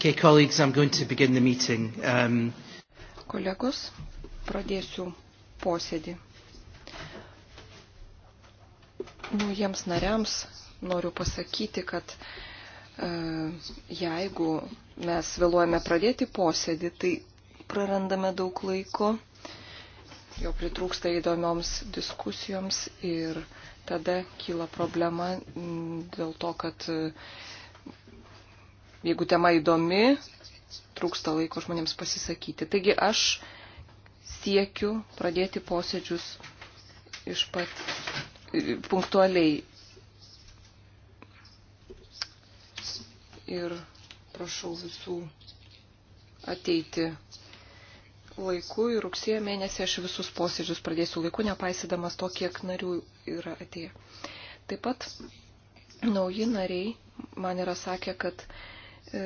Okay, colleagues, I'm going to begin the meeting. Um... Kolegos, pradėsiu posėdį. Naujiems nariams noriu pasakyti, kad e, jeigu mes vėluojame pradėti posėdį, tai prarandame daug laiko, jo pritrūksta įdomioms diskusijoms ir tada kyla problema dėl to, kad e, jeigu tema įdomi, trūksta laiko žmonėms pasisakyti. Taigi aš siekiu pradėti posėdžius iš pat punktualiai. Ir prašau visų ateiti laiku ir rugsėjo mėnesį aš visus posėdžius pradėsiu laiku, nepaisydamas to, kiek narių yra atėję. Taip pat nauji nariai man yra sakę, kad E,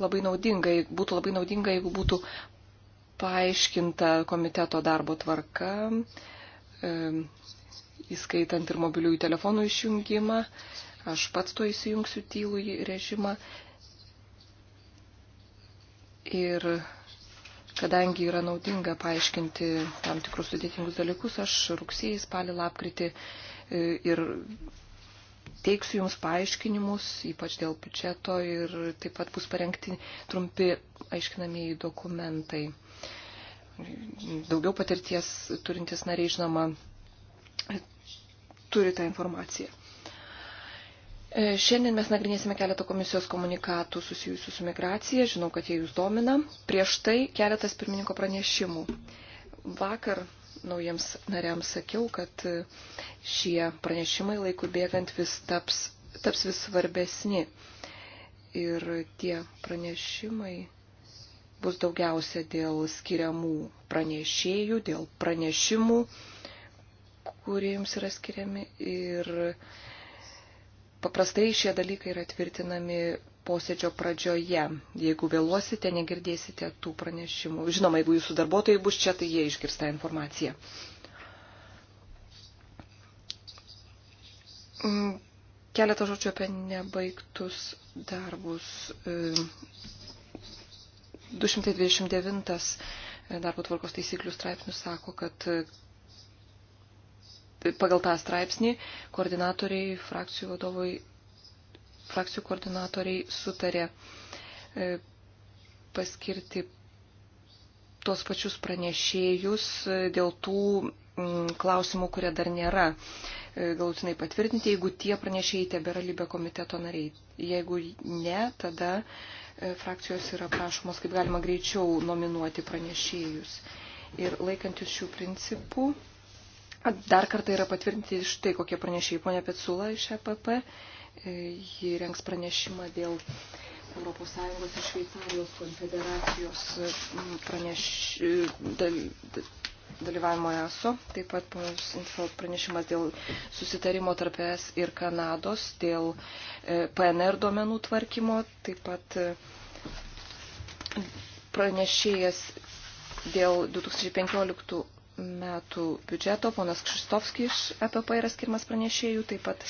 labai naudinga, būtų labai naudinga, jeigu būtų paaiškinta komiteto darbo tvarka, e, įskaitant ir mobiliųjų telefonų išjungimą. Aš pats to įsijungsiu tylų į režimą. Ir kadangi yra naudinga paaiškinti tam tikrus sudėtingus dalykus, aš rugsėjai, spalį, lapkritį e, ir teiksiu Jums paaiškinimus, ypač dėl biudžeto ir taip pat bus parengti trumpi aiškinamieji dokumentai. Daugiau patirties turintis nariai, žinoma, turi tą informaciją. E, šiandien mes nagrinėsime keletą komisijos komunikatų susijusių su migracija. Žinau, kad jie jūs domina. Prieš tai keletas pirmininko pranešimų. Vakar naujiems nariams sakiau, kad šie pranešimai laikų bėgant vis taps, taps vis svarbesni. Ir tie pranešimai bus daugiausia dėl skiriamų pranešėjų, dėl pranešimų, kuriems yra skiriami. Ir paprastai šie dalykai yra tvirtinami posėdžio pradžioje. Jeigu vėluosite, negirdėsite tų pranešimų. Žinoma, jeigu jūsų darbuotojai bus čia, tai jie išgirsta informaciją. Mm, keletą žodžių apie nebaigtus darbus. 229 mm, e, darbo tvarkos taisyklių straipsnius sako, kad e, pagal tą straipsnį koordinatoriai, frakcijų vadovai frakcijų koordinatoriai sutarė e, paskirti tuos pačius pranešėjus e, dėl tų mm, klausimų, kurie dar nėra e, galutinai patvirtinti, jeigu tie pranešėjai tebėra lybė komiteto nariai. Jeigu ne, tada frakcijos yra prašomos kaip galima greičiau nominuoti pranešėjus. Ir laikantis šių principų, dar kartą yra patvirtinti štai kokie pranešėjai, ponia Petsula iš EPP, E, ji rengs pranešimą dėl ES ir Šveicarijos konfederacijos mm, praneš, e, dal, dalyvavimo ESO. Taip pat ponas Infeld pranešimas dėl susitarimo tarp ES ir Kanados dėl e, PNR duomenų tvarkymo. Taip pat pranešėjas dėl 2015 metų biudžeto, ponas Kšistovskis iš EPP yra skirmas pranešėjų, taip pat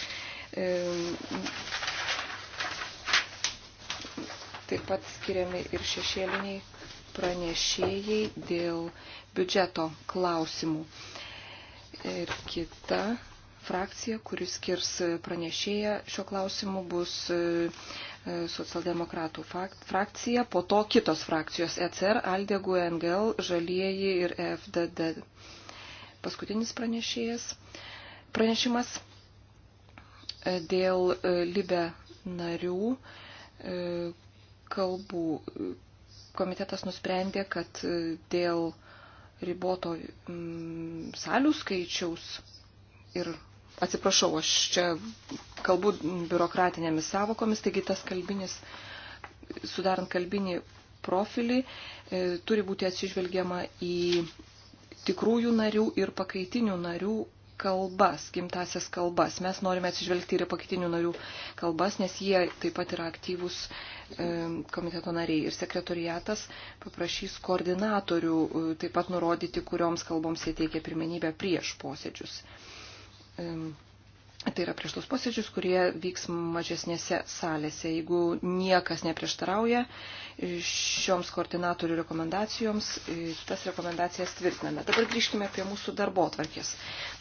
Taip pat skiriami ir šešėliniai pranešėjai dėl biudžeto klausimų. Ir kita frakcija, kuris skirs pranešėją šio klausimu, bus e, socialdemokratų frakcija, po to kitos frakcijos ECR, Aldė Guengel, Žalieji ir e FDD. Paskutinis pranešėjas. Pranešimas dėl e, libe narių e, kalbų. Komitetas nusprendė, kad e, dėl riboto salių skaičiaus ir atsiprašau, aš čia kalbu biurokratinėmis savokomis, taigi tas kalbinis, sudarant kalbinį profilį, turi būti atsižvelgiama į tikrųjų narių ir pakaitinių narių kalbas, gimtasias kalbas. Mes norime atsižvelgti ir pakitinių narių kalbas, nes jie taip pat yra aktyvus e, komiteto nariai. Ir sekretoriatas paprašys koordinatorių e, taip pat nurodyti, kurioms kalboms jie teikia pirmenybę prieš posėdžius. Tai yra prieš tos posėdžius, kurie vyks mažesnėse salėse. Jeigu niekas neprieštarauja šioms koordinatorių rekomendacijoms, tas rekomendacijas tvirtiname. Dabar grįžkime prie mūsų darbo atvarkės.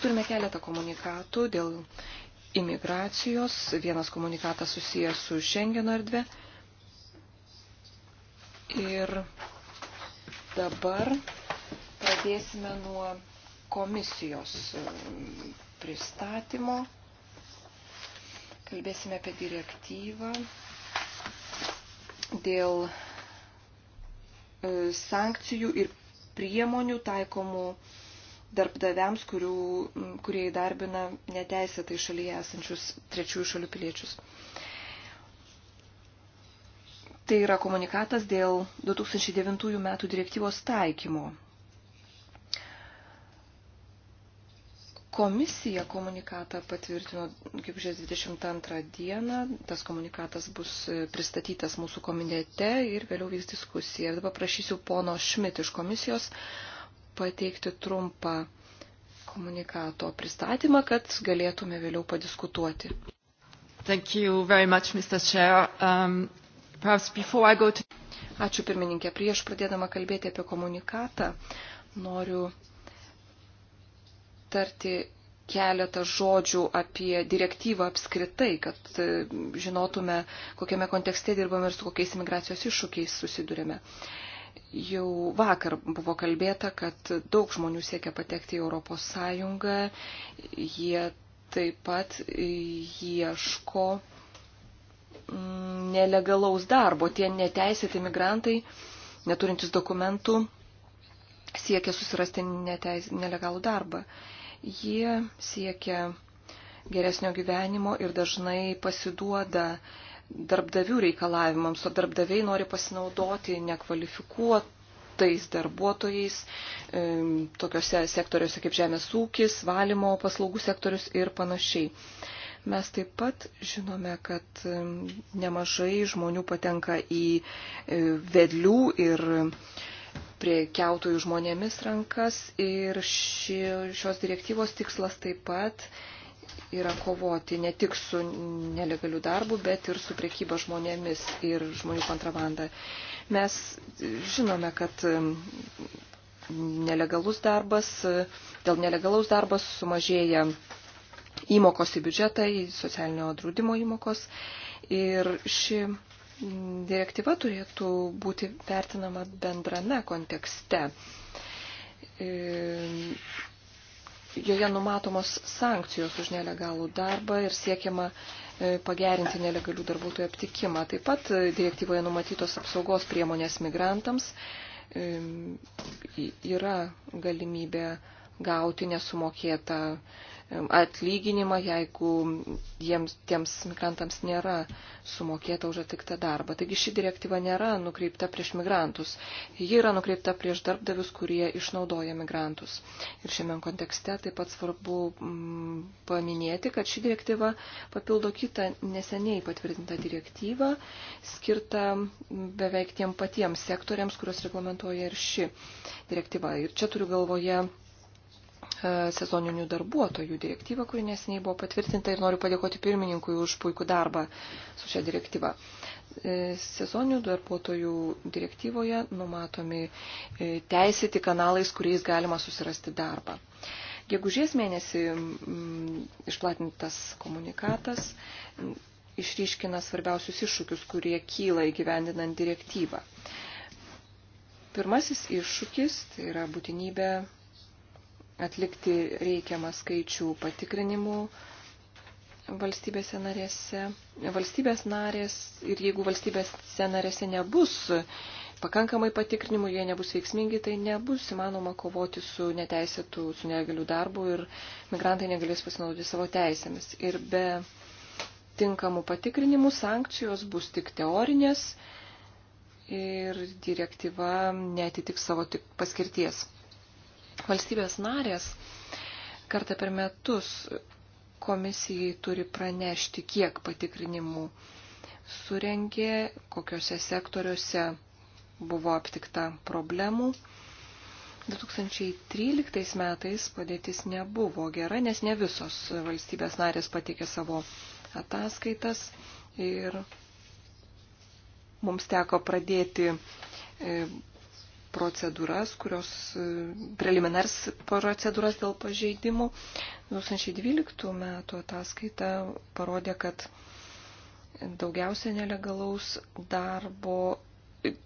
Turime keletą komunikatų dėl imigracijos. Vienas komunikatas susijęs su Schengeno erdvė. Ir dabar pradėsime nuo komisijos pristatymo. Kalbėsime apie direktyvą dėl e, sankcijų ir priemonių taikomų darbdaviams, kurių, kurie įdarbina neteisėtai šalyje esančius trečiųjų šalių piliečius. Tai yra komunikatas dėl 2009 metų direktyvos taikymo. Komisija komunikatą patvirtino gegužės 22 dieną. Tas komunikatas bus e, pristatytas mūsų komitete ir vėliau vyks diskusija. Ir dabar prašysiu pono Šmit iš komisijos pateikti trumpą komunikato pristatymą, kad galėtume vėliau padiskutuoti. Thank you very much, Mr. Chair. Um, perhaps before I go to... Ačiū pirmininkė. Prieš pradėdama kalbėti apie komunikatą, noriu tarti keletą žodžių apie direktyvą apskritai, kad e, žinotume, kokiame kontekste dirbame ir su kokiais imigracijos iššūkiais susidurime. Jau vakar buvo kalbėta, kad daug žmonių siekia patekti į Europos Sąjungą, jie taip pat ieško mm, nelegalaus darbo. Tie neteisėti migrantai, neturintys dokumentų, siekia susirasti neteis, nelegalų darbą. Jie siekia geresnio gyvenimo ir dažnai pasiduoda darbdavių reikalavimams, o darbdaviai nori pasinaudoti nekvalifikuotais darbuotojais e, tokiuose sektoriuose kaip žemės ūkis, valymo paslaugų sektorius ir panašiai. Mes taip pat žinome, kad nemažai žmonių patenka į e, vedlių ir e, priekiautojų žmonėmis rankas ir ši, šios direktyvos tikslas taip pat yra kovoti ne tik su nelegaliu darbu, bet ir su priekyba žmonėmis ir žmonių kontrabanda. Mes žinome, kad um, nelegalus darbas, dėl nelegalaus darbas sumažėja įmokos į biudžetą, į socialinio draudimo įmokos ir ši direktyva turėtų būti vertinama bendrame kontekste. E, joje numatomos sankcijos už nelegalų darbą ir siekiama e, pagerinti nelegalių darbuotojų aptikimą. Taip pat direktyvoje numatytos apsaugos priemonės migrantams e, yra galimybė gauti nesumokėtą atlyginimą, jeigu jiems, tiems migrantams nėra sumokėta už atliktą darbą. Taigi ši direktyva nėra nukreipta prieš migrantus, ji yra nukreipta prieš darbdavius, kurie išnaudoja migrantus. Ir šiame kontekste taip pat svarbu mm, paminėti, kad ši direktyva papildo kitą neseniai patvirtintą direktyvą, skirtą beveik tiem patiems sektoriams, kuriuos reglamentuoja ir ši direktyva. Ir čia turiu galvoje E, sezoninių darbuotojų direktyvą, kuri nesiniai buvo patvirtinta ir noriu padėkoti pirmininkui už puikų darbą su šia direktyva. E, sezoninių darbuotojų direktyvoje numatomi e, teisėti kanalais, kuriais galima susirasti darbą. Gegužės mėnesį mm, išplatintas komunikatas mm, išryškina svarbiausius iššūkius, kurie kyla įgyvendinant direktyvą. Pirmasis iššūkis tai yra būtinybė atlikti reikiamą skaičių patikrinimų valstybėse narėse. Valstybės narės ir jeigu valstybėse narėse nebus pakankamai patikrinimų, jie nebus veiksmingi, tai nebus įmanoma kovoti su neteisėtų, su negalių darbu ir migrantai negalės pasinaudoti savo teisėmis. Ir be tinkamų patikrinimų sankcijos bus tik teorinės ir direktyva netitiks savo paskirties. Valstybės narės kartą per metus komisijai turi pranešti, kiek patikrinimų surengė, kokiuose sektoriuose buvo aptikta problemų. 2013 metais padėtis nebuvo gera, nes ne visos valstybės narės patikė savo ataskaitas ir mums teko pradėti e, procedūras, kurios e, preliminars procedūras dėl pažeidimų. 2012 metų ataskaita parodė, kad daugiausia nelegalaus darbo,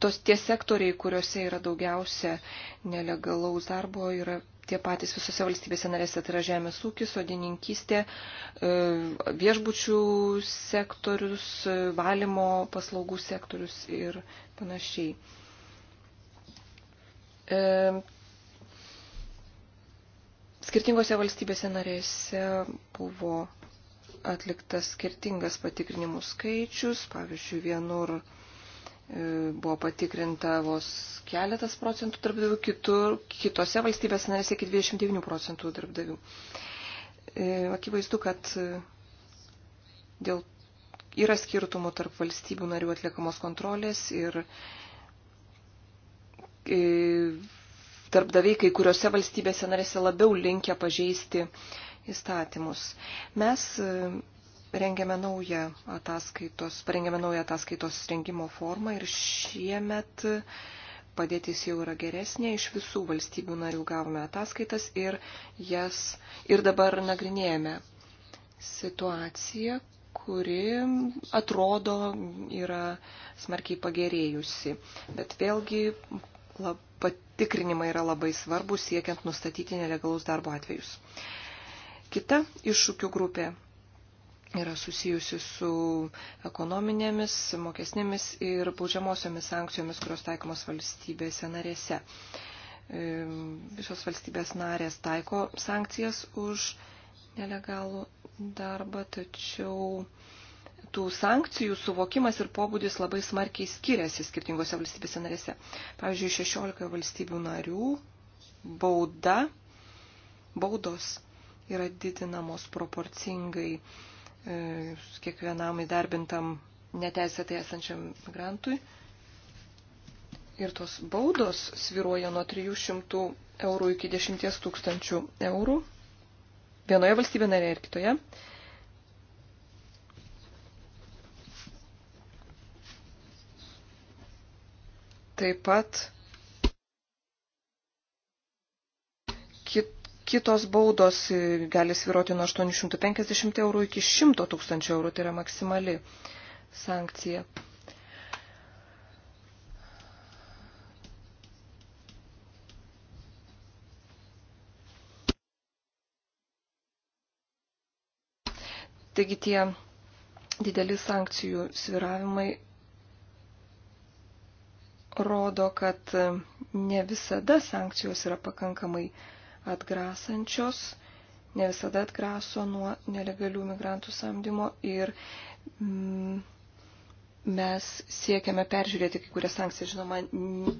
tos tie sektoriai, kuriuose yra daugiausia nelegalaus darbo, yra tie patys visose valstybėse narėse, tai yra žemės ūkis, sodininkystė, e, viešbučių sektorius, e, valymo paslaugų sektorius ir panašiai e, skirtingose valstybėse narėse buvo atliktas skirtingas patikrinimų skaičius. Pavyzdžiui, vienur e, buvo patikrinta vos keletas procentų darbdavių, kitur, kitose valstybėse narėse iki 29 procentų darbdavių. E, akivaizdu, kad e, dėl yra skirtumų tarp valstybių narių atliekamos kontrolės ir E, darbdaviai kai kuriuose valstybėse narėse labiau linkia pažeisti įstatymus. Mes e, rengiame naują ataskaitos, parengėme naują ataskaitos rengimo formą ir šiemet padėtis jau yra geresnė. Iš visų valstybių narių gavome ataskaitas ir jas ir dabar nagrinėjame situaciją, kuri atrodo yra smarkiai pagerėjusi. Bet vėlgi lab, patikrinimai yra labai svarbus siekiant nustatyti nelegalus darbo atvejus. Kita iššūkių grupė yra susijusi su ekonominėmis, mokesnėmis ir baudžiamosiomis sankcijomis, kurios taikomos valstybėse narėse. E, visos valstybės narės taiko sankcijas už nelegalų darbą, tačiau tų sankcijų suvokimas ir pobūdis labai smarkiai skiriasi skirtingose valstybėse narėse. Pavyzdžiui, 16 valstybių narių bauda, baudos yra didinamos proporcingai e, kiekvienam įdarbintam neteisėtai esančiam migrantui. Ir tos baudos sviruoja nuo 300 eurų iki 10 tūkstančių eurų vienoje valstybėje narėje ir kitoje. Taip pat kit, kitos baudos gali sviruoti nuo 850 eurų iki 100 tūkstančių eurų, tai yra maksimali sankcija. Taigi tie dideli sankcijų sviravimai rodo, kad ne visada sankcijos yra pakankamai atgrasančios, ne visada atgraso nuo nelegalių migrantų samdymo ir mm, mes siekiame peržiūrėti kai kurias sankcijas. Žinoma,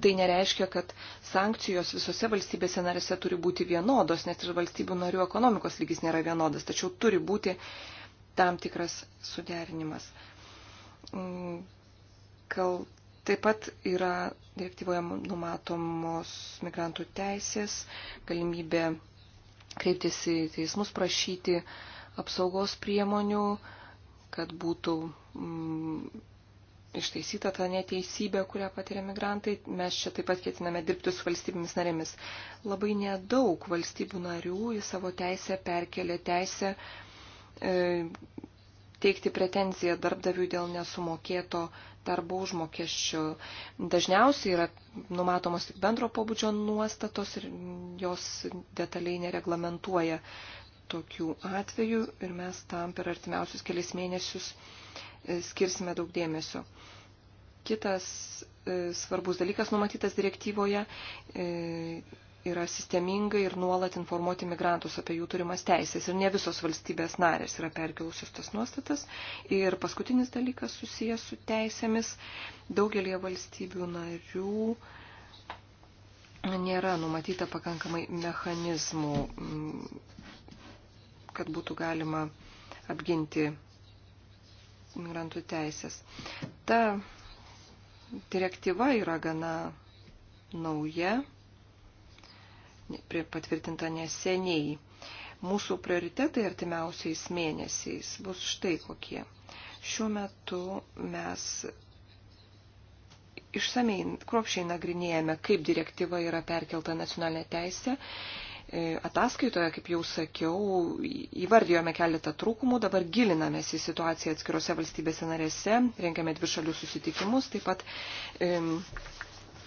tai nereiškia, kad sankcijos visose valstybėse narėse turi būti vienodos, nes ir valstybių narių ekonomikos lygis nėra vienodas, tačiau turi būti tam tikras suderinimas. Mm, kal, Taip pat yra direktyvoje numatomos migrantų teisės, galimybė kreiptis į teismus, prašyti apsaugos priemonių, kad būtų mm, išteisyta ta neteisybė, kurią patiria migrantai. Mes čia taip pat ketiname dirbti su valstybėmis narėmis. Labai nedaug valstybių narių į savo teisę perkelė teisę e, teikti pretenziją darbdaviui dėl nesumokėto darbo užmokesčio. Dažniausiai yra numatomos tik bendro pobūdžio nuostatos ir jos detaliai nereglamentuoja tokių atvejų ir mes tam per artimiausius kelias mėnesius e, skirsime daug dėmesio. Kitas e, svarbus dalykas numatytas direktyvoje e, yra sistemingai ir nuolat informuoti migrantus apie jų turimas teisės. Ir ne visos valstybės narės yra perkilusios tas nuostatas. Ir paskutinis dalykas susijęs su teisėmis. Daugelie valstybių narių nėra numatyta pakankamai mechanizmų, mm, kad būtų galima apginti migrantų teisės. Ta direktyva yra gana nauja patvirtinta neseniai. Mūsų prioritetai artimiausiais mėnesiais bus štai kokie. Šiuo metu mes išsamei, kruopšiai nagrinėjame, kaip direktyva yra perkelta nacionalinė teisė. E, ataskaitoje, kaip jau sakiau, įvardijome keletą trūkumų, dabar gilinamės į situaciją atskirose valstybėse narėse, rengiame dvišalių susitikimus, taip pat. Um, e,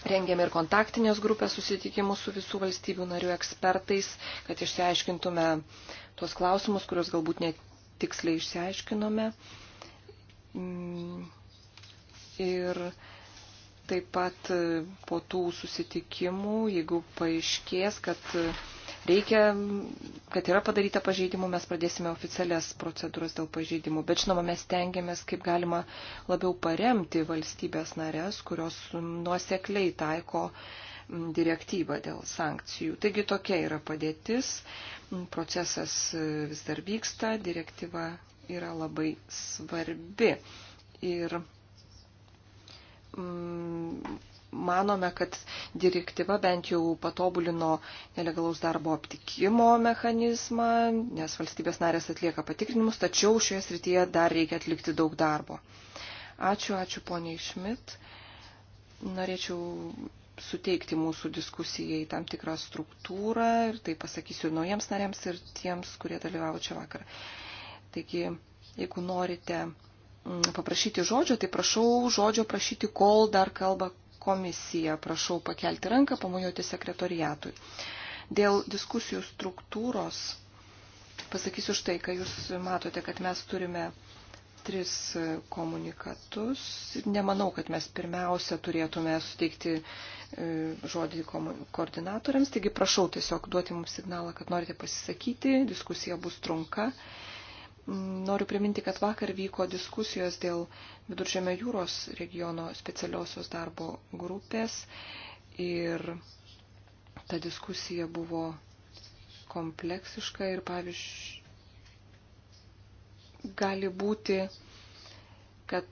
Rengėme ir kontaktinės grupės susitikimus su visų valstybių narių ekspertais, kad išsiaiškintume tuos klausimus, kuriuos galbūt netiksliai išsiaiškinome. Mm. Ir taip pat po tų susitikimų, jeigu paaiškės, kad reikia, kad yra padaryta pažeidimų, mes pradėsime oficialias procedūras dėl pažeidimų. Bet žinoma, mes tengiamės, kaip galima labiau paremti valstybės narės, kurios nuosekliai taiko direktyvą dėl sankcijų. Taigi tokia yra padėtis, procesas e, vis dar vyksta, direktyva yra labai svarbi. Ir mm, manome, kad direktyva bent jau patobulino nelegalaus darbo aptikimo mechanizmą, nes valstybės narės atlieka patikrinimus, tačiau šioje srityje dar reikia atlikti daug darbo. Ačiū, ačiū poniai Šmit. Norėčiau suteikti mūsų diskusijai tam tikrą struktūrą ir tai pasakysiu ir naujiems nariams ir tiems, kurie dalyvavo čia vakar. Taigi, jeigu norite mm, paprašyti žodžio, tai prašau žodžio prašyti, kol dar kalba komisiją. Prašau pakelti ranką, pamojuoti sekretoriatui. Dėl diskusijų struktūros pasakysiu štai, kai jūs matote, kad mes turime tris komunikatus. Nemanau, kad mes pirmiausia turėtume suteikti e, žodį koordinatoriams. Taigi prašau tiesiog duoti mums signalą, kad norite pasisakyti. Diskusija bus trunka. Noriu priminti, kad vakar vyko diskusijos dėl Viduržėme jūros regiono specialiosios darbo grupės ir ta diskusija buvo kompleksiška ir pavyzdžiui gali būti, kad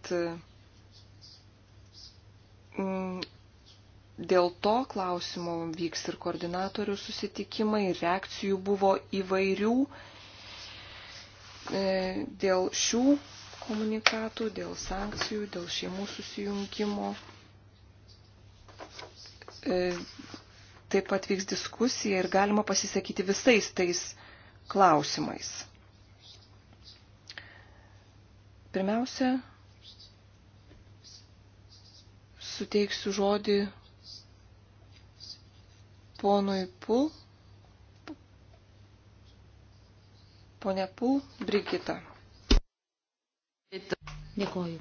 mm, dėl to klausimo vyks ir koordinatorių susitikimai, reakcijų buvo įvairių, E, dėl šių komunikatų, dėl sankcijų, dėl šeimų susijungimo. E, taip pat vyks diskusija ir galima pasisakyti visais tais klausimais. Pirmiausia, suteiksiu žodį ponui Pul, Pone Pū, Brigita. Dėkoju.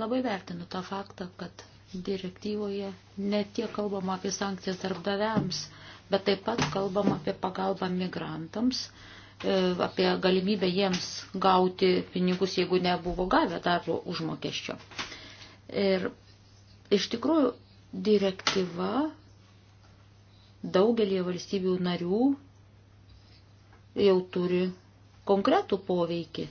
Labai vertinu tą faktą, kad direktyvoje ne tiek kalbama apie sankcijas darbdaviams, bet taip pat kalbama apie pagalbą migrantams, e, apie galimybę jiems gauti pinigus, jeigu nebuvo gavę darbo užmokesčio. Ir iš tikrųjų direktyva daugelį valstybių narių jau turi konkretų poveikį.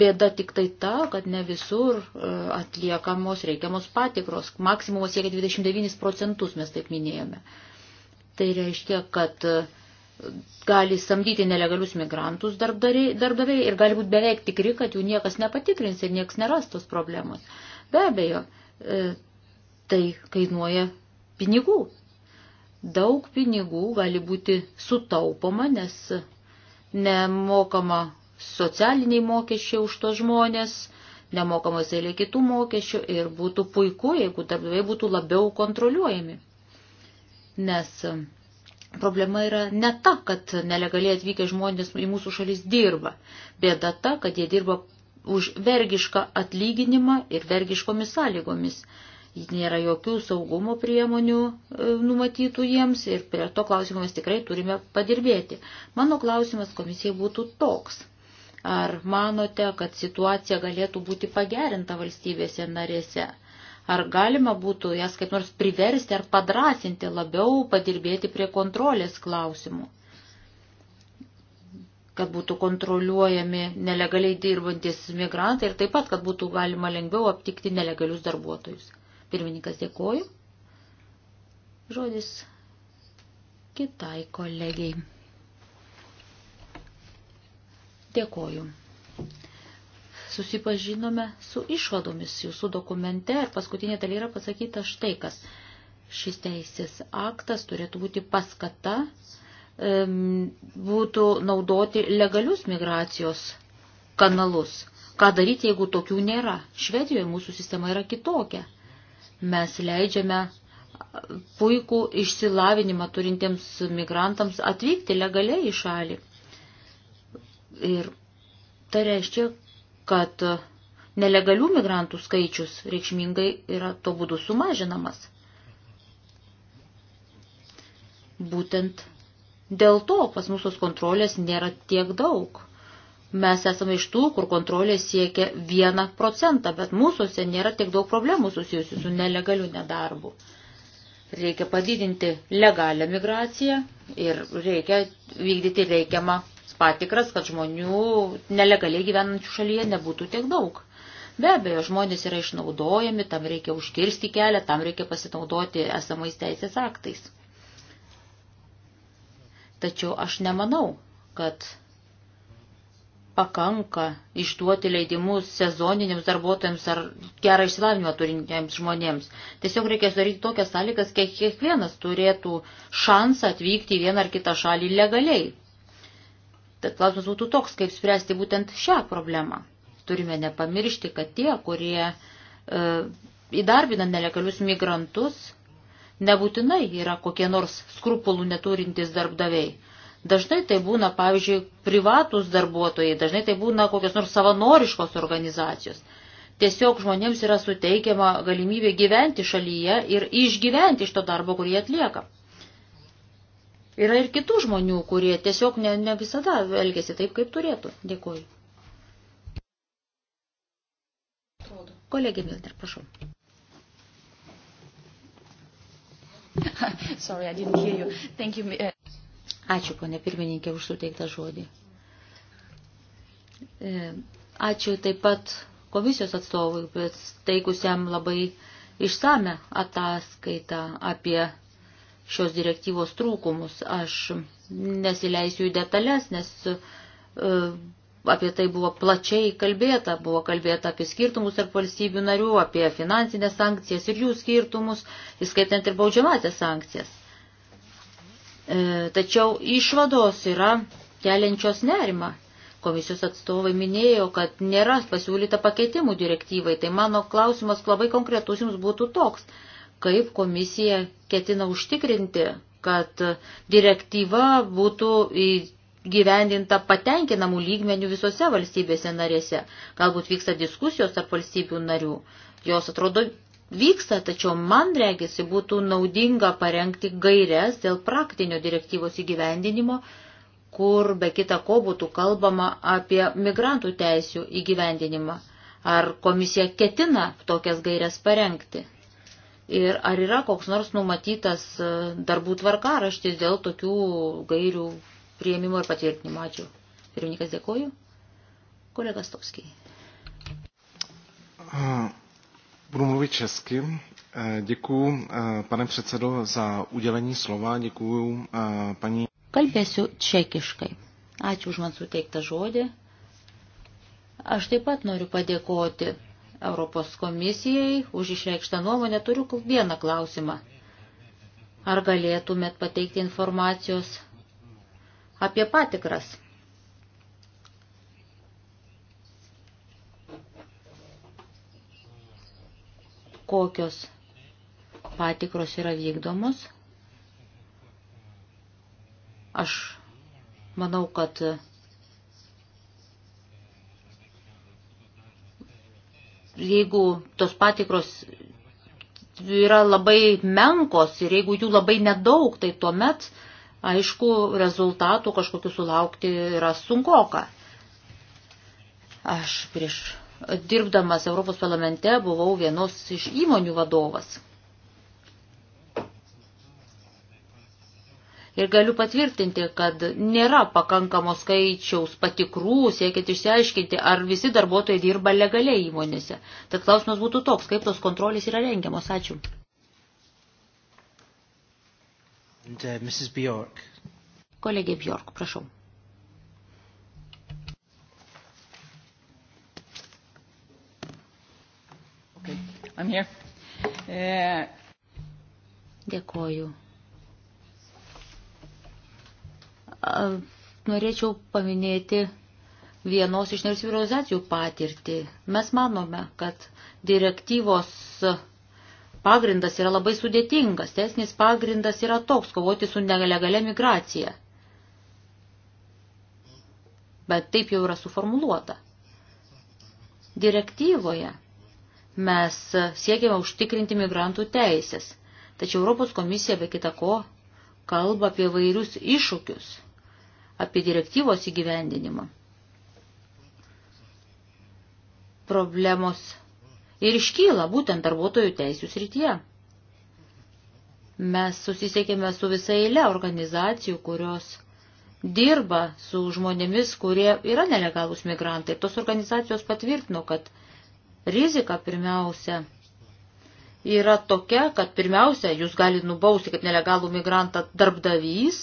Bėda tik tai ta, kad ne visur e, atliekamos reikiamos patikros. Maksimumas siekia 29 procentus, mes taip minėjome. Tai reiškia, kad e, gali samdyti nelegalius migrantus darbdaviai ir gali būti beveik tikri, kad jų niekas nepatikrins ir niekas neras tos problemos. Be abejo, e, tai kainuoja pinigų. Daug pinigų gali būti sutaupoma, nes nemokama socialiniai mokesčiai už tos žmonės, nemokamas eilė kitų mokesčių ir būtų puiku, jeigu darbdaviai būtų labiau kontroliuojami. Nes e, problema yra ne ta, kad nelegaliai atvykę žmonės į mūsų šalis dirba, bėda ta, kad jie dirba už vergišką atlyginimą ir vergiškomis sąlygomis nėra jokių saugumo priemonių e, numatytų jiems ir prie to klausimo mes tikrai turime padirbėti. Mano klausimas komisijai būtų toks. Ar manote, kad situacija galėtų būti pagerinta valstybėse narėse? Ar galima būtų jas kaip nors priversti ar padrasinti labiau padirbėti prie kontrolės klausimų? kad būtų kontroliuojami nelegaliai dirbantis migrantai ir taip pat, kad būtų galima lengviau aptikti nelegalius darbuotojus. Pirmininkas dėkoju. Žodis kitai kolegiai. Dėkoju. Susipažinome su išvadomis jūsų dokumente ir paskutinė dalyje yra pasakyta štai kas. Šis teisės aktas turėtų būti paskata, būtų naudoti legalius migracijos kanalus. Ką daryti, jeigu tokių nėra? Švedijoje mūsų sistema yra kitokia. Mes leidžiame puikų išsilavinimą turintiems migrantams atvykti legaliai į šalį. Ir tai reiškia, kad nelegalių migrantų skaičius reikšmingai yra to būdu sumažinamas. Būtent dėl to pas mūsų kontrolės nėra tiek daug. Mes esame iš tų, kur kontrolė siekia 1 procentą, bet mūsųse nėra tiek daug problemų susijusių su nelegaliu nedarbu. Reikia padidinti legalią migraciją ir reikia vykdyti reikiamą patikras, kad žmonių nelegaliai gyvenančių šalyje nebūtų tiek daug. Be abejo, žmonės yra išnaudojami, tam reikia užkirsti kelią, tam reikia pasinaudoti esamais teisės aktais. Tačiau aš nemanau, kad pakanka išduoti leidimus sezoniniams darbuotojams ar gerą išsilavinimą turintiems žmonėms. Tiesiog reikia sudaryti tokias sąlygas, kiek kiekvienas turėtų šansą atvykti į vieną ar kitą šalį legaliai. Tad klausimas būtų toks, kaip spręsti būtent šią problemą. Turime nepamiršti, kad tie, kurie e, įdarbina nelegalius migrantus, nebūtinai yra kokie nors skrupulų neturintys darbdaviai Dažnai tai būna, pavyzdžiui, privatus darbuotojai, dažnai tai būna kokios nors savanoriškos organizacijos. Tiesiog žmonėms yra suteikiama galimybė gyventi šalyje ir išgyventi iš to darbo, kurį atlieka. Yra ir kitų žmonių, kurie tiesiog ne, ne visada elgesi taip, kaip turėtų. Dėkuoju. Kolegė Milner, prašau. Sorry, I didn't hear you. Thank you. Ačiū, ponė pirmininkė, už suteiktą žodį. E, ačiū taip pat komisijos atstovui, bet teikusiam labai išsame ataskaitą apie šios direktyvos trūkumus. Aš nesileisiu į detalės, nes e, apie tai buvo plačiai kalbėta. Buvo kalbėta apie skirtumus tarp valstybių narių, apie finansinės sankcijas ir jų skirtumus, įskaitant ir baudžiamasias sankcijas. E, tačiau išvados yra keliančios nerimą. Komisijos atstovai minėjo, kad nėra pasiūlyta pakeitimų direktyvai, tai mano klausimas labai konkretus jums būtų toks, kaip komisija ketina užtikrinti, kad direktyva būtų gyvendinta patenkinamų lygmenių visose valstybėse narėse. Galbūt vyksta diskusijos tarp valstybių narių. Jos atrodo vyksta, tačiau man regisi būtų naudinga parengti gairias dėl praktinio direktyvos įgyvendinimo, kur be kita ko būtų kalbama apie migrantų teisių įgyvendinimą. Ar komisija ketina tokias gairias parengti? Ir ar yra koks nors numatytas e, darbų tvarkaraštis dėl tokių gairių prieimimo ir patvirtinimo? Ačiū. Pirmininkas dėkoju. Kolegas Topskiai. Budu mluvit česky. Eh, Děkuji, eh, pane předsedo, za udělení slova. Děkuji, eh, paní. Kalbėsiu čekiškai. Ačiū už man suteiktą žodį. Aš taip pat noriu padėkoti Europos komisijai už išreikštą nuomonę. Turiu vieną klausimą. Ar galėtumėt pateikti informacijos apie patikras? kokios patikros yra vykdomos. Aš manau, kad jeigu tos patikros yra labai menkos ir jeigu jų labai nedaug, tai tuomet, aišku, rezultatų kažkokiu sulaukti yra sunkoka. Aš prieš dirbdamas Europos parlamente buvau vienos iš įmonių vadovas. Ir galiu patvirtinti, kad nėra pakankamo skaičiaus patikrų, siekiant išsiaiškinti, ar visi darbuotojai dirba legaliai įmonėse. Tad klausimas būtų toks, kaip tos kontrolės yra rengiamos. Ačiū. And, uh, Kolegė Bjork, prašau. I'm here. Uh... Dėkoju. Norėčiau paminėti vienos iš nevyriausybių patirtį. Mes manome, kad direktyvos pagrindas yra labai sudėtingas. Teisinis pagrindas yra toks - kovoti su nelegalia migracija. Bet taip jau yra suformuluota. Direktyvoje Mes siekiame užtikrinti migrantų teisės, tačiau Europos komisija be kita ko kalba apie vairius iššūkius, apie direktyvos įgyvendinimą. Problemos ir iškyla būtent darbuotojų teisų srityje. Mes susisiekėme su visa eile organizacijų, kurios dirba su žmonėmis, kurie yra nelegalūs migrantai. Tos organizacijos patvirtino, kad Rizika pirmiausia yra tokia, kad pirmiausia, jūs gali nubausti kaip nelegalų migrantą darbdavys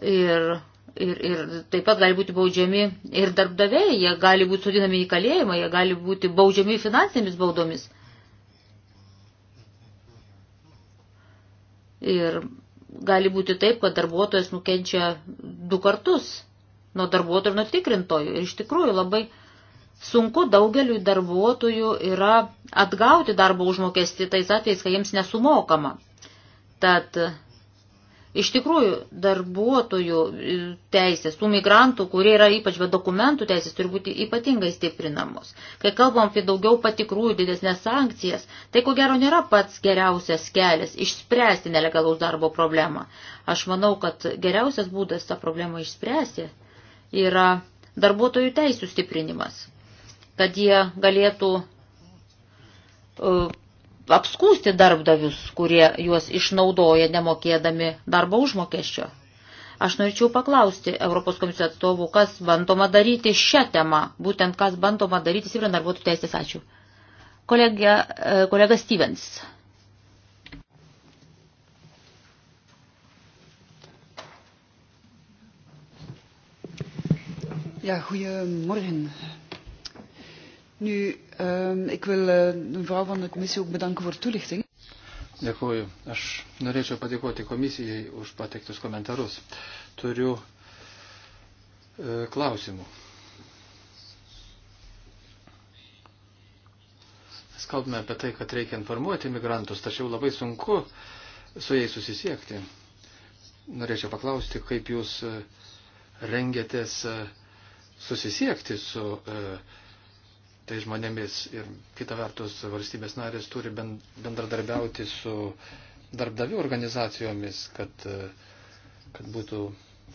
ir, ir, ir taip pat gali būti baudžiami ir darbdaviai, jie gali būti sudinami į kalėjimą, jie gali būti baudžiami finansinėmis baudomis. Ir gali būti taip, kad darbuotojas nukenčia du kartus nuo darbuotojų ir nuo tikrintojų. Ir iš tikrųjų labai sunku daugeliu darbuotojų yra atgauti darbo užmokestį tais atvejais, kai jiems nesumokama. Tad iš tikrųjų darbuotojų teisės, tų migrantų, kurie yra ypač be dokumentų teisės, turi būti ypatingai stiprinamos. Kai kalbam apie daugiau patikrų, didesnės sankcijas, tai ko gero nėra pats geriausias kelias išspręsti nelegalaus darbo problemą. Aš manau, kad geriausias būdas tą problemą išspręsti yra darbuotojų teisų stiprinimas, kad jie galėtų uh, apskūsti darbdavius, kurie juos išnaudoja nemokėdami darbo užmokesčio. Aš norėčiau paklausti Europos komisijos atstovų, kas bandoma daryti šią temą, būtent kas bandoma daryti, stiprinant darbuotojų teisės. Ačiū. Kolegė, e, kolega Stevens. Ja, goedemorgen. Nu, uh, ik wil uh, mevrouw van de commissie ook bedanken voor toelichting. Dėkuoju. Aš norėčiau padėkoti komisijai už pateiktus komentarus. Turiu e, klausimų. Mes kalbame apie tai, kad reikia informuoti migrantus, tačiau labai sunku su jais susisiekti. Norėčiau paklausti, kaip jūs rengėtės. E, susisiekti su e, tai žmonėmis. Ir kita vertus, valstybės narės turi bendradarbiauti su darbdavių organizacijomis, kad, e, kad būtų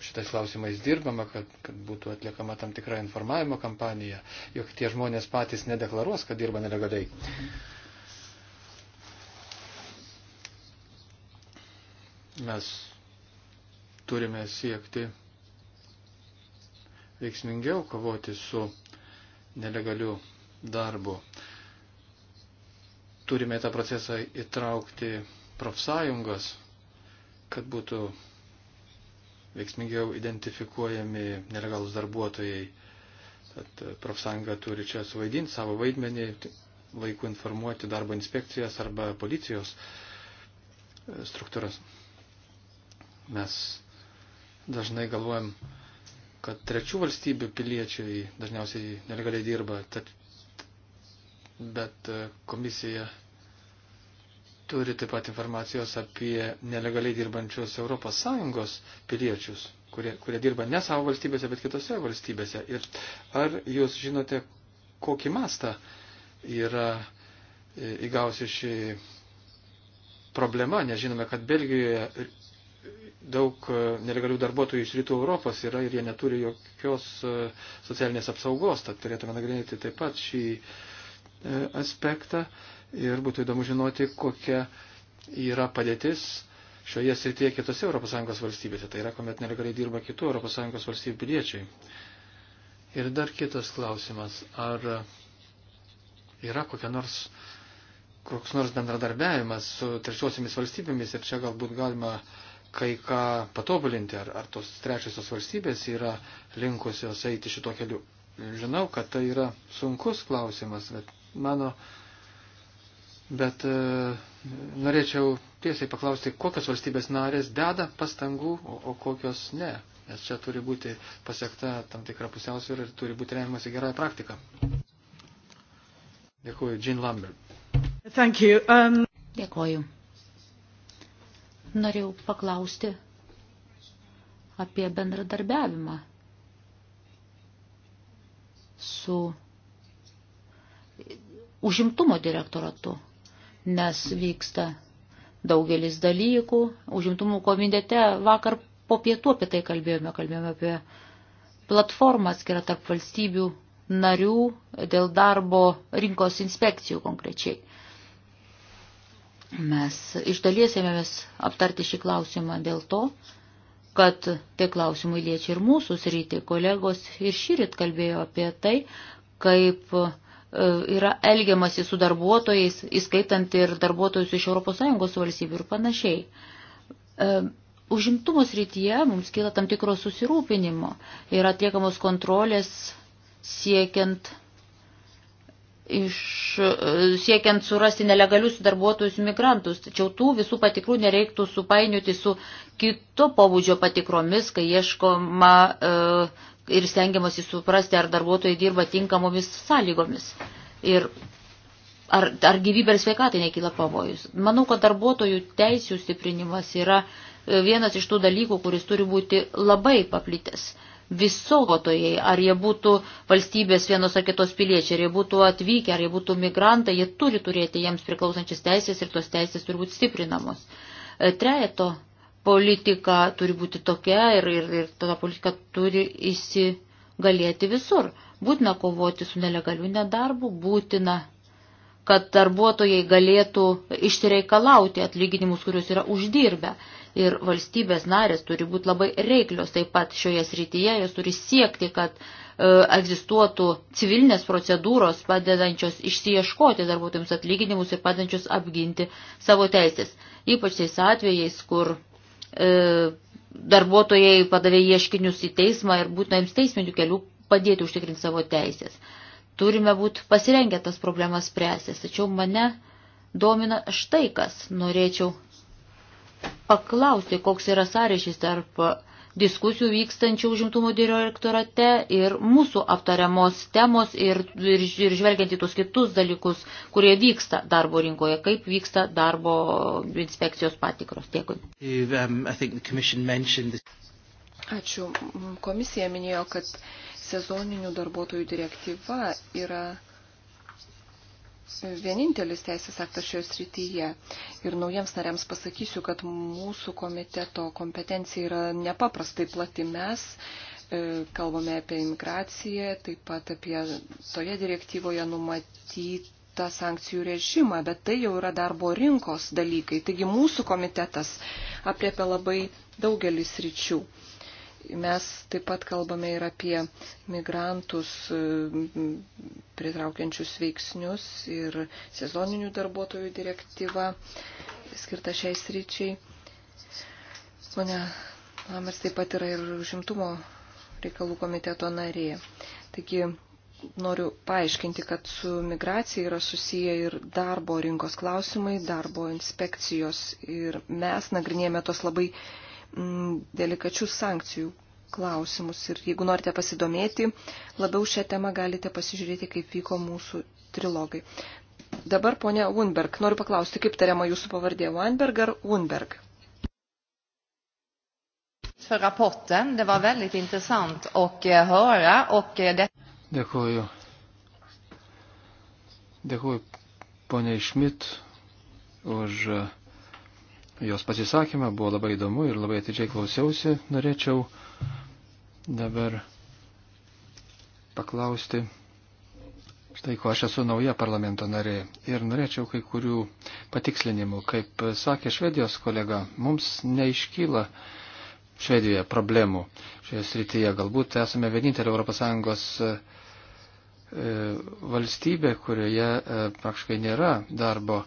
šitais klausimais dirbama, kad, kad būtų atliekama tam tikra informavimo kampanija, jog tie žmonės patys nedeklaruos, kad dirba nelegaliai. Mes turime siekti veiksmingiau kovoti su nelegaliu darbu. Turime tą procesą įtraukti profsąjungas, kad būtų veiksmingiau identifikuojami nelegalus darbuotojai. Tad profsąjunga turi čia suvaidinti savo vaidmenį, laiku informuoti darbo inspekcijas arba policijos e, struktūras. Mes dažnai galvojam, kad trečių valstybių piliečiai dažniausiai nelegaliai dirba, tad, bet e, komisija turi taip pat informacijos apie nelegaliai dirbančius ES piliečius, kurie, kurie dirba ne savo valstybėse, bet kitose valstybėse. Ir ar jūs žinote, kokį mastą yra e, įgausi šį problemą, nes žinome, kad Belgijoje daug e, nelegalių darbuotojų iš rytų Europos yra ir jie neturi jokios e, socialinės apsaugos, tad turėtume nagrinėti taip pat šį e, aspektą ir būtų įdomu žinoti, kokia yra padėtis šioje srityje kitose ES valstybėse, tai yra, kuomet nelegaliai dirba kitų ES valstybių piliečiai. Ir dar kitas klausimas, ar yra kokia nors koks nors bendradarbiavimas su trečiosiamis valstybėmis ir čia galbūt galima uh, kai ką patobulinti, ar, ar tos trečiosios valstybės yra linkusios eiti šito keliu. Žinau, kad tai yra sunkus klausimas, bet mano. Bet e, norėčiau tiesiai paklausti, kokios valstybės narės deda pastangų, o, o kokios ne. Nes čia turi būti pasiekta tam tikra pusiausvyrą ir turi būti remiamasi gerąją praktiką. Dėkuoju, Jean Lambert. Thank you. Um... Dėkuoju. Norėjau paklausti apie bendradarbiavimą su užimtumo direktoratu, nes vyksta daugelis dalykų. Užimtumų komitete vakar po pietu apie tai kalbėjome, kalbėjome apie platformą atskirą tarp valstybių narių dėl darbo rinkos inspekcijų konkrečiai. Mes iš dalies ėmėmės aptarti šį klausimą dėl to, kad tie klausimai liečia ir mūsų sritį. Kolegos ir šyrit kalbėjo apie tai, kaip e, yra elgiamasi su darbuotojais, įskaitant ir darbuotojus iš ES valstybių ir panašiai. E, užimtumo srityje mums kyla tam tikro susirūpinimo, yra tiekamos kontrolės siekiant iš, e, siekiant surasti nelegalius darbuotojus migrantus. Tačiau tų visų patikrų nereiktų supainioti su kito pobūdžio patikromis, kai ieškoma e, ir stengiamasi suprasti, ar darbuotojai dirba tinkamomis sąlygomis. Ir ar, ar gyvybė ir sveikatai nekyla pavojus. Manau, kad darbuotojų teisų stiprinimas yra e, vienas iš tų dalykų, kuris turi būti labai paplitęs. E, visotojai, ar jie būtų valstybės vienos ar kitos piliečiai, ar jie būtų atvykę, ar jie būtų migrantai, jie turi turėti jiems priklausančias teisės ir tos teisės turi būti stiprinamos. E, trejeto politika turi būti tokia ir, ir, ir tada politika turi įsigalėti visur. Būtina kovoti su nelegaliu nedarbu, būtina kad darbuotojai galėtų išsireikalauti atlyginimus, kuriuos yra uždirbę ir valstybės narės turi būti labai reiklios taip pat šioje srityje, jos turi siekti, kad e, egzistuotų civilinės procedūros padedančios išsieškoti darbuotojams atlyginimus ir padedančios apginti savo teisės. Ypač tais atvejais, kur e, darbuotojai padavė ieškinius į teismą ir būtina jiems teisminių kelių padėti užtikrinti savo teisės. Turime būti pasirengę tas problemas spręsti, tačiau mane domina štai kas. Norėčiau paklausti, koks yra sąryšys tarp diskusijų vykstančių užimtumo direktorate ir mūsų aptariamos temos ir, ir, ir žvelgiant į tuos kitus dalykus, kurie vyksta darbo rinkoje, kaip vyksta darbo inspekcijos patikros. Dėkui. Um, Ačiū. Komisija minėjo, kad sezoninių darbuotojų direktyva yra vienintelis teisės aktas šioje srityje. Ir naujiems nariams pasakysiu, kad mūsų komiteto kompetencija yra nepaprastai plati. Mes e, kalbame apie imigraciją, taip pat apie toje direktyvoje numatytą sankcijų režimą, bet tai jau yra darbo rinkos dalykai. Taigi mūsų komitetas apriepia labai daugelis ryčių. Mes taip pat kalbame ir apie migrantus e, pritraukiančius veiksnius ir sezoninių darbuotojų direktyvą skirtą šiai sryčiai. Pone Lamers taip pat yra ir užimtumo reikalų komiteto narė. Taigi noriu paaiškinti, kad su migracija yra susiję ir darbo rinkos klausimai, darbo inspekcijos ir mes nagrinėjame tos labai Mm, delikačių sankcijų klausimus. Ir jeigu norite pasidomėti, labiau šią temą galite pasižiūrėti, kaip vyko mūsų trilogai. Dabar, ponia Wunberg, noriu paklausti, kaip tariama jūsų pavardė Weinberg ar Wunberg? för rapporten. Det var väldigt intressant att eh, höra. Och eh, det... Dėkuoju. Dėkuoju, ponia Šmit, už uh, jos pasisakymą, buvo labai įdomu ir labai atidžiai klausiausi. Norėčiau dabar paklausti, štai ko aš esu nauja parlamento narė ir norėčiau kai kurių patikslinimų. Kaip sakė švedijos kolega, mums neiškyla Švedijoje problemų šioje srityje. Galbūt esame vienintelė ES e, valstybė, kurioje e, praktiškai nėra darbo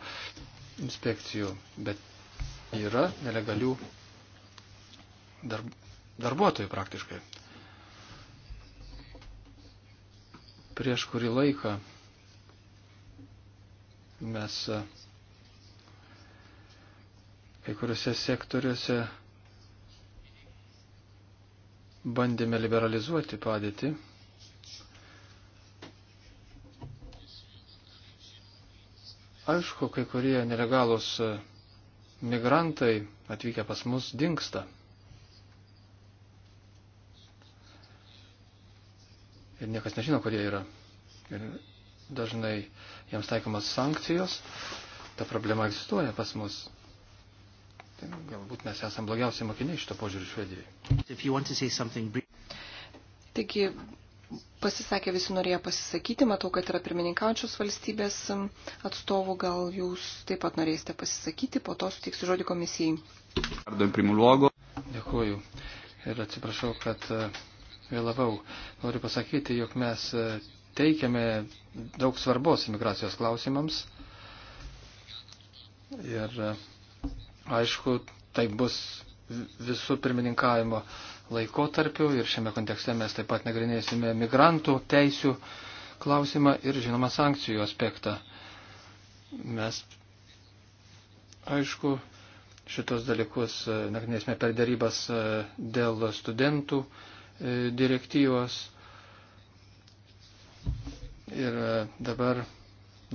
inspekcijų, bet yra nelegalių darb, darbuotojų praktiškai. Prieš kurį laiką mes e, kai kuriuose sektoriuose bandėme liberalizuoti padėtį. Aišku, kai kurie nelegalus e, migrantai atvykę pas mus dinksta. Ir niekas nežino, kur jie yra. Ir dažnai jiems taikomas sankcijos. Ta problema egzistuoja pas mus. Tai galbūt mes esame blogiausiai mokiniai šito požiūriu Švedijoje. Taigi, Pasisakė visi norėjo pasisakyti, matau, kad yra pirmininkaujančios valstybės atstovų, gal jūs taip pat norėsite pasisakyti, po to sutiksiu žodį komisijai. Dėkuoju ir atsiprašau, kad e, vėlavau. Noriu pasakyti, jog mes e, teikiame daug svarbos imigracijos klausimams ir e, aišku, tai bus visų pirmininkavimo laikotarpiu ir šiame kontekste mes taip pat nagrinėsime migrantų teisių klausimą ir, žinoma, sankcijų aspektą. Mes, aišku, šitos dalykus e, nagrinėsime per darybas e, dėl studentų e, direktyvos. Ir dabar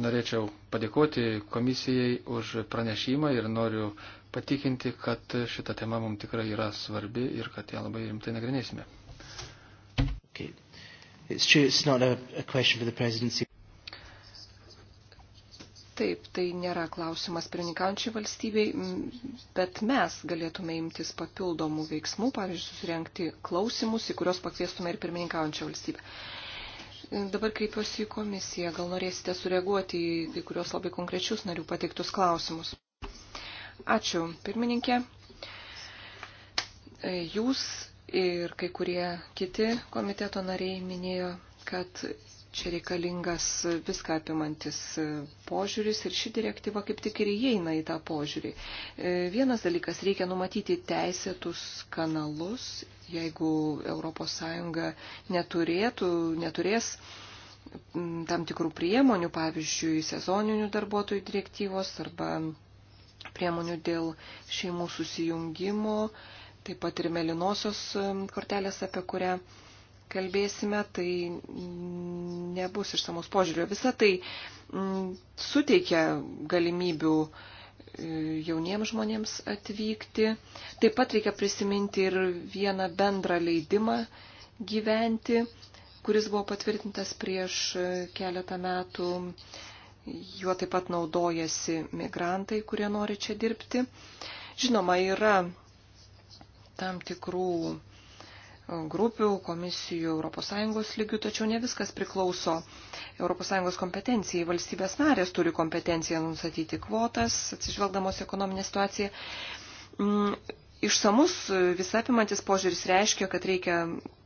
norėčiau padėkoti komisijai už pranešimą ir noriu patikinti, kad šita tema mums tikrai yra svarbi ir kad ją labai rimtai nagrinėsime. Okay. It's true, it's not a, a question for the presidency. Taip, tai nėra klausimas pirmininkaujančiai valstybei, bet mes galėtume imtis papildomų veiksmų, pavyzdžiui, susirenkti klausimus, į kuriuos pakviestume ir pirmininkaujančią valstybę. Dabar kreipiuosi į komisiją, gal norėsite sureaguoti į kai kurios labai konkrečius narių pateiktus klausimus. Ačiū, pirmininkė. E, jūs ir kai kurie kiti komiteto nariai minėjo, kad čia reikalingas viską apimantis e, požiūris ir ši direktyva kaip tik ir įeina į tą požiūrį. E, vienas dalykas, reikia numatyti teisėtus kanalus, jeigu ES neturėtų, neturės tam tikrų priemonių, pavyzdžiui, sezoninių darbuotojų direktyvos arba priemonių dėl šeimų susijungimo, taip pat ir melinosios kortelės, apie kurią kalbėsime, tai nebus išsamus požiūrio. Visa tai m, suteikia galimybių e, jauniems žmonėms atvykti. Taip pat reikia prisiminti ir vieną bendrą leidimą gyventi, kuris buvo patvirtintas prieš e, keletą metų juo taip pat naudojasi migrantai, kurie nori čia dirbti. Žinoma, yra tam tikrų grupių, komisijų ES lygių, tačiau ne viskas priklauso ES kompetencijai. Valstybės narės turi kompetenciją nustatyti kvotas, atsižvelgdamos ekonominę situaciją. Mm, išsamus visapimantis požiūris reiškia, kad reikia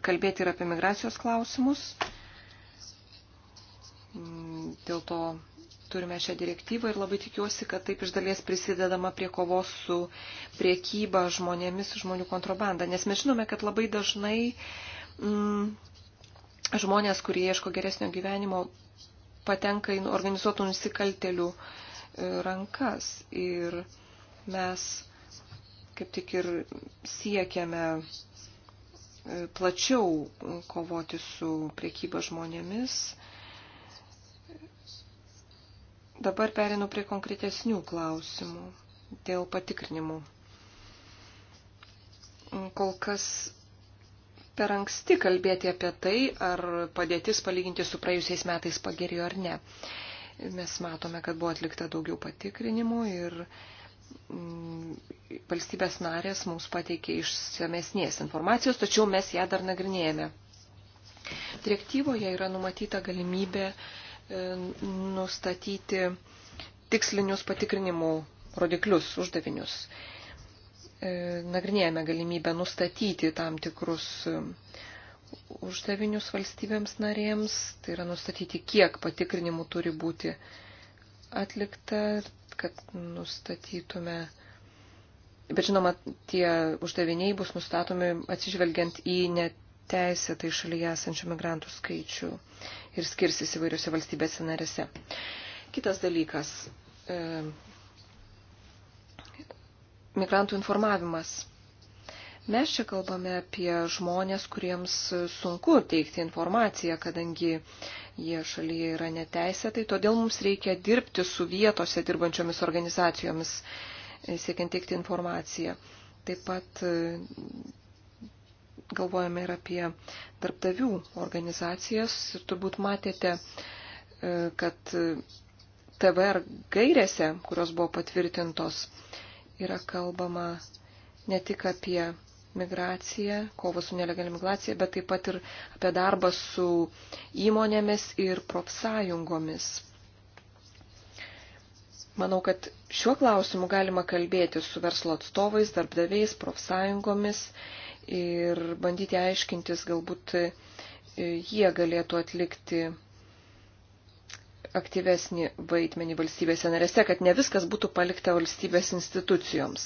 kalbėti ir apie migracijos klausimus. Mm, dėl to turime šią direktyvą ir labai tikiuosi, kad taip iš dalies prisidedama prie kovos su priekyba žmonėmis, žmonių kontrabanda. Nes mes žinome, kad labai dažnai mm, žmonės, kurie ieško geresnio gyvenimo, patenka į organizuotų nusikaltelių e, rankas. Ir mes kaip tik ir siekiame e, plačiau kovoti su priekyba žmonėmis Dabar perinu prie konkretesnių klausimų dėl patikrinimų. Kol kas per anksti kalbėti apie tai, ar padėtis palyginti su praėjusiais metais pagerėjo ar ne. Mes matome, kad buvo atlikta daugiau patikrinimų ir mm, valstybės narės mums pateikė išsamesnės informacijos, tačiau mes ją dar nagrinėjame. Direktyvoje yra numatyta galimybė uh, E, nustatyti tikslinius patikrinimų rodiklius, uždavinius. E, nagrinėjame galimybę nustatyti tam tikrus e, uždavinius valstybėms narėms, tai yra nustatyti, kiek patikrinimų turi būti atlikta, kad nustatytume. Bet žinoma, tie uždaviniai bus nustatomi atsižvelgiant į net teisę tai šalyje esančių migrantų skaičių ir skirsis įvairiose valstybėse narėse. Kitas dalykas. E, migrantų informavimas. Mes čia kalbame apie žmonės, kuriems sunku teikti informaciją, kadangi jie šalyje yra neteisėtai, todėl mums reikia dirbti su vietose dirbančiomis organizacijomis, e, siekiant teikti informaciją. Taip pat e, galvojame ir apie darbdavių organizacijas. Ir turbūt matėte, e, kad TVR gairėse, kurios buvo patvirtintos, yra kalbama ne tik apie migraciją, kovą su nelegalia migracija, bet taip pat ir apie darbą su įmonėmis ir profsąjungomis. Manau, kad šiuo klausimu galima kalbėti su verslo atstovais, darbdaviais, profsąjungomis ir bandyti aiškintis, galbūt e, jie galėtų atlikti aktyvesnį vaidmenį valstybėse narėse, kad ne viskas būtų palikta valstybės institucijoms.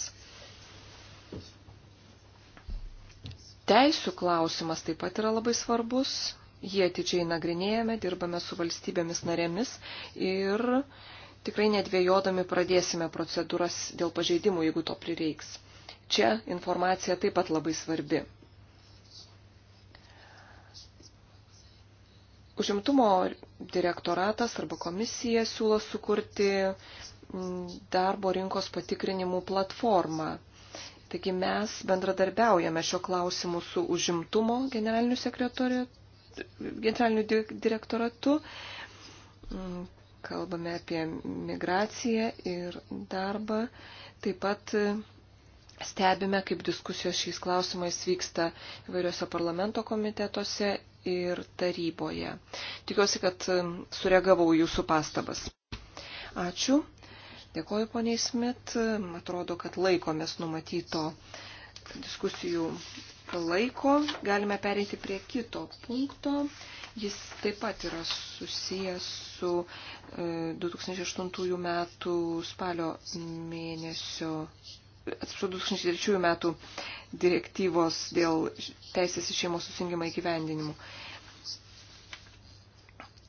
Teisų klausimas taip pat yra labai svarbus. Jie atidžiai nagrinėjame, dirbame su valstybėmis narėmis ir tikrai nedvėjodami pradėsime procedūras dėl pažeidimų, jeigu to prireiks čia informacija taip pat labai svarbi. Užimtumo direktoratas arba komisija siūlo sukurti darbo rinkos patikrinimų platformą. Taigi mes bendradarbiaujame šio klausimu su užimtumo generaliniu, generaliniu direktoratu. Kalbame apie migraciją ir darbą. Taip pat stebime, kaip diskusijos šiais klausimais vyksta įvairiuose parlamento komitetuose ir taryboje. Tikiuosi, kad um, sureagavau jūsų pastabas. Ačiū. Dėkoju, poniai Smit. Atrodo, kad laikomės numatyto diskusijų laiko. Galime pereiti prie kito punkto. Jis taip pat yra susijęs su 2008 e, metų spalio mėnesio atsiprašau, 2003 metų direktyvos dėl teisės į šeimos susijungimą įgyvendinimų.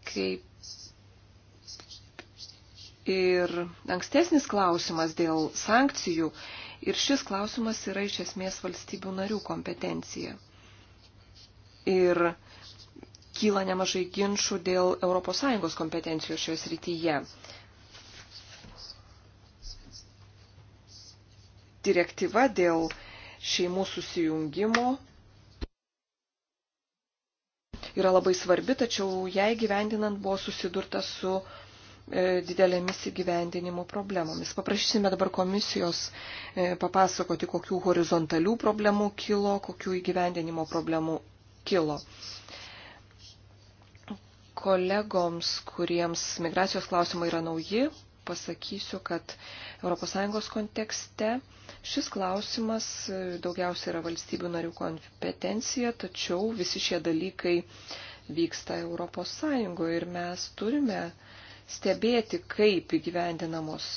Kaip ir ankstesnis klausimas dėl sankcijų ir šis klausimas yra iš esmės valstybių narių kompetencija. Ir kyla nemažai ginčių dėl ES kompetencijos šioje srityje. direktyva dėl šeimų susijungimo yra labai svarbi, tačiau jai gyvendinant buvo susidurta su e, didelėmis įgyvendinimo problemomis. Paprašysime dabar komisijos e, papasakoti, kokių horizontalių problemų kilo, kokių įgyvendinimo problemų kilo. Kolegoms, kuriems migracijos klausimai yra nauji, pasakysiu, kad ES kontekste šis klausimas e, daugiausia yra valstybių narių kompetencija, tačiau visi šie dalykai vyksta ES ir mes turime stebėti, kaip įgyvendinamos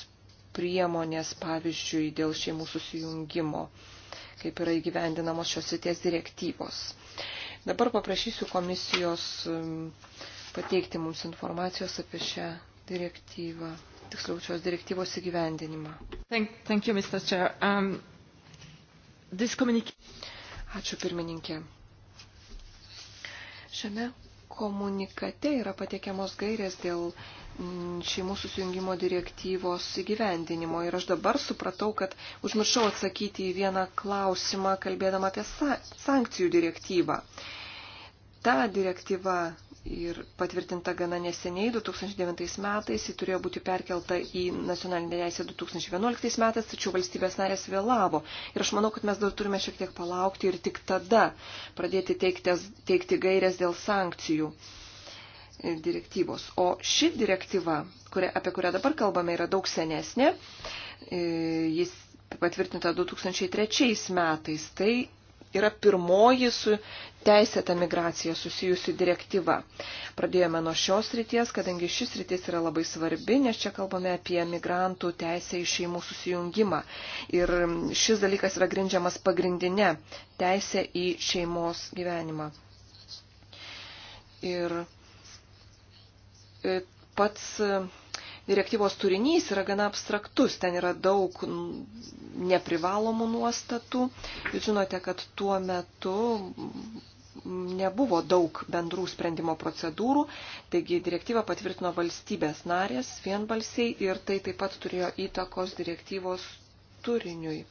priemonės, pavyzdžiui, dėl šeimų susijungimo, kaip yra įgyvendinamos šios sėties direktyvos. Dabar paprašysiu komisijos pateikti mums informacijos apie šią direktyvą tiksliau šios direktyvos įgyvendinimą. Thank, thank you, Mr. Chair. Um, this communique... Ačiū pirmininkė. Šiame komunikate yra patiekiamos gairės dėl mm, šeimų susijungimo direktyvos įgyvendinimo. Ir aš dabar supratau, kad užmiršau atsakyti į vieną klausimą, kalbėdama apie sankcijų direktyvą. Ta direktyva ir patvirtinta gana neseniai, 2009 metais, ji turėjo būti perkelta į nacionalinę teisę 2011 metais, tačiau valstybės narės vėlavo. Ir aš manau, kad mes dar turime šiek tiek palaukti ir tik tada pradėti teikti, teikti gairės dėl sankcijų direktyvos. O ši direktyva, kuria, apie kurią dabar kalbame, yra daug senesnė. E, jis patvirtinta 2003 metais. Tai yra pirmoji su teisėta migracija susijusi direktyva. Pradėjome nuo šios ryties, kadangi šis rytis yra labai svarbi, nes čia kalbame apie migrantų teisę į šeimų susijungimą. Ir šis dalykas yra grindžiamas pagrindinė teisė į šeimos gyvenimą. Ir e, pats direktyvos turinys yra gana abstraktus, ten yra daug neprivalomų nuostatų. Jūs žinote, kad tuo metu nebuvo daug bendrų sprendimo procedūrų, taigi direktyvą patvirtino valstybės narės vienbalsiai ir tai taip pat turėjo įtakos direktyvos turiniui.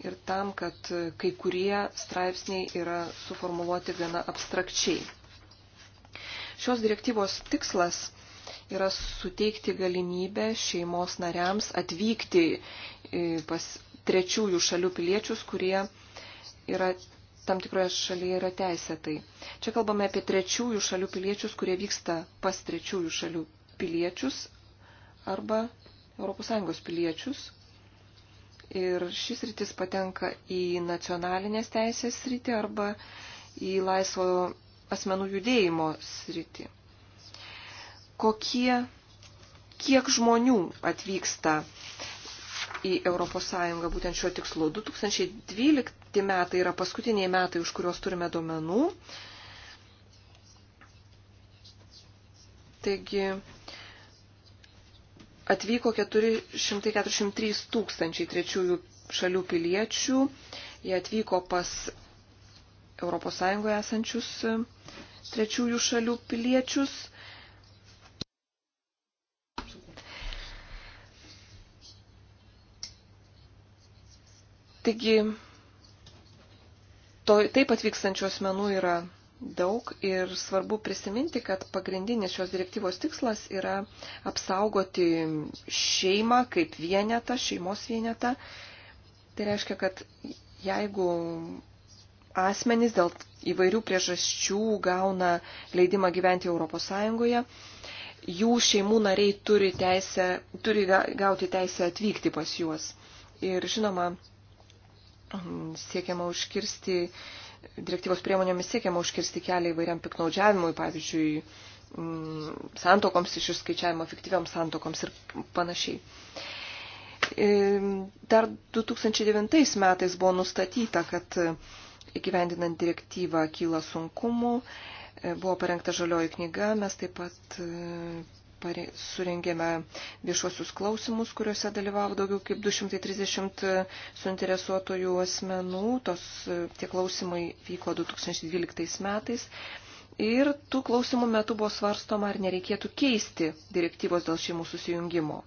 Ir tam, kad kai kurie straipsniai yra suformuoluoti gana abstrakčiai. Šios direktyvos tikslas yra suteikti galimybę šeimos nariams atvykti pas trečiųjų šalių piliečius, kurie yra tam tikroje šalyje yra teisėtai. Čia kalbame apie trečiųjų šalių piliečius, kurie vyksta pas trečiųjų šalių piliečius arba ES piliečius. Ir šis rytis patenka į nacionalinės teisės rytį arba į laisvo asmenų judėjimo sritį kokie, kiek žmonių atvyksta į ES būtent šiuo tikslu. 2012 metai yra paskutiniai metai, už kuriuos turime duomenų. Taigi atvyko 443 tūkstančiai trečiųjų šalių piliečių. Jie atvyko pas ES esančius trečiųjų šalių piliečius. Taigi, to, taip atvykstančių asmenų yra daug ir svarbu prisiminti, kad pagrindinis šios direktyvos tikslas yra apsaugoti šeimą kaip vienetą, šeimos vienetą. Tai reiškia, kad jeigu asmenys dėl įvairių priežasčių gauna leidimą gyventi ES, jų šeimų nariai turi, teisę, turi gauti teisę atvykti pas juos. Ir žinoma, siekiama užkirsti, direktyvos priemonėmis siekiama užkirsti kelią įvairiam piknaudžiavimui, pavyzdžiui, mm, santokoms iš išskaičiavimo, fiktyvioms santokoms ir panašiai. E, dar 2009 metais buvo nustatyta, kad įgyvendinant direktyvą kyla sunkumų, e, buvo parengta žalioji knyga, mes taip pat e, surengėme viešuosius klausimus, kuriuose dalyvavo daugiau kaip 230 suinteresuotojų asmenų. Tos, tie klausimai vyko 2012 metais. Ir tų klausimų metu buvo svarstoma, ar nereikėtų keisti direktyvos dėl šeimų susijungimo.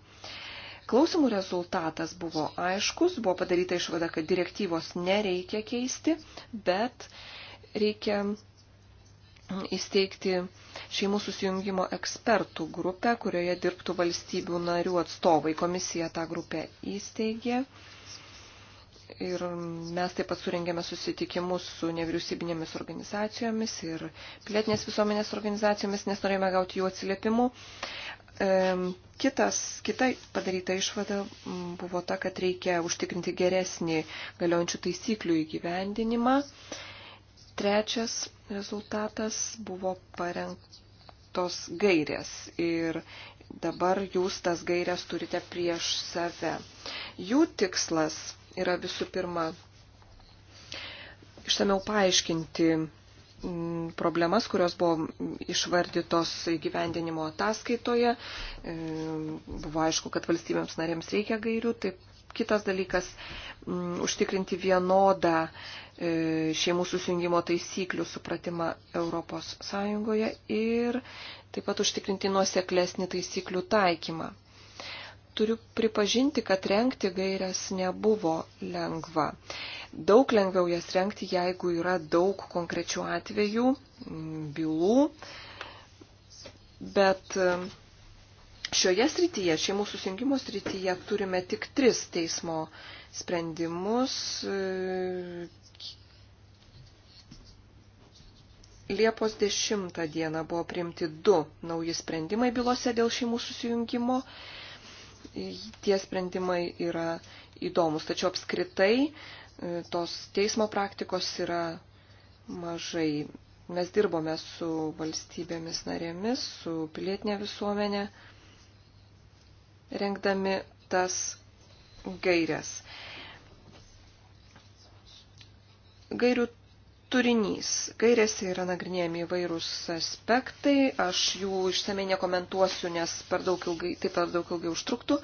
Klausimų rezultatas buvo aiškus, buvo padaryta išvada, kad direktyvos nereikia keisti, bet reikia įsteigti šeimų susijungimo ekspertų grupę, kurioje dirbtų valstybių narių atstovai. Komisija tą grupę įsteigė. Ir mes taip pat surengėme susitikimus su nevyriausybinėmis organizacijomis ir pilietinės visuomenės organizacijomis, nes norėjome gauti jų atsiliepimų. Kitas, kita padaryta išvada buvo ta, kad reikia užtikrinti geresnį galiojančių taisyklių įgyvendinimą Trečias rezultatas buvo parengtos gairės ir dabar jūs tas gairias turite prieš save. Jų tikslas yra visų pirma išsameu paaiškinti mm, problemas, kurios buvo išvardytos įgyvendinimo ataskaitoje. E, buvo aišku, kad valstybėms narėms reikia gairių, taip Kitas dalykas mm, - užtikrinti vienodą e, šeimų susijungimo taisyklių supratimą ES ir taip pat užtikrinti nuoseklesnį taisyklių taikymą. Turiu pripažinti, kad renkti gairias nebuvo lengva. Daug lengviau jas renkti, jeigu yra daug konkrečių atvejų, bylų, bet Šioje srityje, šeimų susijungimo srityje turime tik tris teismo sprendimus. Liepos 10 dieną buvo priimti du nauji sprendimai bylose dėl šeimų susijungimo. Tie sprendimai yra įdomus, tačiau apskritai e, tos teismo praktikos yra mažai. Mes dirbome su valstybėmis narėmis, su pilietinė visuomenė rengdami tas gairias. Gairių turinys. Gairėse yra nagrinėjami įvairūs aspektai, aš jų išsamei nekomentuosiu, nes per daug ilgai, tai per daug ilgai užtruktų.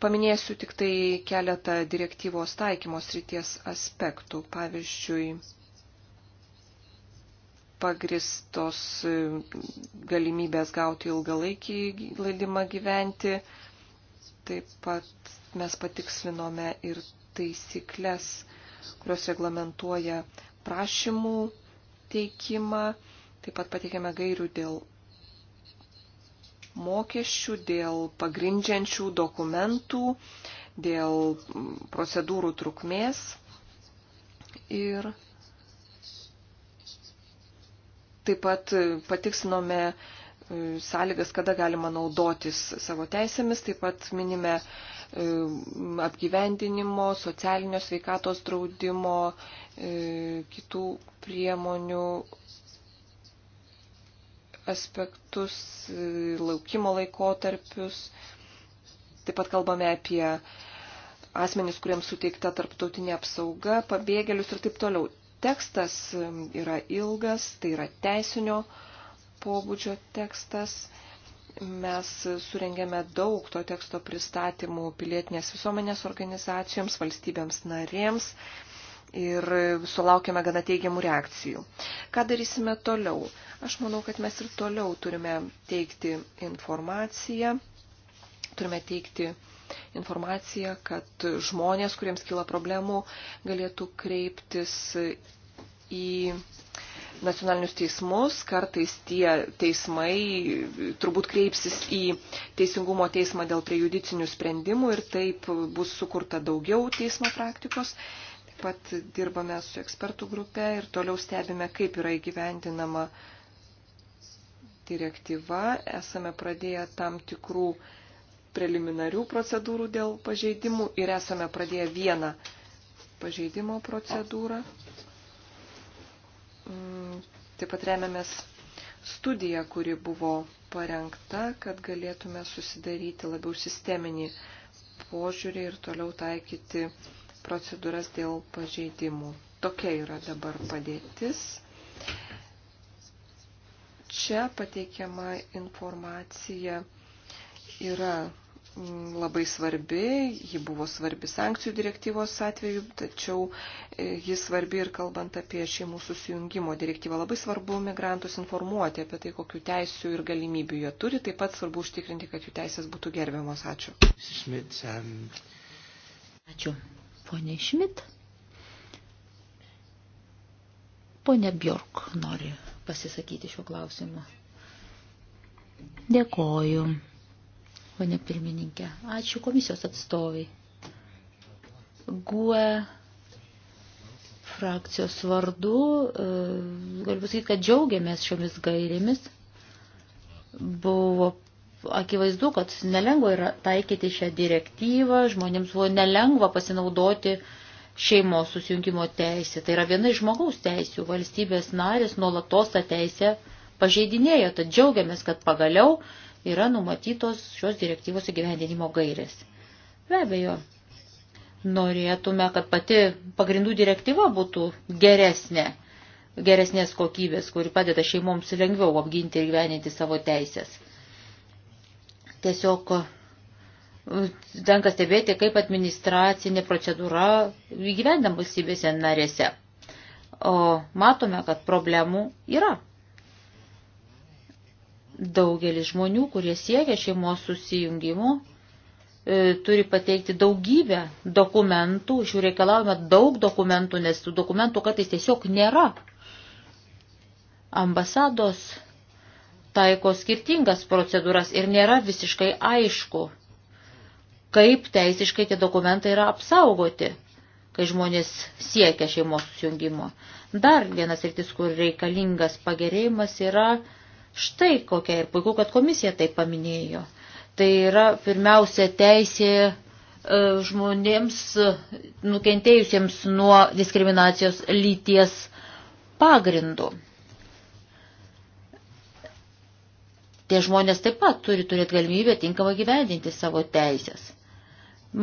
Paminėsiu tik tai keletą direktyvos taikymos ryties aspektų. Pavyzdžiui, pagristos e, galimybės gauti ilgalaikį leidimą gyventi. Taip pat mes patikslinome ir taisyklės, kurios reglamentuoja prašymų teikimą. Taip pat pateikėme gairių dėl mokesčių, dėl pagrindžiančių dokumentų, dėl procedūrų trukmės. Ir Taip pat e, patiksnome e, sąlygas, kada galima naudotis savo teisėmis, taip pat minime e, apgyvendinimo, socialinio sveikatos draudimo, kitų priemonių aspektus, laukimo laikotarpius. Taip pat kalbame apie asmenis, kuriems suteikta tarptautinė apsauga, pabėgėlius ir taip toliau. Tekstas yra ilgas, tai yra teisinio pobūdžio tekstas. Mes surengėme daug to teksto pristatymų pilietinės visuomenės organizacijoms, valstybėms narėms ir sulaukėme gana teigiamų reakcijų. Ką darysime toliau? Aš manau, kad mes ir toliau turime teikti informaciją, turime teikti informaciją, kad žmonės, kuriems kyla problemų, galėtų kreiptis į nacionalinius teismus. Kartais tie teismai turbūt kreipsis į Teisingumo teismą dėl prejudicinių sprendimų ir taip bus sukurta daugiau teismo praktikos. Taip pat dirbame su ekspertų grupe ir toliau stebime, kaip yra įgyvendinama direktyva, esame pradėję tam tikrų preliminarių procedūrų dėl pažeidimų ir esame pradėję vieną pažeidimo procedūrą. Mm, taip pat remiamės studiją, kuri buvo parengta, kad galėtume susidaryti labiau sisteminį požiūrį ir toliau taikyti procedūras dėl pažeidimų. Tokia yra dabar padėtis. Čia pateikiama informacija yra Mm, labai svarbi, ji buvo svarbi sankcijų direktyvos atveju, tačiau e, ji svarbi ir kalbant apie šeimų susijungimo direktyvą. Labai svarbu migrantus informuoti apie tai, kokių teisių ir galimybių jie turi, taip pat svarbu užtikrinti, kad jų teisės būtų gerbiamos. Ačiū. Schmidt, um... Ačiū. Pone Šmit. Pone Bjork nori pasisakyti šiuo klausimu. Dėkoju ponė pirmininkė. Ačiū komisijos atstovai. GUE frakcijos vardu, e, galiu pasakyti, kad džiaugiamės šiomis gairėmis. Buvo akivaizdu, kad nelengva yra taikyti šią direktyvą, žmonėms buvo nelengva pasinaudoti šeimos susijungimo teisė. Tai yra viena iš žmogaus teisių. Valstybės narės nuolatos tą teisę pažeidinėjo. Tad džiaugiamės, kad pagaliau uh, yra numatytos šios direktyvos įgyvendinimo gairės. Be abejo, norėtume, kad pati pagrindų direktyva būtų geresnė, geresnės kokybės, kuri padeda šeimoms lengviau apginti ir gyveninti savo teisės. Tiesiog e, tenka stebėti, kaip administracinė procedūra įgyvendam valstybėse narėse. O matome, kad problemų yra. Daugelis žmonių, kurie siekia šeimos susijungimų, e, turi pateikti daugybę dokumentų, iš jų reikalavome daug dokumentų, nes tų dokumentų kartais tiesiog nėra. Ambasados taiko skirtingas procedūras ir nėra visiškai aišku, kaip teisiškai tie dokumentai yra apsaugoti, kai žmonės siekia šeimos susijungimo. Dar vienas rytis, kur reikalingas pagerėjimas, yra Štai kokia ir puiku, kad komisija tai paminėjo. Tai yra pirmiausia teisė e, žmonėms e, nukentėjusiems nuo diskriminacijos lyties pagrindų. Tie žmonės taip pat turi turėti galimybę tinkamai gyvendinti savo teisės.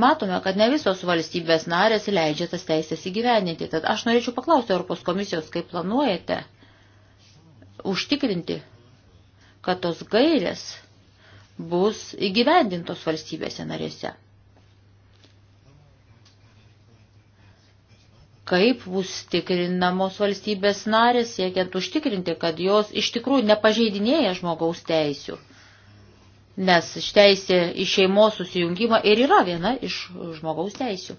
Matome, kad ne visos valstybės narės leidžia tas teisės įgyveninti. Tad aš norėčiau paklausti Europos komisijos, kaip planuojate užtikrinti, kad tos gairės bus įgyvendintos valstybėse narėse. Kaip bus tikrinamos valstybės narės, siekiant užtikrinti, kad jos iš tikrųjų nepažeidinėja žmogaus teisių. Nes teisė į šeimos susijungimą ir yra viena iš žmogaus teisių.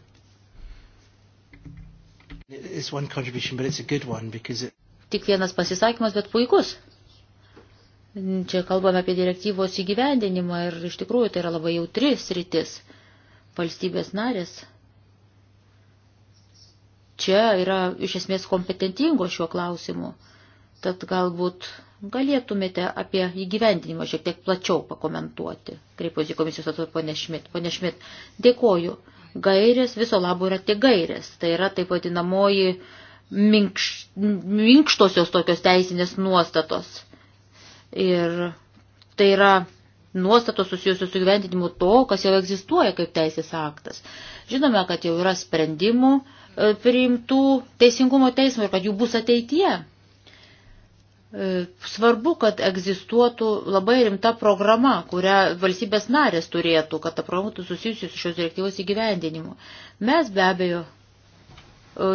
It... Tik vienas pasisakymas, bet puikus. Čia kalbame apie direktyvos įgyvendinimą ir iš tikrųjų tai yra labai jautri sritis valstybės narės. Čia yra iš esmės kompetentingo šiuo klausimu, tad galbūt galėtumėte apie įgyvendinimą šiek tiek plačiau pakomentuoti. Kreipiuosi komisijos atstovą ponė Šmit. Ponė Šmit, dėkoju. Gairės viso labo yra tik gairės. Tai yra taip vadinamoji minkš, minkštosios tokios teisinės nuostatos Ir tai yra nuostatos susijusios su gyventinimu to, kas jau egzistuoja kaip teisės aktas. Žinome, kad jau yra sprendimų e, priimtų teisingumo teismo ir kad jų bus ateityje. E, svarbu, kad egzistuotų labai rimta programa, kurią valstybės narės turėtų, kad ta programa būtų susijusi su šios direktyvos įgyvendinimu. Mes be abejo e,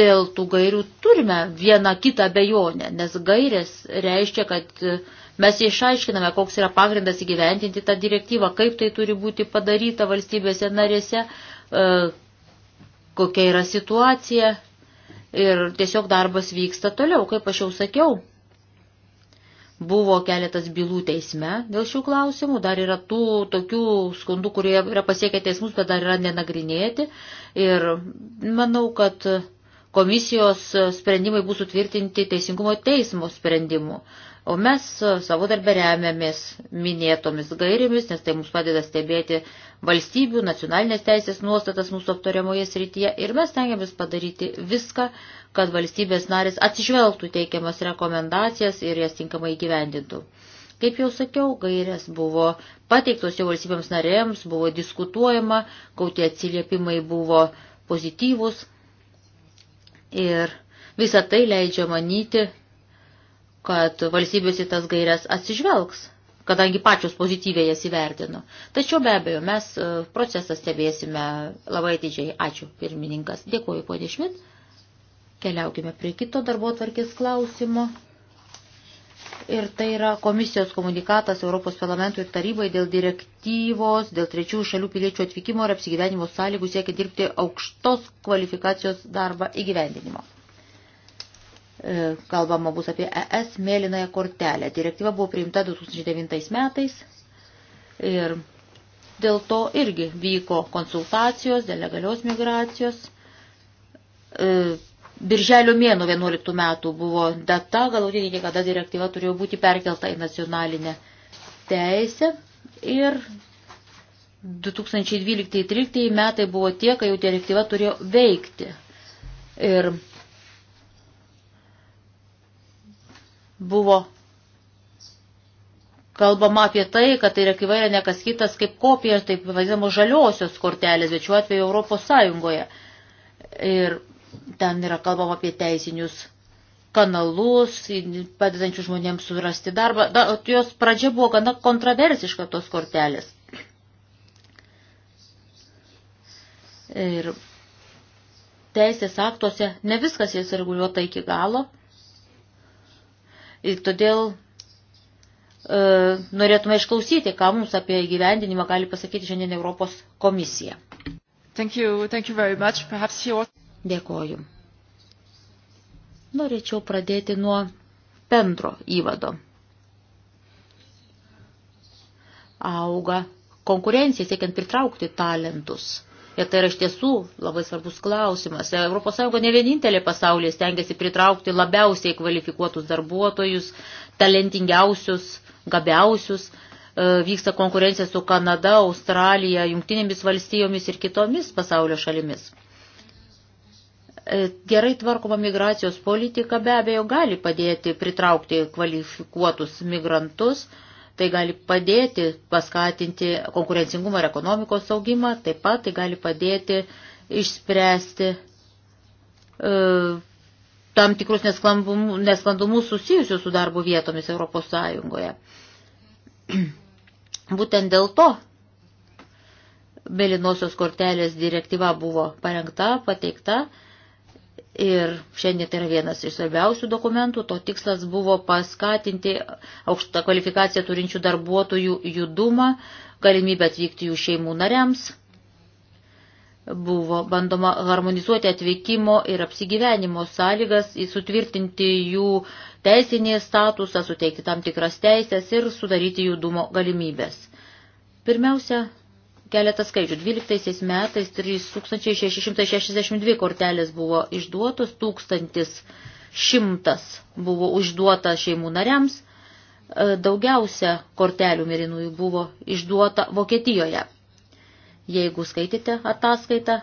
dėl tų gairių turime vieną kitą bejonę, nes gairės reiškia, kad mes išaiškiname, koks yra pagrindas įgyventinti tą direktyvą, kaip tai turi būti padaryta valstybėse narėse, e, kokia yra situacija ir tiesiog darbas vyksta toliau, kaip aš jau sakiau. Buvo keletas bylų teisme dėl šių klausimų, dar yra tų tokių skundų, kurie yra pasiekę teismus, bet dar yra nenagrinėti. Ir manau, kad komisijos e, sprendimai bus sutvirtinti teisingumo teismo sprendimu. O mes e, savo darbę remiamės minėtomis gairėmis, nes tai mums padeda stebėti valstybių, nacionalinės teisės nuostatas mūsų aptariamoje srityje ir mes tengiamės padaryti viską, kad valstybės narės atsižvelgtų teikiamas rekomendacijas ir jas tinkamai gyvendintų. Kaip jau sakiau, gairės buvo pateiktos jau valstybėms narėms, buvo diskutuojama, gauti atsiliepimai buvo pozityvus, Ir visą tai leidžia manyti, kad valstybės į tas gairias atsižvelgs, kadangi pačios pozityviai jas įvertino. Tačiau be abejo, mes e, procesą stebėsime labai atidžiai. Ačiū, pirmininkas. Dėkuoju, ponė Šmit. Keliaukime prie kito darbo tvarkės klausimo ir tai yra komisijos komunikatas Europos parlamentui ir tarybai dėl direktyvos, dėl trečiųjų šalių piliečių atvykimo ir apsigyvenimo sąlygų siekia dirbti aukštos kvalifikacijos darbą įgyvendinimo. E, kalbama bus apie ES mėlynąją kortelę. Direktyva buvo priimta 2009 metais ir dėl to irgi vyko konsultacijos dėl legalios migracijos e, Birželio mėnų 11 metų buvo data, galutinė, kada direktyva turėjo būti perkelta į nacionalinę teisę ir 2012-2013 metai buvo tie, kai jau direktyva turėjo veikti. Ir buvo kalbama apie tai, kad direktyva yra nekas kitas kaip kopija, taip vadinamos žaliosios kortelės, bet šiuo atveju Europos Sąjungoje. Ir Ten yra kalbama apie teisinius kanalus, padedančių žmonėms surasti darbą. Da, jos pradžia buvo gana kontroversiška tos kortelės. Ir teisės aktuose ne viskas jas reguliuota iki galo. Ir todėl e, norėtume išklausyti, ką mums apie įgyvendinimą gali pasakyti šiandien Europos komisija. Thank you, thank you very much. Perhaps you also... Dėkoju. Norėčiau pradėti nuo bendro įvado. Auga konkurencija siekiant pritraukti talentus. Ir tai yra iš tiesų labai svarbus klausimas. ES ne vienintelė pasaulyje stengiasi pritraukti labiausiai kvalifikuotus darbuotojus, talentingiausius, gabiausius. E, vyksta konkurencija su Kanada, Australija, Jungtinėmis valstijomis ir kitomis pasaulio šalimis. E, gerai tvarkoma migracijos politika be abejo gali padėti pritraukti kvalifikuotus migrantus, tai gali padėti paskatinti konkurencingumą ir ekonomikos saugimą, taip pat tai gali padėti išspręsti e, tam tikrus nesklandumus susijusius su darbo vietomis Europos Sąjungoje. Būtent dėl to Melinosios kortelės direktyva buvo parengta, pateikta Ir šiandien tai yra vienas iš svarbiausių dokumentų. To tikslas buvo paskatinti aukštą kvalifikaciją turinčių darbuotojų judumą, galimybę atvykti jų šeimų nariams. Buvo bandoma harmonizuoti atvykimo ir apsigyvenimo sąlygas, sutvirtinti jų teisinį statusą, suteikti tam tikras teisės ir sudaryti judumo galimybės. Pirmiausia, Keletą skaičių. 12 metais 3662 kortelės buvo išduotos, 1100 buvo užduota šeimų nariams, e, daugiausia kortelių mirinųjų buvo išduota Vokietijoje. Jeigu skaitėte ataskaitą,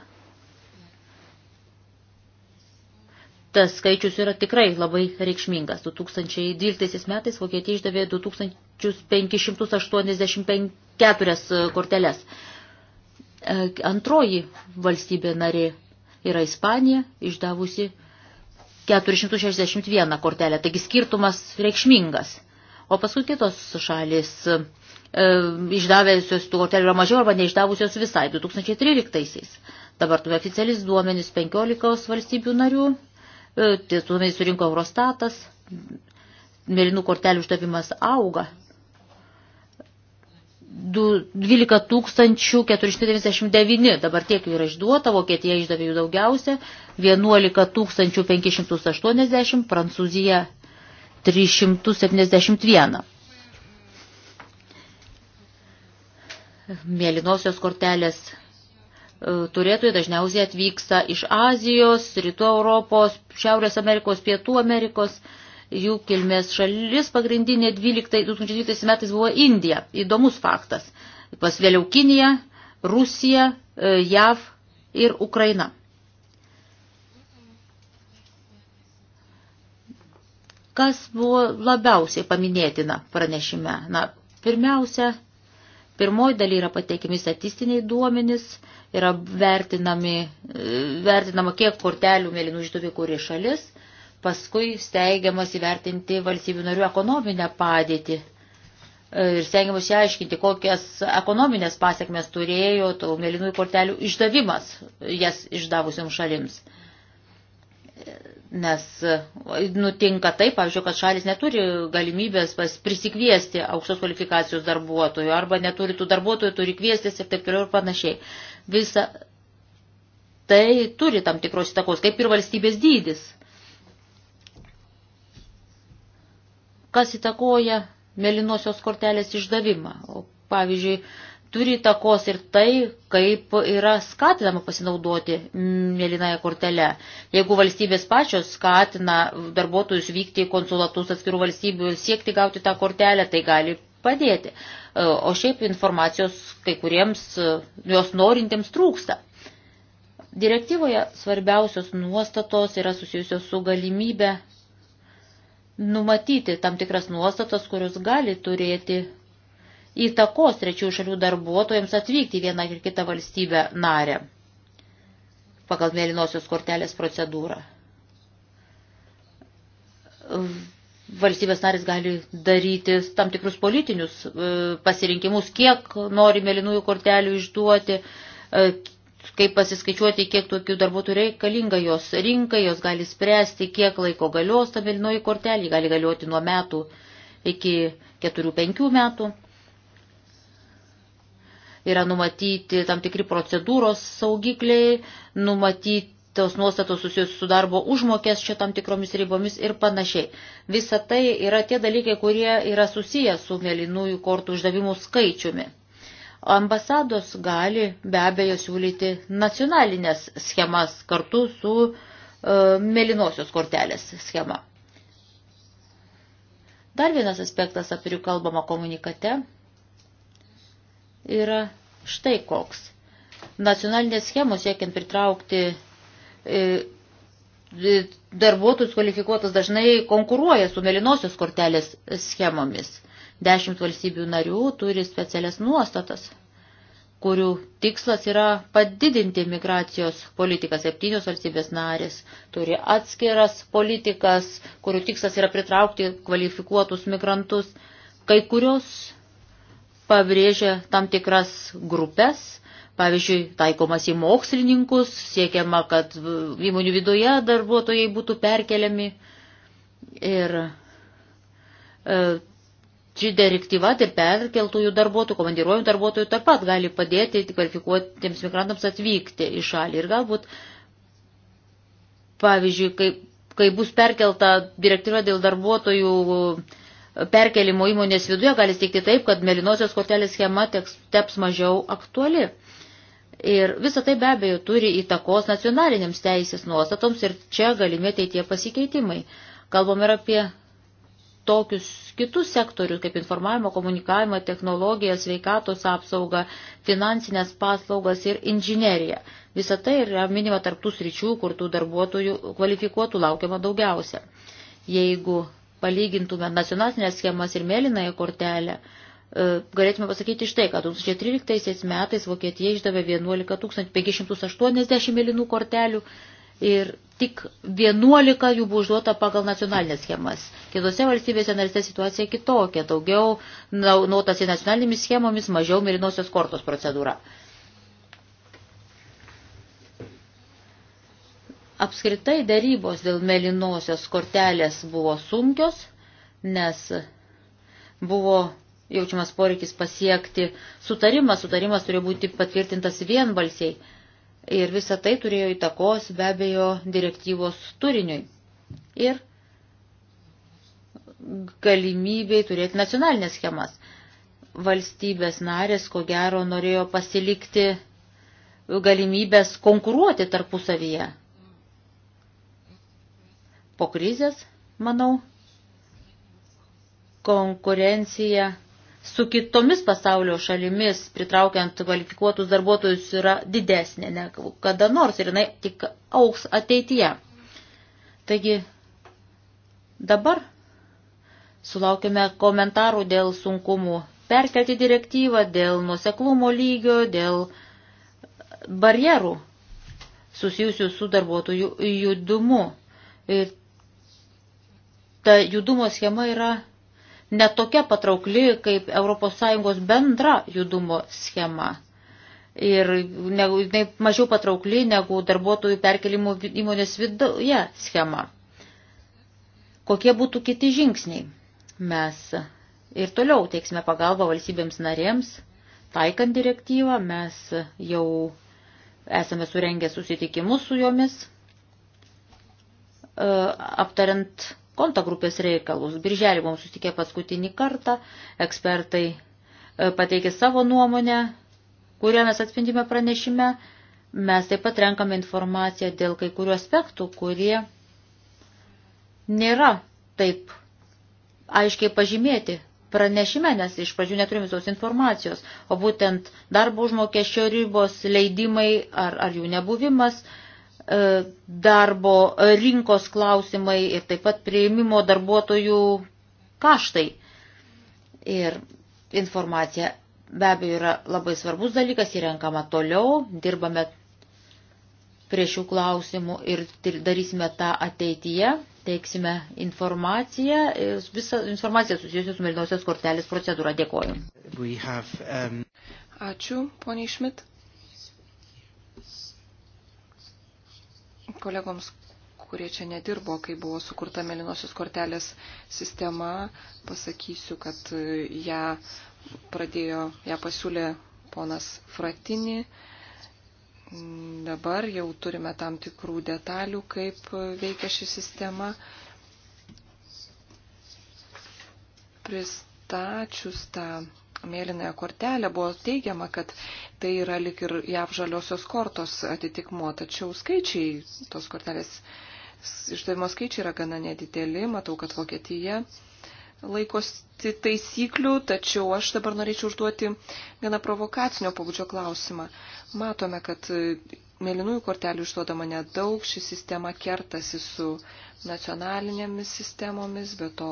tas skaičius yra tikrai labai reikšmingas. 2012 metais Vokietija išdavė 2584 korteles. E, antroji valstybė narė yra Ispanija, išdavusi 461 kortelę, taigi skirtumas reikšmingas. O paskui kitos šalis e, išdavėjusios tų kortelių yra mažiau arba neišdavusios visai 2013-aisiais. Dabar tume oficialis duomenys 15 valstybių narių, e, tie duomenys surinko Eurostatas, mėlynų kortelių išdavimas auga, 12 499, dabar tiek jų yra išduota, Vokietija išdavė jų daugiausia, 11 580, Prancūzija 371. Mėlynosios kortelės e, turėtojai dažniausiai atvyksta iš Azijos, Rytų Europos, Šiaurės Amerikos, Pietų Amerikos. Amerikos jų kilmės šalis pagrindinė 12, 2012 metais buvo Indija. Įdomus faktas. Pas vėliau Kinija, Rusija, e, JAV ir Ukraina. Kas buvo labiausiai paminėtina pranešime? Na, pirmiausia, pirmoji daly yra pateikimi statistiniai duomenys, yra vertinami, e, vertinama, kiek kortelių mėlynų išdavė kuri šalis – Paskui steigiamas įvertinti valstybių narių ekonominę padėtį e, ir stengiamas išsiaiškinti, kokias ekonominės pasiekmes turėjo tų mėlynųjų kortelių išdavimas jas išdavusiam šalims. Nes e, nutinka taip, pavyzdžiui, kad šalis neturi galimybės prisikviesti aukštos kvalifikacijos darbuotojų arba neturi tų darbuotojų, turi kviestis ir taip toliau ir panašiai. Visa tai turi tam tikros įtakos, kaip ir valstybės dydis. kas įtakoja melinosios kortelės išdavimą. O pavyzdžiui, turi įtakos ir tai, kaip yra skatinama pasinaudoti mėlynąją kortelę. Jeigu valstybės pačios skatina darbuotojus vykti į konsulatus atskirų valstybių, siekti gauti tą kortelę, tai gali padėti. O šiaip informacijos kai kuriems jos norintiems trūksta. Direktyvoje svarbiausios nuostatos yra susijusios su galimybė numatyti tam tikras nuostatas, kurios gali turėti įtakos trečių šalių darbuotojams atvykti vieną ir kitą valstybę narę pagal mėlynosios kortelės procedūrą. Valstybės narys gali daryti tam tikrus politinius e, pasirinkimus, kiek nori mėlynųjų kortelių išduoti, e, kaip pasiskaičiuoti, kiek tokių darbuotojų reikalinga jos rinkai, jos gali spręsti, kiek laiko galios ta mėlynoji kortelė, gali galioti nuo metų iki 4-5 metų. Yra numatyti tam tikri procedūros saugikliai, numatyti tos nuostatos susijusios su darbo užmokės čia tam tikromis ribomis ir panašiai. Visa tai yra tie dalykai, kurie yra susiję su mėlynųjų kortų uždavimų skaičiumi. Ambasados gali be abejo siūlyti nacionalinės schemas kartu su e, mėlynosios kortelės schema. Dar vienas aspektas, apie kurį kalbama komunikate, yra štai koks. Nacionalinės schemos siekiant pritraukti e, e darbuotojus kvalifikuotas dažnai konkuruoja su mėlynosios kortelės schemomis. Dešimt valstybių narių turi specialias nuostatas, kurių tikslas yra padidinti migracijos politiką. Septynios valstybės narės turi atskiras politikas, kurių tikslas yra pritraukti kvalifikuotus migrantus. Kai kurios pabrėžia tam tikras grupės, pavyzdžiui, taikomas į mokslininkus, siekiama, kad įmonių viduje darbuotojai būtų perkeliami ir e, Ši direktyva ir tai perkeltųjų darbuotojų, komandiruojų darbuotojų taip pat gali padėti kvalifikuotiems migrantams atvykti į šalį. Ir galbūt, pavyzdžiui, kai, kai bus perkelta direktyva dėl darbuotojų e, perkelimo įmonės viduje, gali stikti taip, kad melinosios kortelės schema teks, teps mažiau aktuali. Ir visą tai be abejo turi įtakos nacionaliniams teisės nuostatoms ir čia galimi ateitie pasikeitimai. Kalbam ir apie tokius kitus sektorius, kaip informavimo, komunikavimo, technologijas, sveikatos apsaugą, finansinės paslaugas ir inžineriją. Visa tai yra minima tarptų sričių, kur tų darbuotojų kvalifikuotų laukiama daugiausia. Jeigu palygintume nacionalinės schemas ir mėlynąją kortelę, e, galėtume pasakyti štai, kad 2013 metais Vokietija išdavė 11 580 mėlynų kortelių, ir tik 11 jų buvo užduota pagal nacionalinės schemas. Kitose valstybėse narystė situacija kitokia, daugiau nautasi nacionalinėmis schemomis, mažiau mirinosios kortos procedūra. Apskritai darybos dėl melinosios kortelės buvo sunkios, nes buvo jaučiamas poreikis pasiekti sutarimą, sutarimas turėjo būti patvirtintas vienbalsiai. Ir visa tai turėjo įtakos be abejo direktyvos turiniui ir galimybei turėti nacionalinės schemas. Valstybės narės, ko gero, norėjo pasilikti galimybės konkuruoti tarpusavyje. Po krizės, manau, konkurencija su kitomis pasaulio šalimis, pritraukiant kvalifikuotus darbuotojus, yra didesnė negu kada nors ir jinai tik auks ateityje. Taigi dabar sulaukime komentarų dėl sunkumų perkelti direktyvą, dėl nuseklumo lygio, dėl barjerų susijusių su darbuotojų judumu. Ir ta judumo schema yra netokia patraukli kaip ES bendra judumo schema. Ir ne, ne, mažiau patraukli negu darbuotojų perkelimų įmonės viduje schema. Kokie būtų kiti žingsniai? Mes ir toliau teiksime pagalbą valstybėms narėms, taikant direktyvą, mes jau esame surengę susitikimus su jomis, e, aptariant kontagrupės reikalus. Birželį mums susitikė paskutinį kartą, ekspertai e, pateikė savo nuomonę, kurią mes atspindime pranešime. Mes taip pat renkame informaciją dėl kai kurių aspektų, kurie nėra taip aiškiai pažymėti pranešime, nes iš pradžių neturim visos informacijos, o būtent darbo užmokesčio ribos, leidimai ar, ar jų nebuvimas, uh, E, darbo e, rinkos klausimai ir taip pat prieimimo darbuotojų kaštai. Ir informacija be abejo yra labai svarbus dalykas, įrenkama toliau, dirbame prie šių klausimų ir darysime tą ateityje, teiksime informaciją, e, visą informaciją susijusiu su mėlynosios kortelės procedūra. Dėkoju. Have, um... Ačiū, poniai Šmit. Kolegoms, kurie čia nedirbo, kai buvo sukurta melinosios kortelės sistema, pasakysiu, kad e, ją pradėjo, ją pasiūlė ponas Fratini. Mm, dabar jau turime tam tikrų detalių, kaip e, veikia ši sistema. Pristačius tą mėlynąją kortelę, buvo teigiama, kad tai yra lik ir jav žaliosios kortos atitikmuo, tačiau skaičiai tos kortelės išdavimo skaičiai yra gana nedideli, matau, kad Vokietija laikosi taisyklių, tačiau aš dabar norėčiau užduoti gana provokacinio pabudžio klausimą. Matome, kad mėlynųjų kortelių išduodama nedaug, ši sistema kertasi su nacionalinėmis sistemomis, bet to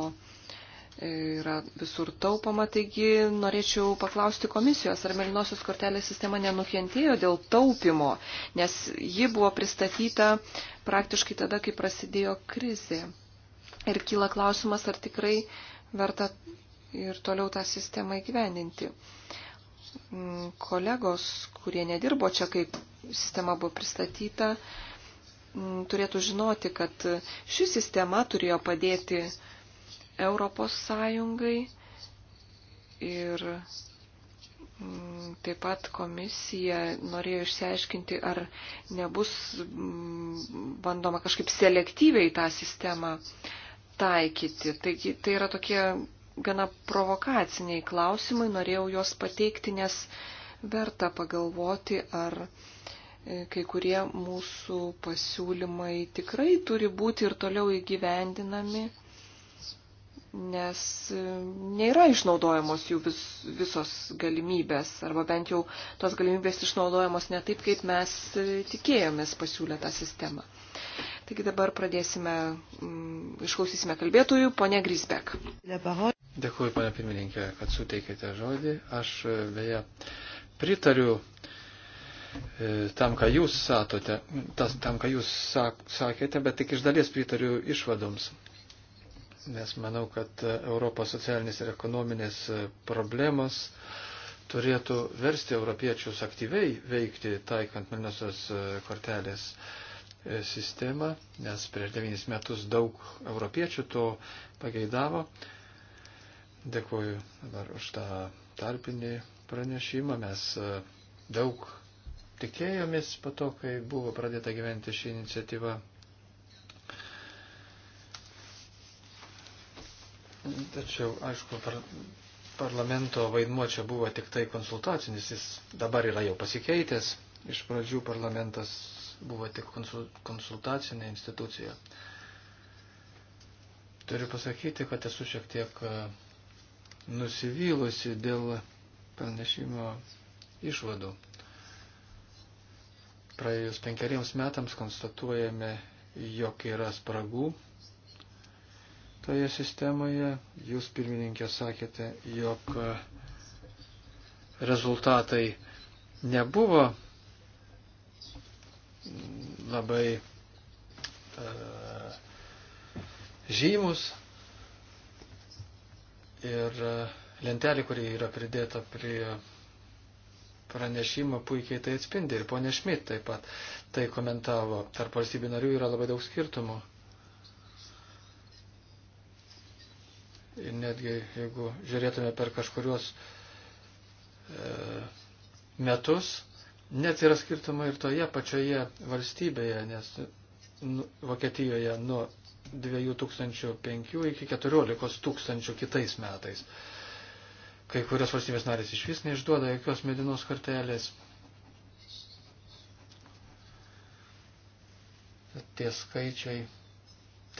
yra visur taupoma, taigi norėčiau paklausti komisijos, ar melinosios kortelės sistema nenukentėjo dėl taupimo, nes ji buvo pristatyta praktiškai tada, kai prasidėjo krizė. Ir kyla klausimas, ar tikrai verta ir toliau tą sistemą įgyveninti. Mm, kolegos, kurie nedirbo čia, kai sistema buvo pristatyta, mm, turėtų žinoti, kad ši sistema turėjo padėti Europos Sąjungai ir mm, taip pat komisija norėjo išsiaiškinti, ar nebus mm, bandoma kažkaip selektyviai tą sistemą taikyti. Taigi tai yra tokie gana provokaciniai klausimai, norėjau juos pateikti, nes verta pagalvoti, ar e, kai kurie mūsų pasiūlymai tikrai turi būti ir toliau įgyvendinami nes e, nėra išnaudojamos jų vis, visos galimybės, arba bent jau tos galimybės išnaudojamos ne taip, kaip mes e, tikėjomės pasiūlę tą sistemą. Taigi dabar pradėsime, m, mm, išklausysime kalbėtojų, ponė Grisbek. Dėkuoju, ponė pirmininkė, kad suteikėte žodį. Aš e, beje pritariu tam, ką jūs satote, tas, tam, ką jūs sak, sakėte, bet tik iš dalies pritariu išvadoms nes manau, kad Europos socialinės ir ekonominės problemos turėtų versti europiečius aktyviai veikti taikant Milnosios kortelės sistemą, nes prieš devynis metus daug europiečių to pageidavo. Dėkuoju dabar už tą tarpinį pranešimą. Mes e, daug tikėjomės po to, kai buvo pradėta gyventi ši iniciatyva Tačiau, aišku, par, parlamento vaidmuo čia buvo tik tai konsultacinis, jis dabar yra jau pasikeitęs. Iš pradžių parlamentas buvo tik konsultacinė institucija. Turiu pasakyti, kad esu šiek tiek e, nusivylusi dėl pranešimo išvadų. Praėjus penkeriems metams konstatuojame, jog yra spragų toje sistemoje. Jūs, pirmininkė, sakėte, jog rezultatai nebuvo labai uh, e, žymus ir uh, lentelė, kuri yra pridėta prie pranešimą puikiai tai atspindi ir ponė Šmit taip pat tai komentavo. Tarp valstybių narių yra labai daug skirtumų. Ir netgi jeigu žiūrėtume per kažkurios e, metus, net yra skirtumai ir toje pačioje valstybėje, nes nu, Vokietijoje nuo 2005 iki 14 tūkstančių kitais metais. Kai kurios valstybės narės iš vis neišduoda jokios medinos kartelės. Tie skaičiai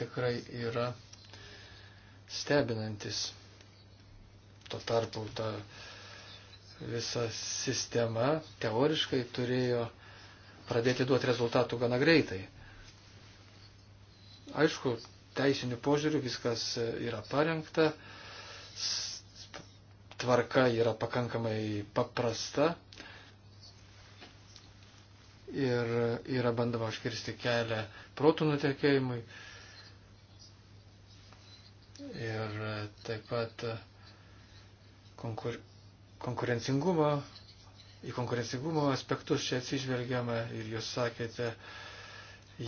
tikrai yra stebinantis. Tuo tarpu ta visa sistema teoriškai turėjo pradėti duoti rezultatų gana greitai. Aišku, teisinių požiūrių viskas yra parengta, tvarka yra pakankamai paprasta ir yra bandoma užkirsti kelią protų nutekėjimui, ir e, taip pat e, konkur konkurencingumo, į konkurencingumo aspektus čia atsižvelgiama ir jūs sakėte,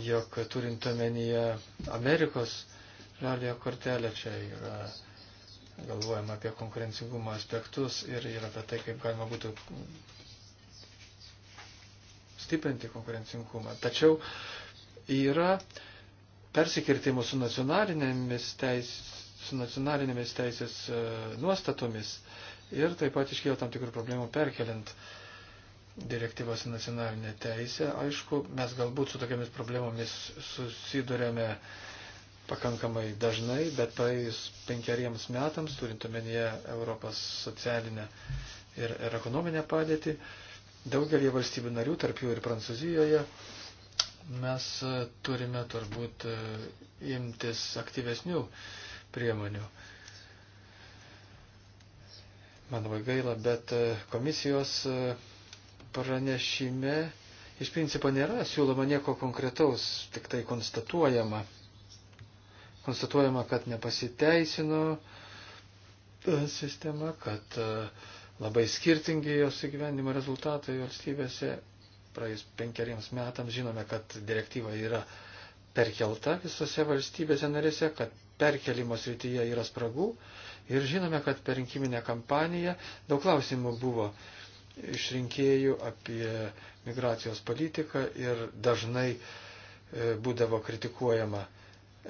jog turint omenyje Amerikos žaliojo kortelę, čia yra galvojama apie konkurencingumo aspektus ir, ir apie tai, kaip galima būtų stiprinti konkurencingumą. Tačiau yra persikirtimų su nacionalinėmis, teis, su nacionalinėmis teisės e, nuostatomis ir taip pat iškėjo tam tikrų problemų perkeliant direktyvas į nacionalinę teisę. Aišku, mes galbūt su tokiamis problemomis susidurėme pakankamai dažnai, bet praėjus penkeriems metams, turint omenyje Europos socialinę ir, ir ekonominę padėtį, daugelį valstybių narių, tarp jų ir Prancūzijoje, mes e, turime turbūt e, imtis aktyvesnių priemonių. Man labai gaila, bet e, komisijos pranešime iš principo nėra siūloma nieko konkretaus, tik tai konstatuojama. Konstatuojama, kad nepasiteisino sistema, kad labai skirtingi jos įgyvenimo rezultatai valstybėse praėjus penkeriems metams žinome, kad direktyva yra perkelta visose valstybėse narėse, kad perkelimo srityje yra spragų ir žinome, kad per rinkiminę kampaniją daug klausimų buvo išrinkėjų apie migracijos politiką ir dažnai e, būdavo kritikuojama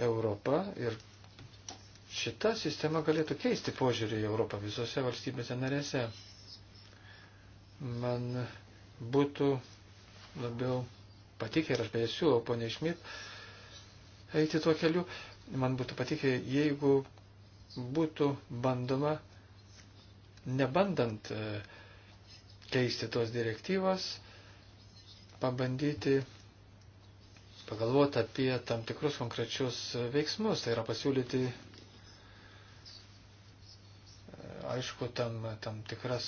Europa ir šita sistema galėtų keisti požiūrį į Europą visose valstybėse narėse. Man būtų labiau patikę ir aš beje siūlau, ponė Šmit, eiti tuo keliu. Man būtų patikę, jeigu būtų bandoma, nebandant e, keisti tos direktyvos, pabandyti pagalvoti apie tam tikrus konkrečius veiksmus, tai yra pasiūlyti, e, aišku, tam, tam tikras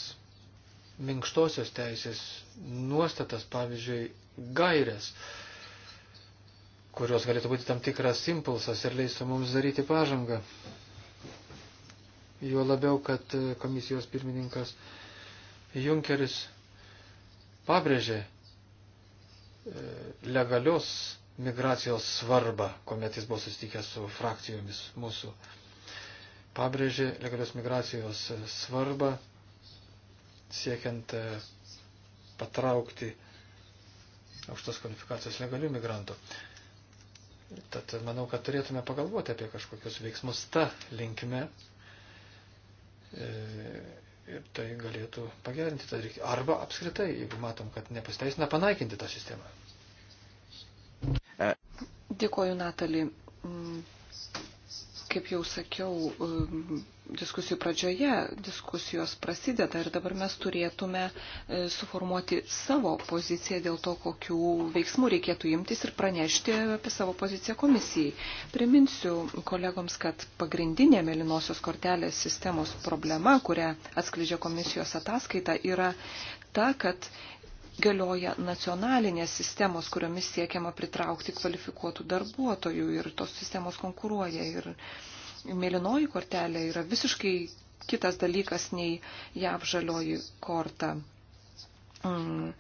minkštosios teisės nuostatas, pavyzdžiui, gairias, kurios galėtų būti tam tikras impulsas ir leistų mums daryti pažangą. Juo labiau, kad komisijos pirmininkas Junkeris pabrėžė e, legalios migracijos svarbą, kuomet jis buvo susitikęs su frakcijomis mūsų. Pabrėžė legalios migracijos svarbą siekiant e, patraukti aukštos kvalifikacijos legalių migrantų. Tad manau, kad turėtume pagalvoti apie kažkokius veiksmus tą linkme ir tai galėtų pagerinti tą reikį. Arba apskritai, jeigu matom, kad nepasteisina, panaikinti tą sistemą. Dėkoju, Natali. Mm, kaip jau sakiau, mm, diskusijų pradžioje, diskusijos prasideda ir dabar mes turėtume e, suformuoti savo poziciją dėl to, kokių veiksmų reikėtų imtis ir pranešti apie savo poziciją komisijai. Priminsiu kolegoms, kad pagrindinė melinosios kortelės sistemos problema, kurią atskleidžia komisijos ataskaita, yra ta, kad galioja nacionalinės sistemos, kuriomis siekiama pritraukti kvalifikuotų darbuotojų ir tos sistemos konkuruoja. Ir mėlynoji kortelė yra visiškai kitas dalykas nei jav žalioji korta. Mm.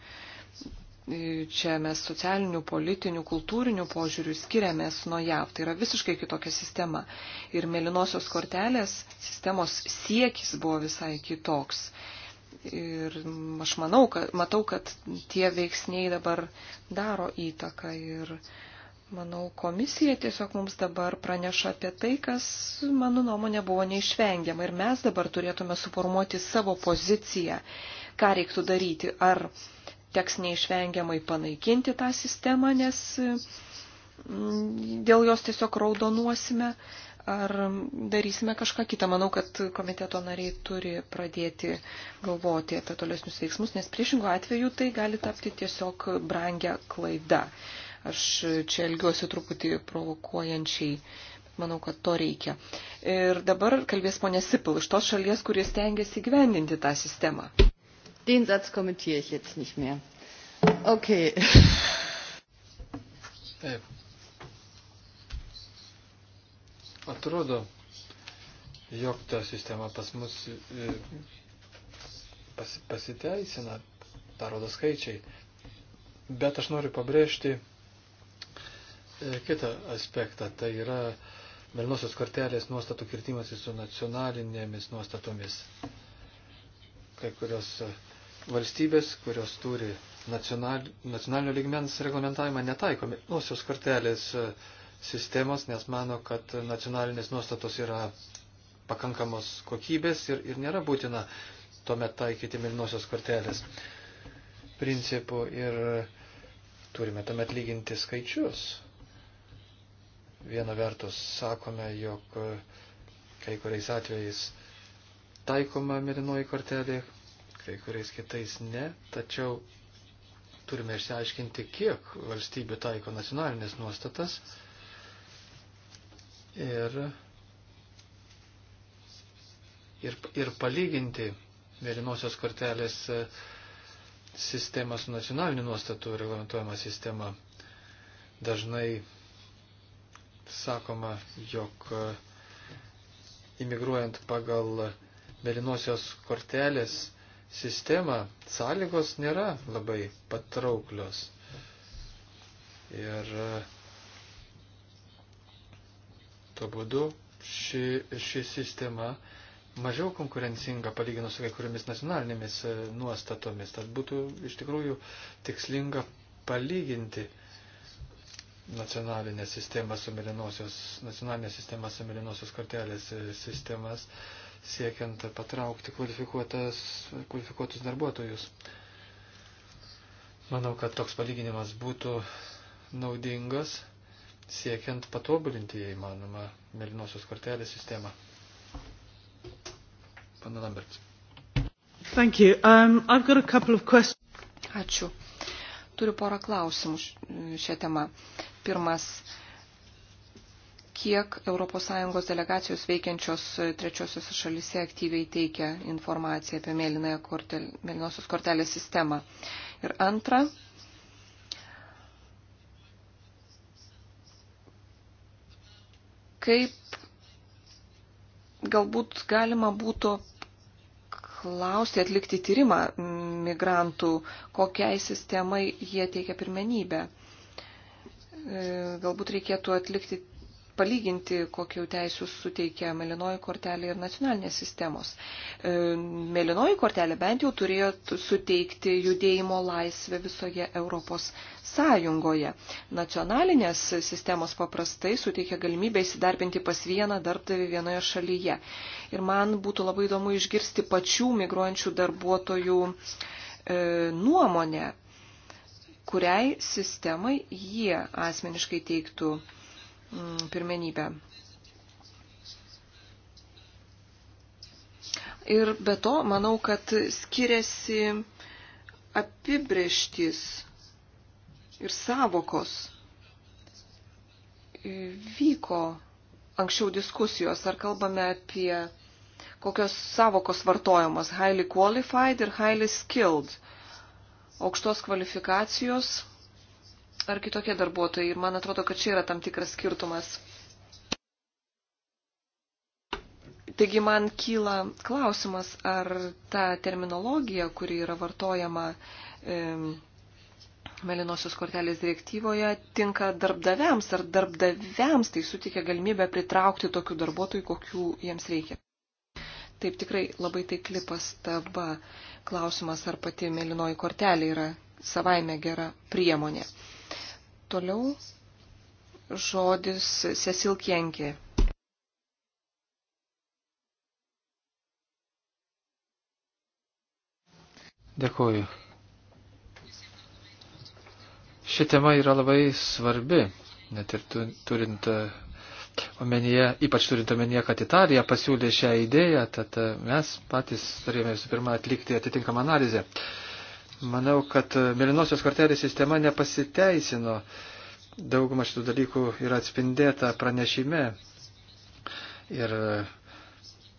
Čia mes socialinių, politinių, kultūrinių požiūrių skiriamės nuo JAV. Tai yra visiškai kitokia sistema. Ir mėlynosios kortelės sistemos siekis buvo visai kitoks. Ir aš manau, kad, matau, kad tie veiksniai dabar daro įtaką ir uh, Manau, komisija tiesiog mums dabar praneša apie tai, kas, mano nuomonė, buvo neišvengiama. Ir mes dabar turėtume suformuoti savo poziciją, ką reiktų daryti. Ar teks neišvengiamai panaikinti tą sistemą, nes mm, dėl jos tiesiog raudonuosime, ar darysime kažką kitą. Manau, kad komiteto nariai turi pradėti galvoti apie tolesnius veiksmus, nes priešingų atveju tai gali tapti tiesiog brangia klaida. Aš čia elgiuosi truputį provokuojančiai. Manau, kad to reikia. Ir dabar kalbės ponė Sipil iš tos šalies, kuris tengiasi gyvendinti tą sistemą. Den Satz kommentiere ich jetzt nicht mehr. Okay. Taip. Atrodo, jog ta sistema pas mus e, pas, pasiteisina, tą rodo skaičiai. Bet aš noriu pabrėžti E, kitą aspektą. Tai yra Melnosios kortelės nuostatų kirtimas su nacionalinėmis nuostatomis. Kai kurios valstybės, kurios turi nacional, nacionalinio lygmens reglamentavimą, netaiko Melnosios kortelės e, sistemos, nes mano, kad nacionalinės nuostatos yra pakankamos kokybės ir, ir nėra būtina tuomet taikyti Melnosios kortelės principų ir turime tuomet lyginti skaičius Viena vertus sakome, jog e, kai kuriais atvejais taikoma mirinoji kortelė, kai kuriais kitais ne, tačiau turime išsiaiškinti, kiek valstybių taiko nacionalinės nuostatas ir, ir, ir palyginti mėlynosios kortelės e, sistemą su nacionaliniu nuostatu reglamentuojama sistema. Dažnai sakoma, jog e, imigruojant pagal mėlynosios kortelės sistemą sąlygos nėra labai patrauklios. Ir e, tuo būdu ši, ši sistema mažiau konkurencinga palyginus su kai kuriomis nacionalinėmis e, nuostatomis. Tad būtų iš tikrųjų tikslinga palyginti nacionalinę sistemą su nacionalinę sistemą su mėlynosios kortelės e, sistemas, siekiant patraukti kvalifikuotus darbuotojus. Manau, kad toks palyginimas būtų naudingas, siekiant patobulinti, jei manoma, mėlynosios kortelės sistemą. Pana Lamberts. Thank you. Um, I've got a couple of questions. Ačiū turiu porą klausimų šią temą. Pirmas, kiek ES delegacijos veikiančios trečiosios šalise aktyviai teikia informaciją apie kortel, mėlynosios kortelės sistemą. Ir antra, kaip galbūt galima būtų paklausti, atlikti tyrimą migrantų, kokiai sistemai jie teikia pirmenybę. E, galbūt reikėtų atlikti palyginti, kokiu teisų suteikia mėlynoji kortelė ir nacionalinės sistemos. E, mėlynoji kortelė bent jau turėjo suteikti judėjimo laisvę visoje Europos Sąjungoje. Nacionalinės sistemos paprastai suteikia galimybę įsidarbinti pas vieną darbdavį vienoje šalyje. Ir man būtų labai įdomu išgirsti pačių migruojančių darbuotojų e, nuomonę, kuriai sistemai jie asmeniškai teiktų Mm, pirmenybę. Ir be to, manau, kad skiriasi apibrieštys ir savokos. Vyko anksčiau diskusijos, ar kalbame apie kokios savokos vartojamos - highly qualified ir highly skilled, aukštos kvalifikacijos ar kitokie darbuotojai. Ir man atrodo, kad čia yra tam tikras skirtumas. Taigi man kyla klausimas, ar ta terminologija, kuri yra vartojama e, Melinosios kortelės direktyvoje, tinka darbdaviams, ar darbdaviams tai sutikia galimybę pritraukti tokių darbuotojų, kokių jiems reikia. Taip tikrai labai taikli pastaba klausimas, ar pati Melinoji kortelė yra savaime gera priemonė. Toliau žodis Cecil Kienki. Dėkuoju. Ši tema yra labai svarbi, net ir turint uh, omenyje, ypač turint omenyje, kad Italija pasiūlė šią idėją, tad uh, mes patys turėjome visų pirma atlikti atitinkamą analizę. Uh, Manau, kad e, mėlynosios kortelės sistema nepasiteisino. Dauguma šitų dalykų yra atspindėta pranešime. Ir e,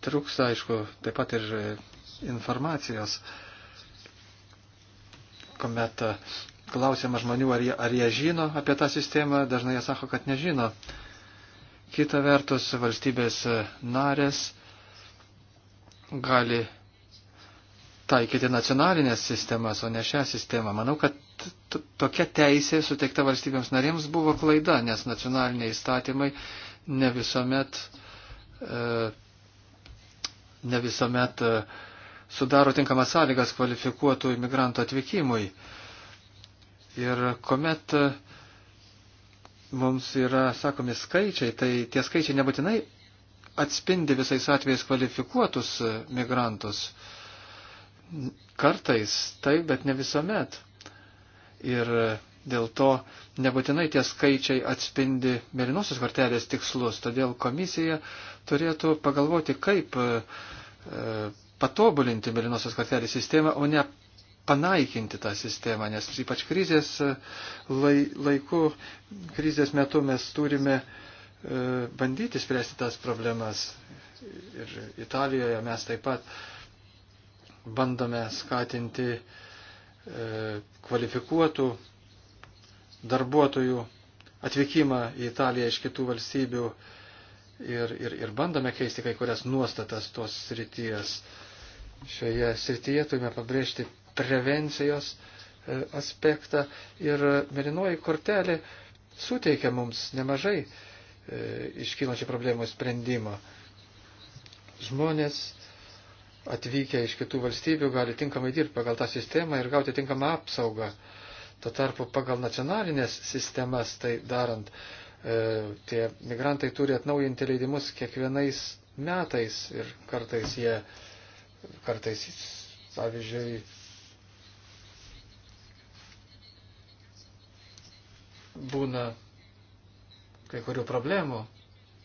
trūksta, aišku, taip pat ir e, informacijos, kuomet klausiama žmonių, ar jie, ar jie žino apie tą sistemą, dažnai jie sako, kad nežino. Kita vertus, valstybės narės gali taikyti nacionalinės sistemas, o ne šią sistemą. Manau, kad tokia teisė suteikta valstybėms narėms buvo klaida, nes nacionaliniai įstatymai ne visuomet, e, ne visuomet e, sudaro tinkamas sąlygas kvalifikuotų imigrantų atvykimui. Ir kuomet e, mums yra sakomi skaičiai, tai tie skaičiai nebūtinai atspindi visais atvejais kvalifikuotus migrantus. Uh, Kartais taip, bet ne visuomet. Ir dėl to nebūtinai tie skaičiai atspindi mėlynosios kortelės tikslus, todėl komisija turėtų pagalvoti, kaip e, patobulinti mėlynosios kortelės sistemą, o ne panaikinti tą sistemą, nes ypač krizės e, lai, laiku, krizės metu mes turime e, bandyti spręsti tas problemas. Ir Italijoje mes taip pat bandome skatinti e, kvalifikuotų darbuotojų atvykimą į Italiją iš kitų valstybių ir, ir, ir bandome keisti kai kurias nuostatas tos srities. Šioje srityje turime pabrėžti prevencijos e, aspektą ir merinoji kortelė suteikia mums nemažai e, iškylančių problemų sprendimo. Žmonės atvykę iš kitų valstybių gali tinkamai dirbti pagal tą sistemą ir gauti tinkamą apsaugą. Tuo tarpu pagal nacionalinės sistemas tai darant, e, tie migrantai turi atnaujinti leidimus kiekvienais metais ir kartais jie, kartais, pavyzdžiui, būna kai kurių problemų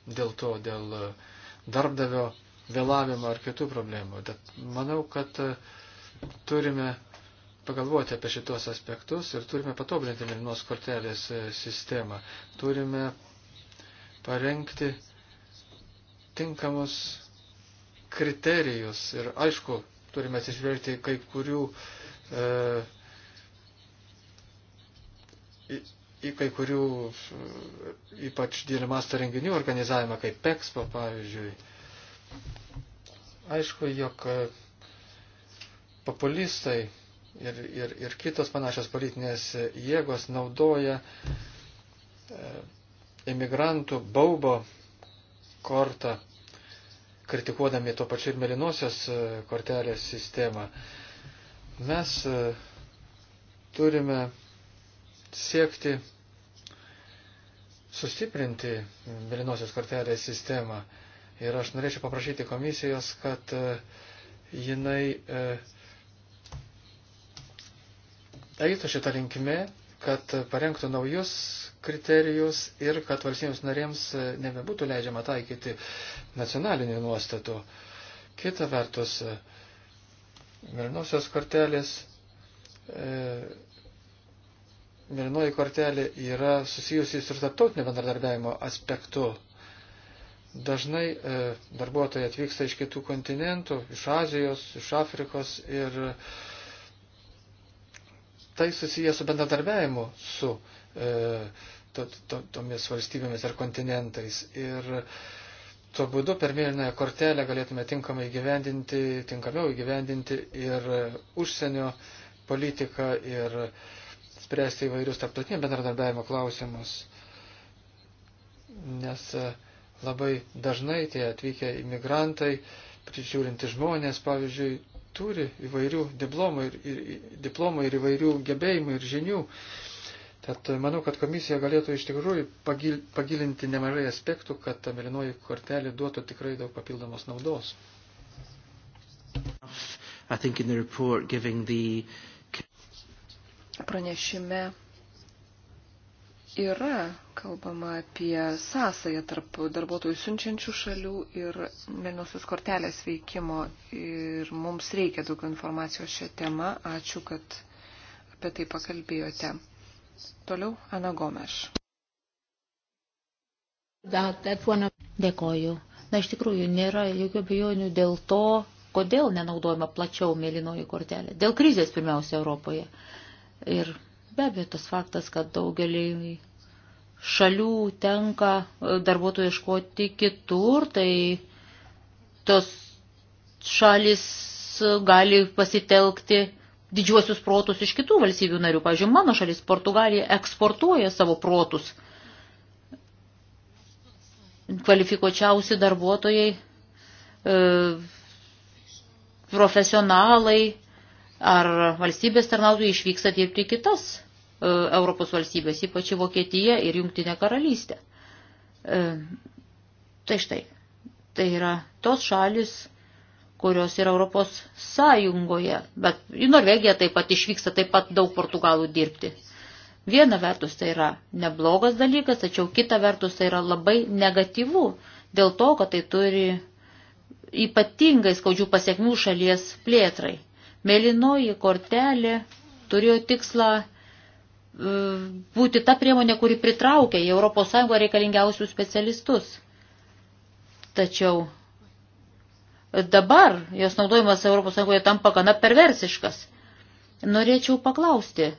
dėl to, dėl darbdavio vėlavimo ar kitų problemų. Bet manau, kad e, turime pagalvoti apie šitos aspektus ir turime patobulinti mėlynos kortelės e, sistemą. Turime parengti tinkamus kriterijus ir aišku, turime atsižvelgti kai kurių e, į, į kai kurių e, ypač didelį mastą renginių organizavimą, kaip PEXPO pavyzdžiui. E, Aišku, jog e, populistai ir, ir, ir kitos panašios politinės jėgos naudoja imigrantų e, baubo kortą, kritikuodami to pačiu ir melinosios e, kortelės sistemą. Mes turime siekti sustiprinti melinosios kortelės sistemą. Ir aš norėčiau paprašyti komisijos, kad e, jinai eitų šitą linkmę, kad parengtų naujus kriterijus ir kad valstybėms narėms e, nebebūtų leidžiama taikyti nacionalinių nuostatų. Kita vertus, e, Mirinosios kortelės, e, Mirinoji kortelė yra susijusi su tarptautinio bendradarbiavimo aspektu. Dažnai e, darbuotojai atvyksta iš kitų kontinentų, iš Azijos, iš Afrikos ir e, tai susiję su bendradarbiavimu su e, to, to, tomis valstybėmis ar kontinentais. Ir tuo būdu per mėlynąją kortelę galėtume tinkamai įgyvendinti, tinkamiau įgyvendinti ir e, užsienio politiką ir spręsti įvairius tarptautinio bendradarbiavimo klausimus. Nes e, Labai dažnai tie atvykę imigrantai, prižiūrinti žmonės, pavyzdžiui, turi įvairių diplomų ir, ir, diplomų ir įvairių gebėjimų ir žinių. Tad e, manau, kad komisija galėtų iš tikrųjų pagil, pagilinti nemažai aspektų, kad ta mėlynoji kortelė duotų tikrai daug papildomos naudos. Pranešime yra kalbama apie sąsąją tarp darbuotojų siunčiančių šalių ir Melnosios kortelės veikimo. Ir mums reikia daugiau informacijos šią temą. Ačiū, kad apie tai pakalbėjote. Toliau Ana Gomeš. Dėkoju. Na, iš tikrųjų, nėra jokių abejonių dėl to, kodėl nenaudojama plačiau mėlynoji kortelė. Dėl krizės pirmiausia Europoje. Ir be abejo tas faktas, kad daugelį šalių tenka e, darbuotojų ieškoti kitur, tai tos šalis e, gali pasitelkti didžiuosius protus iš kitų valstybių narių. Pavyzdžiui, mano šalis Portugalija eksportuoja savo protus. Kvalifikuočiausi darbuotojai, e, profesionalai ar valstybės tarnautojai išvyksta dirbti kitas E, Europos valstybės, ypač į Vokietiją ir Jungtinę karalystę. E, tai štai, tai yra tos šalis, kurios yra Europos sąjungoje, bet į Norvegiją taip pat išvyksta taip pat daug portugalų dirbti. Viena vertus tai yra neblogas dalykas, tačiau kita vertus tai yra labai negatyvu, dėl to, kad tai turi ypatingai skaudžių pasiekmių šalies plėtrai. Mėlynoji kortelė turėjo tikslą E, būti ta priemonė, kuri pritraukia į ES reikalingiausių specialistus. Tačiau dabar jos naudojimas ES tampa gana perversiškas. Norėčiau paklausti,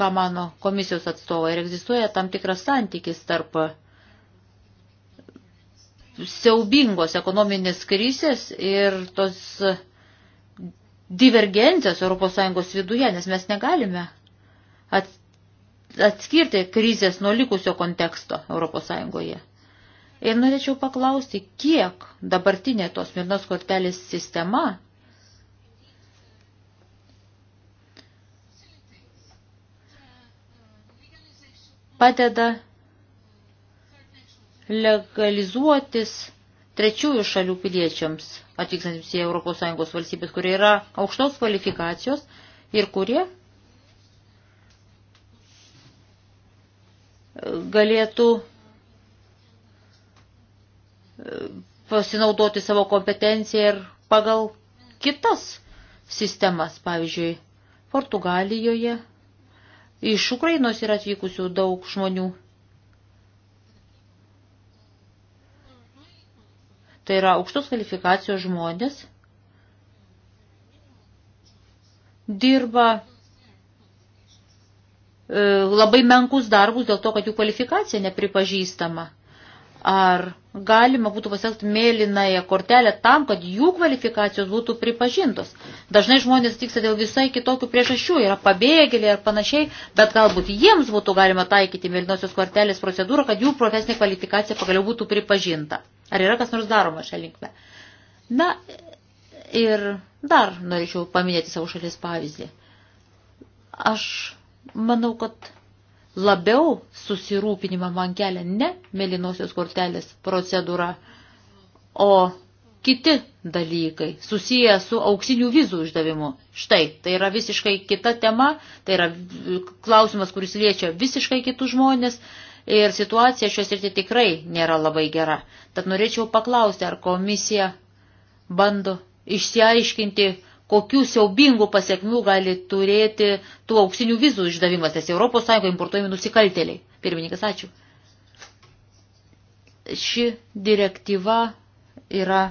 ką mano komisijos atstovai, ir egzistuoja tam tikras santykis tarp siaubingos ekonominės krisės ir tos divergencijos ES viduje, nes mes negalime at, atskirti krizės nuo likusio konteksto Europos Sąjungoje. Ir norėčiau paklausti, kiek dabartinė tos mirnos kortelės sistema padeda legalizuotis trečiųjų šalių piliečiams atvykstantiems į ES valstybės, kurie yra aukštos kvalifikacijos ir kurie galėtų pasinaudoti savo kompetenciją ir pagal kitas sistemas. Pavyzdžiui, Portugalijoje iš Ukrainos yra atvykusių daug žmonių. Tai yra aukštos kvalifikacijos žmonės, dirba E, labai menkus darbus dėl to, kad jų kvalifikacija nepripažįstama. Ar galima būtų pasiekti mėlynąją kortelę tam, kad jų kvalifikacijos būtų pripažintos. Dažnai žmonės tiksta dėl visai kitokių priežasčių, yra pabėgėliai ar panašiai, bet galbūt jiems būtų galima taikyti mėlynosios kortelės procedūrą, kad jų profesinė kvalifikacija pagaliau būtų pripažinta. Ar yra kas nors daroma šią linkmę? Na ir dar norėčiau paminėti savo šalies pavyzdį. Aš manau, kad labiau susirūpinimą man kelia ne mėlynosios kortelės procedūra, o kiti dalykai susiję su auksinių vizų išdavimu. Štai, tai yra visiškai kita tema, tai yra klausimas, kuris liečia visiškai kitus žmonės ir situacija šios ir tai tikrai nėra labai gera. Tad norėčiau paklausti, ar komisija bando išsiaiškinti, kokių siaubingų pasiekmių gali turėti tų auksinių vizų išdavimas, nes Europos Sąjunga importuojami nusikaltėliai. Pirmininkas, ačiū. Ši direktyva yra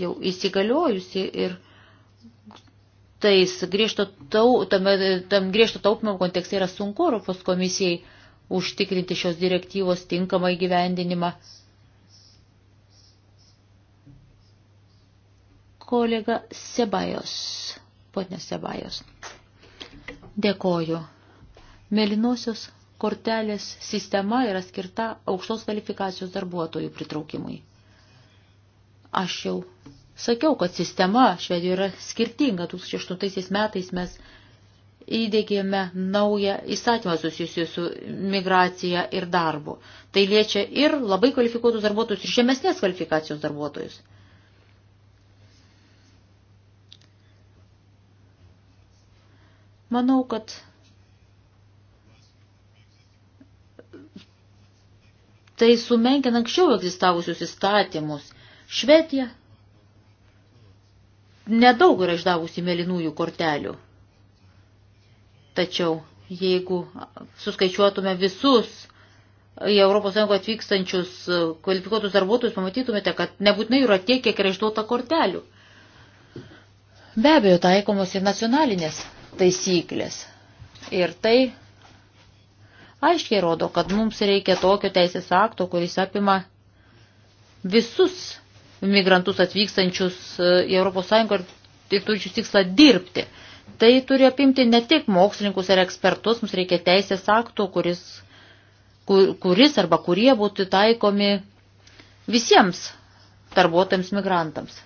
jau įsigaliojusi ir tais griežto tau, tame, tam griežto taupimo kontekste yra sunku Europos komisijai užtikrinti šios direktyvos tinkamą įgyvendinimą. kolega Sebajos. Potne Sebajos. Dėkoju. Melinosios kortelės sistema yra skirta aukštos kvalifikacijos darbuotojų pritraukimui. Aš jau sakiau, kad sistema Švedijoje yra skirtinga. 2008 metais mes įdėgėme naują įstatymą susijusiu su migracija ir darbu. Tai liečia ir labai kvalifikuotus darbuotojus, ir žemesnės kvalifikacijos darbuotojus. Manau, kad tai sumenkina anksčiau egzistavusius įstatymus. Švedija nedaug yra išdavusi mėlynųjų kortelių. Tačiau, jeigu suskaičiuotume visus į ES atvykstančius kvalifikuotus darbuotojus, pamatytumėte, kad nebūtinai yra tiek, kiek yra išduota kortelių. Be abejo, taikomos ir nacionalinės taisyklės. Ir tai aiškiai rodo, kad mums reikia tokio teisės akto, kuris apima visus migrantus atvykstančius e, į ES ir turinčius tikslą dirbti. Tai turi apimti ne tik mokslininkus ir ekspertus, mums reikia teisės aktų, kuris, kur, kuris arba kurie būtų taikomi visiems darbuotojams migrantams.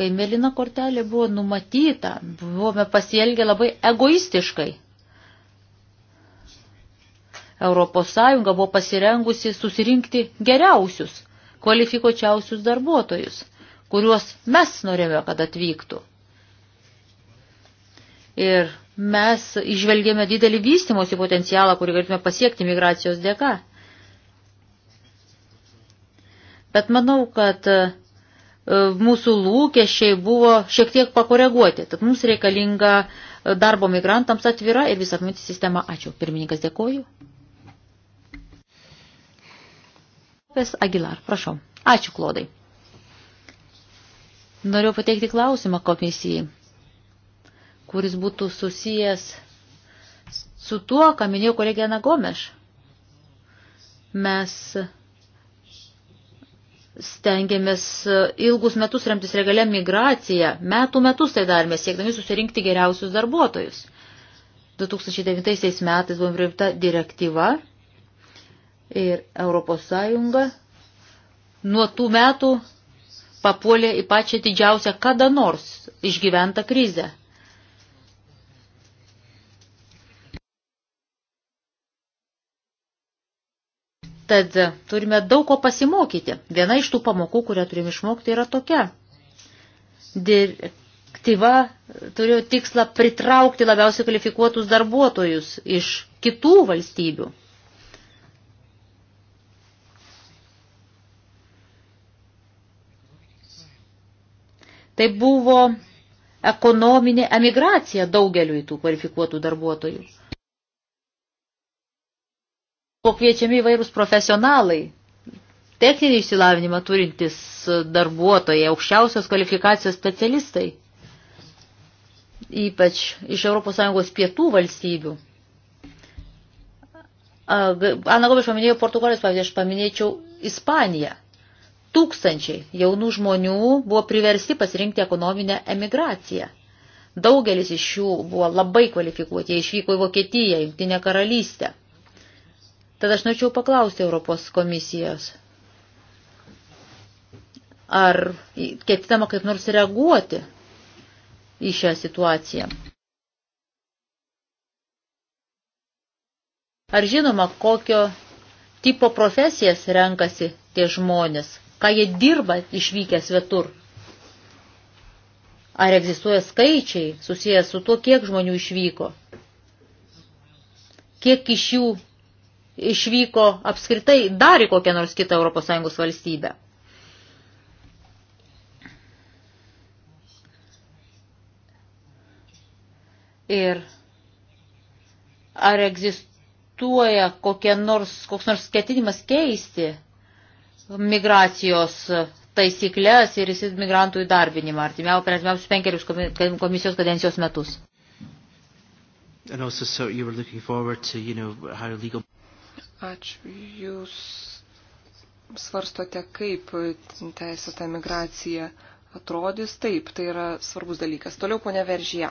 Kai melina kortelė buvo numatyta, buvome pasielgę labai egoistiškai. Europos Sąjunga buvo pasirengusi susirinkti geriausius, kvalifikuočiausius darbuotojus, kuriuos mes norėjome, kad atvyktų. Ir mes išvelgėme didelį vystimosi potencialą, kurį galėtume pasiekti migracijos dėka. Bet manau, kad E, mūsų lūkesčiai buvo šiek tiek pakoreguoti. Tad mums reikalinga e, darbo migrantams atvira ir visapimantį sistema. Ačiū. Pirmininkas dėkoju. Pes Agilar, prašau. Ačiū, Klodai. Noriu pateikti klausimą komisijai, kuris būtų susijęs su tuo, ką minėjo kolegė Ana Gomeš. Mes stengiamės e, ilgus metus remtis regalia migracija, metų metus tai darėme, siekdami susirinkti geriausius darbuotojus. 2009 metais buvo priimta direktyva ir Europos Sąjunga nuo tų metų papuolė į pačią didžiausią kada nors išgyventą krizę. Tad turime daug ko pasimokyti. Viena iš tų pamokų, kurią turime išmokti, yra tokia. Direktyva turiu tikslą pritraukti labiausiai kvalifikuotus darbuotojus iš kitų valstybių. Tai buvo ekonominė emigracija daugeliu į tų kvalifikuotų darbuotojų buvo kviečiami įvairūs profesionalai, techninį išsilavinimą turintys darbuotojai, aukščiausios kvalifikacijos specialistai, ypač iš ES pietų valstybių. Ana Gomes paminėjo Portugalijos pavyzdį, aš paminėčiau Ispaniją. Tūkstančiai jaunų žmonių buvo priversti pasirinkti ekonominę emigraciją. Daugelis iš jų buvo labai kvalifikuoti, jie išvyko į Vokietiją, Jungtinę karalystę. Tad aš norėčiau paklausti Europos komisijos, ar ketinama kaip nors reaguoti į šią situaciją. Ar žinoma, kokio tipo profesijas renkasi tie žmonės, ką jie dirba išvykę svetur? Ar egzistuoja skaičiai susijęs su tuo, kiek žmonių išvyko? Kiek iš jų išvyko apskritai dar į kokią nors kitą ES valstybę. Ir ar egzistuoja kokie nors, koks nors ketinimas keisti migracijos taisyklės ir migrantų įdarbinimą artimiau per artimiausius penkerius komisijos kadencijos metus. And also, so you were looking forward to, you know, how legal... Ačiū. Jūs svarstote, kaip teisėta migracija atrodys. Taip, tai yra svarbus dalykas. Toliau, ponia Veržyje.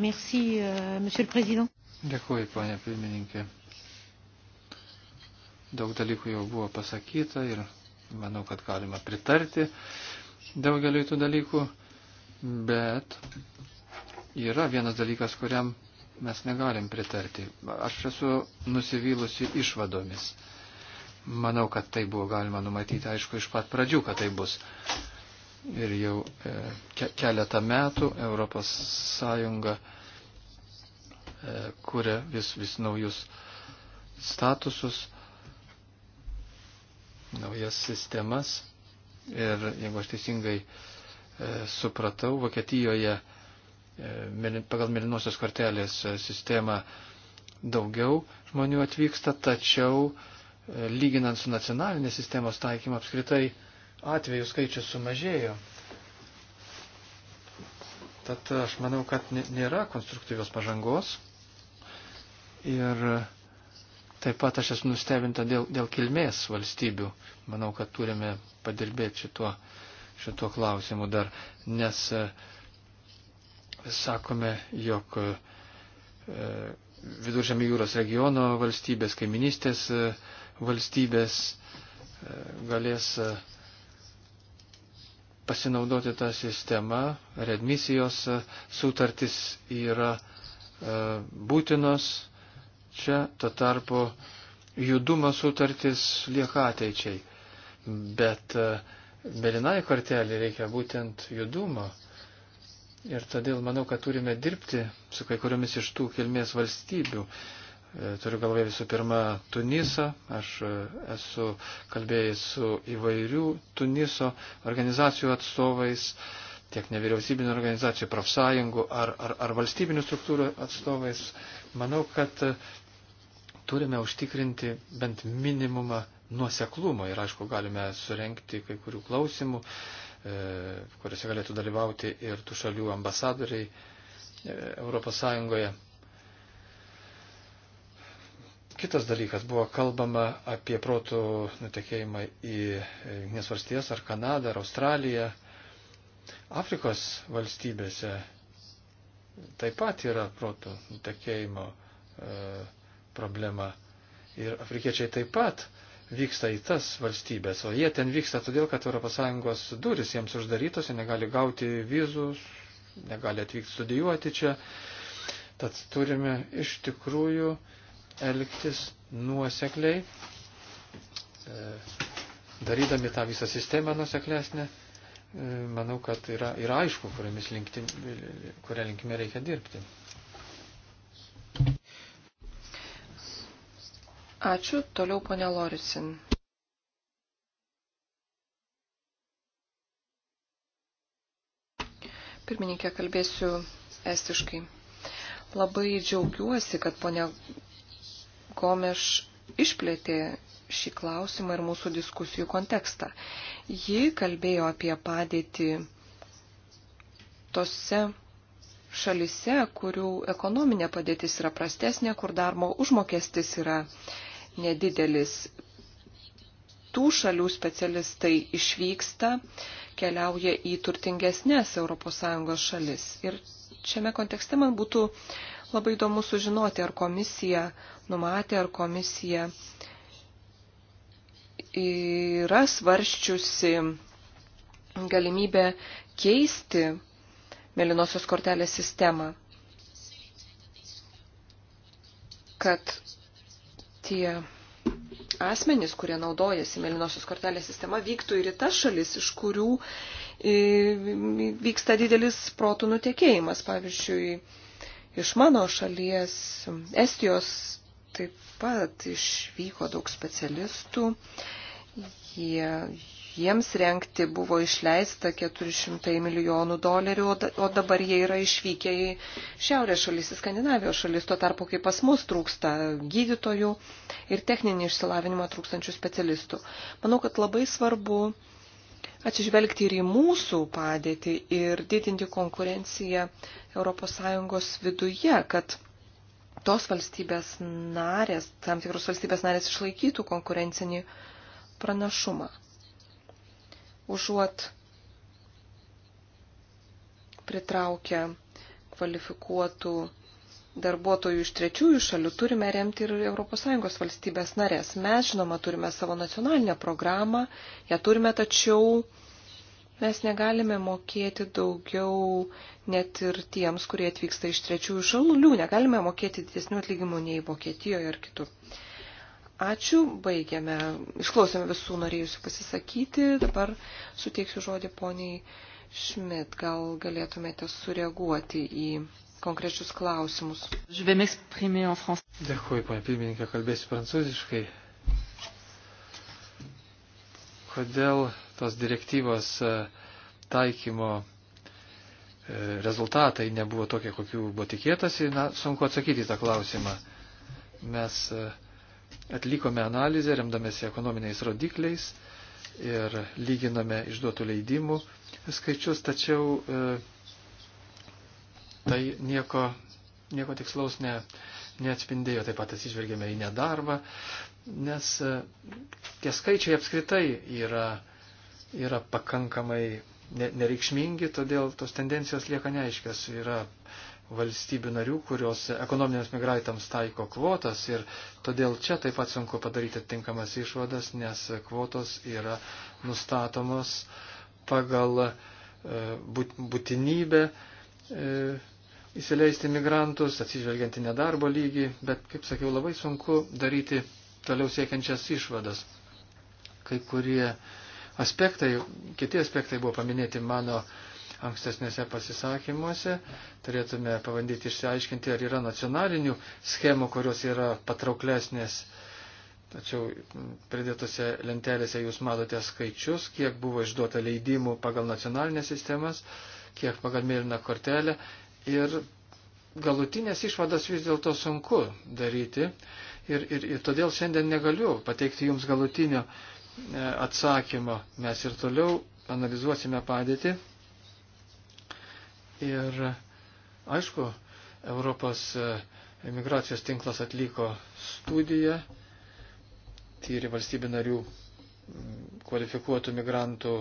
Merci, euh, monsieur le président. Dėkuoju, ponia pirmininkė. Daug dalykų jau buvo pasakyta ir manau, kad galima pritarti daugeliu tų dalykų, bet yra vienas dalykas, kuriam mes negalim pritarti. Aš esu nusivylusi išvadomis. Manau, kad tai buvo galima numatyti, aišku, iš pat pradžių, kad tai bus. Ir jau e, ke keletą metų Europos Sąjunga e, kuria vis, vis naujus statusus, naujas sistemas. Ir jeigu aš teisingai e, supratau, Vokietijoje e, pagal mėlynosios kortelės e, sistemą daugiau žmonių atvyksta, tačiau e, lyginant su nacionalinės sistemos taikymu apskritai atvejų skaičius sumažėjo. Tad e, aš manau, kad nėra konstruktyvios pažangos. Ir taip pat aš esu nustebinta dėl, dėl kilmės valstybių. Manau, kad turime padirbėti šituo, šituo klausimu dar, nes uh, sakome, jog e, viduržėmė jūros regiono valstybės, kaiminystės e, valstybės e, galės pasinaudoti tą sistemą. Redmisijos sutartis yra būtinos čia, to tarpu judumo sutartis lieka ateičiai. Bet Belinai kortelį reikia būtent judumo. Ir todėl manau, kad turime dirbti su kai kuriomis iš tų kilmės valstybių. E, turiu galvoje visų pirma Tunisą. Aš e, esu kalbėjęs su įvairių Tuniso organizacijų atstovais, tiek nevyriausybinio organizacijų, profsąjungų ar, ar, ar valstybinių struktūrų atstovais. Manau, kad e, turime užtikrinti bent minimumą nuoseklumo ir aišku galime surenkti kai kurių klausimų E, kuriuose galėtų dalyvauti ir tų šalių ambasadoriai e, Europos Sąjungoje. Kitas dalykas buvo kalbama apie protų nutekėjimą į Junktinės valstijas ar Kanadą ar Australiją. Afrikos valstybėse taip pat yra protų nutekėjimo e, problema. Ir afrikiečiai taip pat e, vyksta į tas valstybės, o jie ten vyksta todėl, kad ES duris jiems uždarytos, jie negali gauti vizų, negali atvykti studijuoti čia. Tad turime iš tikrųjų elgtis nuosekliai, e, darydami tą visą sistemą nuoseklesnę. E, manau, kad yra, yra aišku, linkti, kuria linkime reikia dirbti. Ačiū. Toliau ponė Loricin. Pirmininkė, kalbėsiu estiškai. Labai džiaugiuosi, kad ponė Gomeš išplėtė šį klausimą ir mūsų diskusijų kontekstą. Ji kalbėjo apie padėtį tose šalise, kurių ekonominė padėtis yra prastesnė, kur darbo užmokestis yra nedidelis. Tų šalių specialistai išvyksta, keliauja į turtingesnės ES šalis. Ir šiame kontekste man būtų labai įdomu sužinoti, ar komisija numatė, ar komisija yra svarščiusi galimybę keisti mėlynosios kortelės sistemą, kad tie asmenys, kurie naudojasi mėlynosios kortelės sistema, vyktų ir į tas šalis, iš kurių e, vyksta didelis protų nutekėjimas. Pavyzdžiui, iš mano šalies, Estijos taip pat išvyko daug specialistų. Jie, jiems renkti buvo išleista 400 milijonų dolerių, o dabar jie yra išvykę į šiaurės šalis, į Skandinavijos šalis, tuo tarpu kaip pas mus trūksta gydytojų ir techninį išsilavinimą trūkstančių specialistų. Manau, kad labai svarbu atsižvelgti ir į mūsų padėtį ir didinti konkurenciją ES viduje, kad tos valstybės narės, tam tikros valstybės narės išlaikytų konkurencinį pranašumą užuot pritraukę kvalifikuotų darbuotojų iš trečiųjų šalių, turime remti ir ES valstybės narės. Mes, žinoma, turime savo nacionalinę programą, ją turime, tačiau mes negalime mokėti daugiau net ir tiems, kurie atvyksta iš trečiųjų šalių, negalime mokėti didesnių atlyginimų nei Vokietijoje ar kitur. Ačiū, baigiame, išklausėme visų norėjusių pasisakyti, dabar suteiksiu žodį poniai Šmit, gal galėtumėte sureaguoti į konkrečius klausimus. Dėkui, ponia pirmininkė, kalbėsiu prancūziškai. Kodėl tos direktyvos e, taikymo e, rezultatai nebuvo tokie, kokių buvo tikėtasi, na, sunku atsakyti tą klausimą. Mes uh, atlikome analizę, remdamėsi ekonominiais rodikliais ir lyginame išduotų leidimų skaičius, tačiau e, tai nieko, nieko tikslaus ne, neatspindėjo. Taip pat atsižvelgėme į nedarbą, nes e, tie skaičiai apskritai yra, yra pakankamai nereikšmingi, todėl tos tendencijos lieka neaiškios. Yra valstybių narių, kurios ekonominiams migraitams taiko kvotas ir todėl čia taip pat sunku padaryti tinkamas išvadas, nes kvotos yra nustatomos pagal e, būtinybę e, įsileisti migrantus, atsižvelgiant į nedarbo lygį, bet, kaip sakiau, labai sunku daryti toliau siekiančias išvadas. Kai kurie aspektai, kiti aspektai buvo paminėti mano uh, ankstesnėse pasisakymuose. Turėtume pabandyti išsiaiškinti, ar yra nacionalinių schemų, kurios yra patrauklesnės. Tačiau pridėtose lentelėse jūs matote skaičius, kiek buvo išduota leidimų pagal nacionalinės sistemas, kiek pagal mėlyną kortelę. Ir galutinės išvadas vis dėlto sunku daryti. Ir, ir, ir todėl šiandien negaliu pateikti jums galutinio e, atsakymo. Mes ir toliau analizuosime padėtį Ir aišku, Europos e, imigracijos tinklas atliko studiją, tyri valstybių narių mm, kvalifikuotų migrantų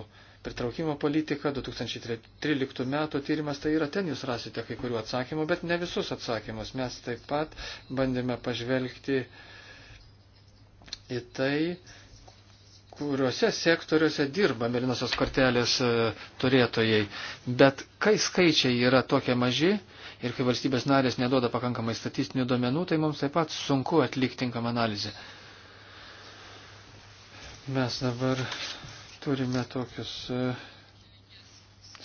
pritraukimo politiką 2013 metų tyrimas, tai yra ten jūs rasite kai kurių atsakymų, bet ne visus atsakymus. Mes taip pat bandėme pažvelgti į tai, kuriuose sektoriuose dirba mėlynosios kortelės e, turėtojai. Bet kai skaičiai yra tokie maži ir kai valstybės narės neduoda pakankamai statistinių duomenų, tai mums taip pat sunku atlikti tinkamą analizę. Mes dabar turime tokius e,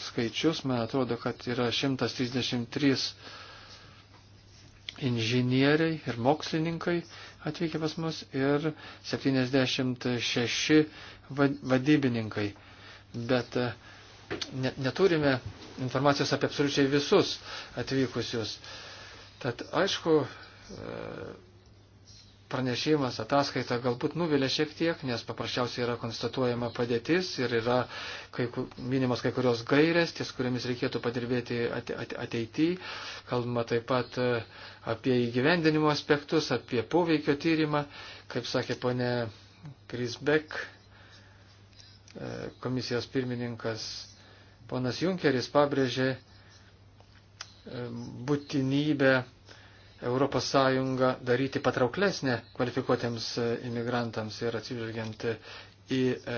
skaičius, man atrodo, kad yra 133 inžinieriai ir mokslininkai atvykę pas mus ir 76 vadybininkai. Bet e, ne, neturime informacijos apie absoliučiai visus atvykusius. Tad aišku, e, pranešimas, ataskaita galbūt nuvilia šiek tiek, nes paprasčiausiai yra konstatuojama padėtis ir yra kai, minimas kai kurios gairės, ties kuriamis reikėtų padirbėti ateityje. Kalbama taip pat e, apie įgyvendinimo aspektus, apie poveikio tyrimą, kaip sakė ponė Krisbek, e, komisijos pirmininkas ponas Junkeris pabrėžė e, būtinybę ES daryti patrauklesnę kvalifikuotiems e, imigrantams ir atsižvelgiant į, e,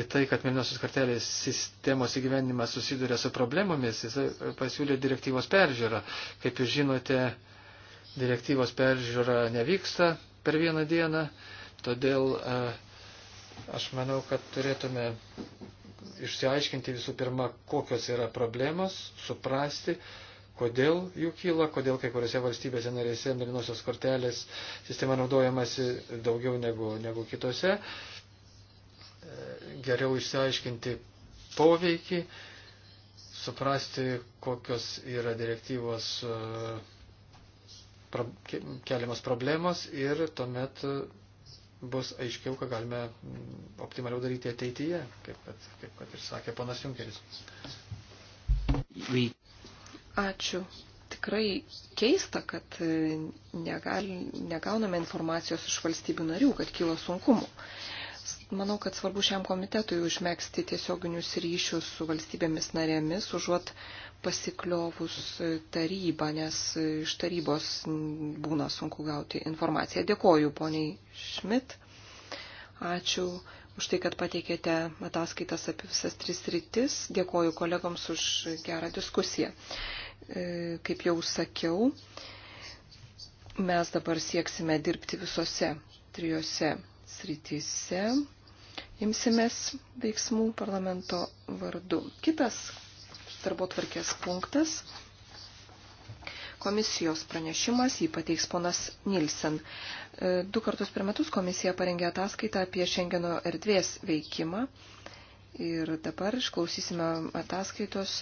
į tai, kad Mėlynosios kartelės sistemos įgyvenimas susiduria su problemomis, jis e, pasiūlė direktyvos peržiūrą. Kaip jūs žinote, direktyvos peržiūra nevyksta per vieną dieną, todėl aš manau, kad turėtume išsiaiškinti visų pirma, kokios yra problemos, suprasti, kodėl jų kyla, kodėl kai kuriuose valstybėse narėse mėlynosios kortelės sistema naudojamasi daugiau negu, negu kitose. E, geriau išsiaiškinti poveikį, suprasti, kokios yra direktyvos e, keliamas problemos ir tuomet e, bus aiškiau, ką galime mm, optimaliau daryti ateityje, kaip kad, kaip kad ir sakė ponas Junkeris. Ačiū. Tikrai keista, kad e, negal, negauname informacijos iš valstybių narių, kad kilo sunkumų. Manau, kad svarbu šiam komitetui užmėgsti tiesioginius ryšius su valstybėmis narėmis, užuot pasikliovus e, tarybą, nes e, iš tarybos būna sunku gauti informaciją. Dėkoju, poniai Šmit. Ačiū už tai, kad pateikėte ataskaitas apie visas tris rytis. Dėkoju kolegoms už gerą diskusiją. E, kaip jau sakiau, mes dabar sieksime dirbti visose trijose srityse. Imsimės veiksmų parlamento vardu. Kitas darbo tvarkės punktas. Komisijos pranešimas jį pateiks ponas Nilsen. E, du kartus per metus komisija parengė ataskaitą apie Šengeno erdvės veikimą. Ir dabar išklausysime ataskaitos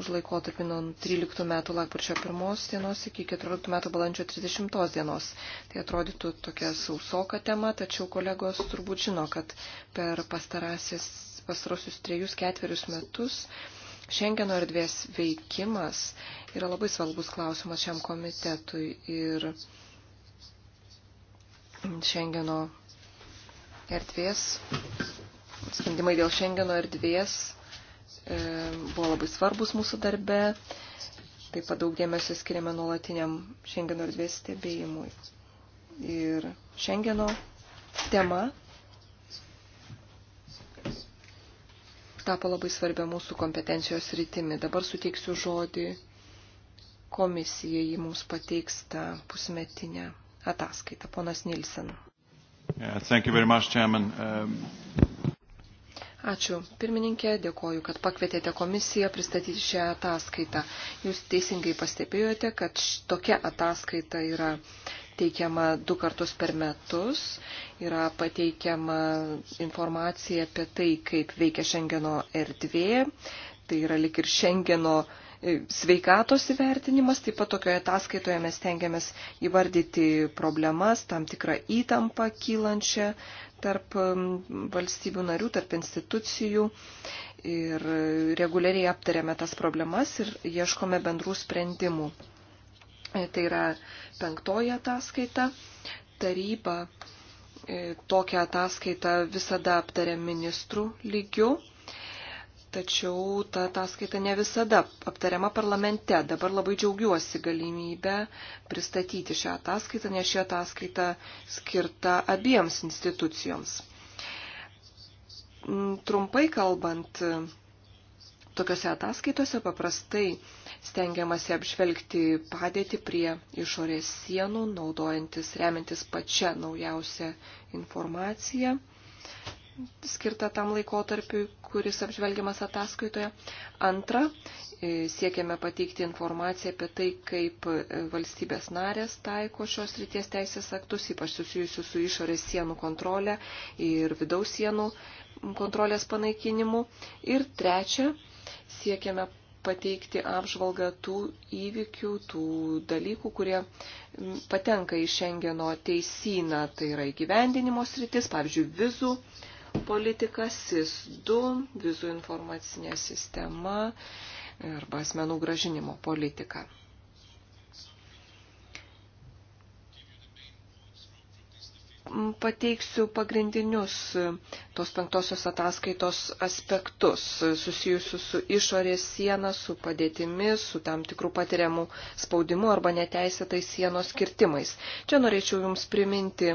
už laikotarpį nuo 13 metų lakpurčio 1 dienos iki 14 metų balandžio 30 dienos. Tai atrodytų tokia sausoka tema, tačiau kolegos turbūt žino, kad per pastarosius trejus ketverius metus Šengeno erdvės veikimas yra labai svarbus klausimas šiam komitetui ir Šengeno erdvės, sprendimai dėl Šengeno erdvės E, buvo labai svarbus mūsų darbe. Taip pat daug dėmesio skiriame nuolatiniam Šengeno erdvės stebėjimui. Ir Šengeno tema tapo labai svarbia mūsų kompetencijos rytimi. Dabar suteiksiu žodį komisijai, ji mums pateiks tą pusmetinę ataskaitą. Ponas Nilsen. Yeah, much, um... Ačiū. Pirmininkė, dėkoju, kad pakvietėte komisiją pristatyti šią ataskaitą. Jūs teisingai pastebėjote, kad tokia ataskaita yra teikiama du kartus per metus, yra pateikiama informacija apie tai, kaip veikia Šengeno erdvė, tai yra lik ir Šengeno erdvė E, sveikatos įvertinimas, taip pat tokioje ataskaitoje mes tengiamės įvardyti problemas, tam tikrą įtampą kylančią tarp valstybių narių, tarp institucijų ir reguliariai aptariame tas problemas ir ieškome bendrų sprendimų. E, tai yra penktoji ataskaita. Taryba e, tokią ataskaitą visada aptarė ministrų lygių tačiau ta ataskaita ne visada aptariama parlamente. Dabar labai džiaugiuosi galimybę pristatyti šią ataskaitą, nes ši ataskaita skirta abiems institucijoms. Mm, trumpai kalbant, Tokiose ataskaitose paprastai stengiamasi apžvelgti padėtį prie išorės sienų, naudojantis, remiantis pačią naujausią informaciją skirta tam laikotarpiui, kuris apžvelgiamas ataskaitoje. Antra, e, siekiame pateikti informaciją apie tai, kaip e, valstybės narės taiko šios ryties teisės aktus, ypač susijusius su išorės sienų kontrolė ir vidaus sienų kontrolės panaikinimu. Ir trečia, siekiame pateikti apžvalgą tų įvykių, tų dalykų, kurie patenka į Šengeno teisyną. Tai yra įgyvendinimo sritis, pavyzdžiui, vizų politika, SIS2, vizų informacinė sistema arba asmenų gražinimo politika. pateiksiu pagrindinius e, tos penktosios ataskaitos aspektus e, susijusius su išorės siena, su padėtimi, su tam tikrų patiriamų spaudimu arba neteisėtai sienos kirtimais. Čia norėčiau Jums priminti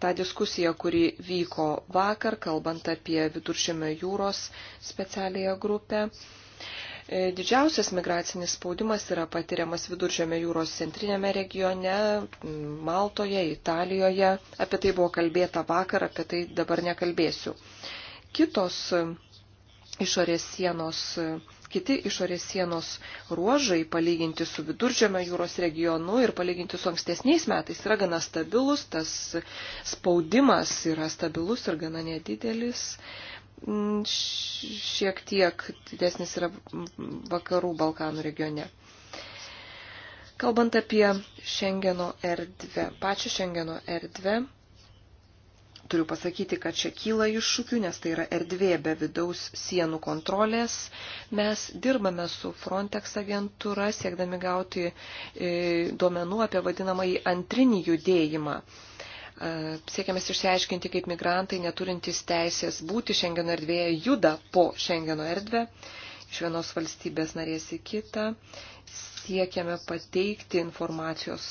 tą diskusiją, kuri vyko vakar, kalbant apie Viduršėmio jūros specialiąją grupę. E, didžiausias migracinis spaudimas yra patiriamas Viduržėme jūros centrinėme regione, Maltoje, Italijoje. Apie tai buvo kalbėta vakar, apie tai dabar nekalbėsiu. Kitos e, išorės sienos e, kiti išorės sienos ruožai, palyginti su viduržėme jūros regionu ir palyginti su ankstesniais metais, yra gana stabilus, tas spaudimas yra stabilus ir gana nedidelis. Mm, šiek tiek didesnis yra vakarų Balkanų regione. Kalbant apie Šengeno erdvę, pačią Šengeno erdvę, turiu pasakyti, kad čia kyla iššūkių, nes tai yra erdvė be vidaus sienų kontrolės. Mes dirbame su Frontex agentūra, siekdami gauti e, duomenų apie vadinamąjį antrinį judėjimą. E, Siekiamės išsiaiškinti, kaip migrantai neturintys teisės būti Šengeno erdvėje juda po Šengeno erdvę iš vienos valstybės narės į kitą. Siekiame pateikti informacijos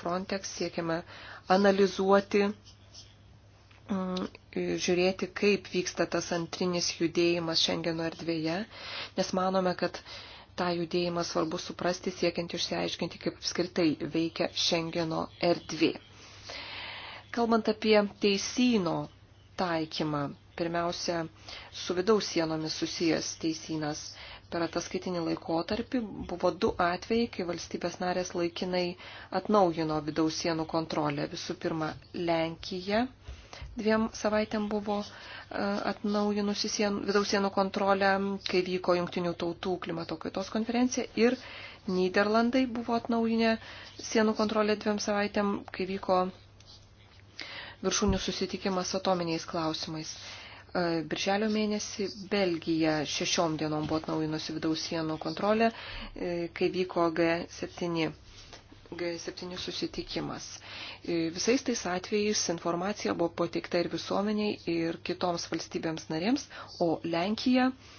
Frontex, siekiame analizuoti, mm, žiūrėti, kaip vyksta tas antrinis judėjimas Šengeno erdvėje, nes manome, kad tą judėjimą svarbu suprasti, siekiant išsiaiškinti, kaip apskritai veikia Šengeno erdvė. Kalbant apie teisino taikymą, pirmiausia, su vidaus sienomis susijęs teisinas. Per ataskaitinį laikotarpį buvo du atvejai, kai valstybės narės laikinai atnaujino vidaus sienų kontrolę. Visų pirma, Lenkija dviem savaitėm buvo e, atnaujinusi sien, vidaus sienų kontrolę, kai vyko Junktinių tautų klimato kaitos konferencija ir Niderlandai buvo atnaujinę sienų kontrolę dviem savaitėm, kai vyko viršūnių susitikimas atominiais klausimais. E, Birželio mėnesį Belgija šešiom dienom buvo atnaujinusi vidaus sienų kontrolę, e, kai vyko G7 G7 susitikimas. E, visais tais atvejais informacija buvo pateikta ir visuomeniai, ir kitoms valstybėms narėms, o Lenkija uh,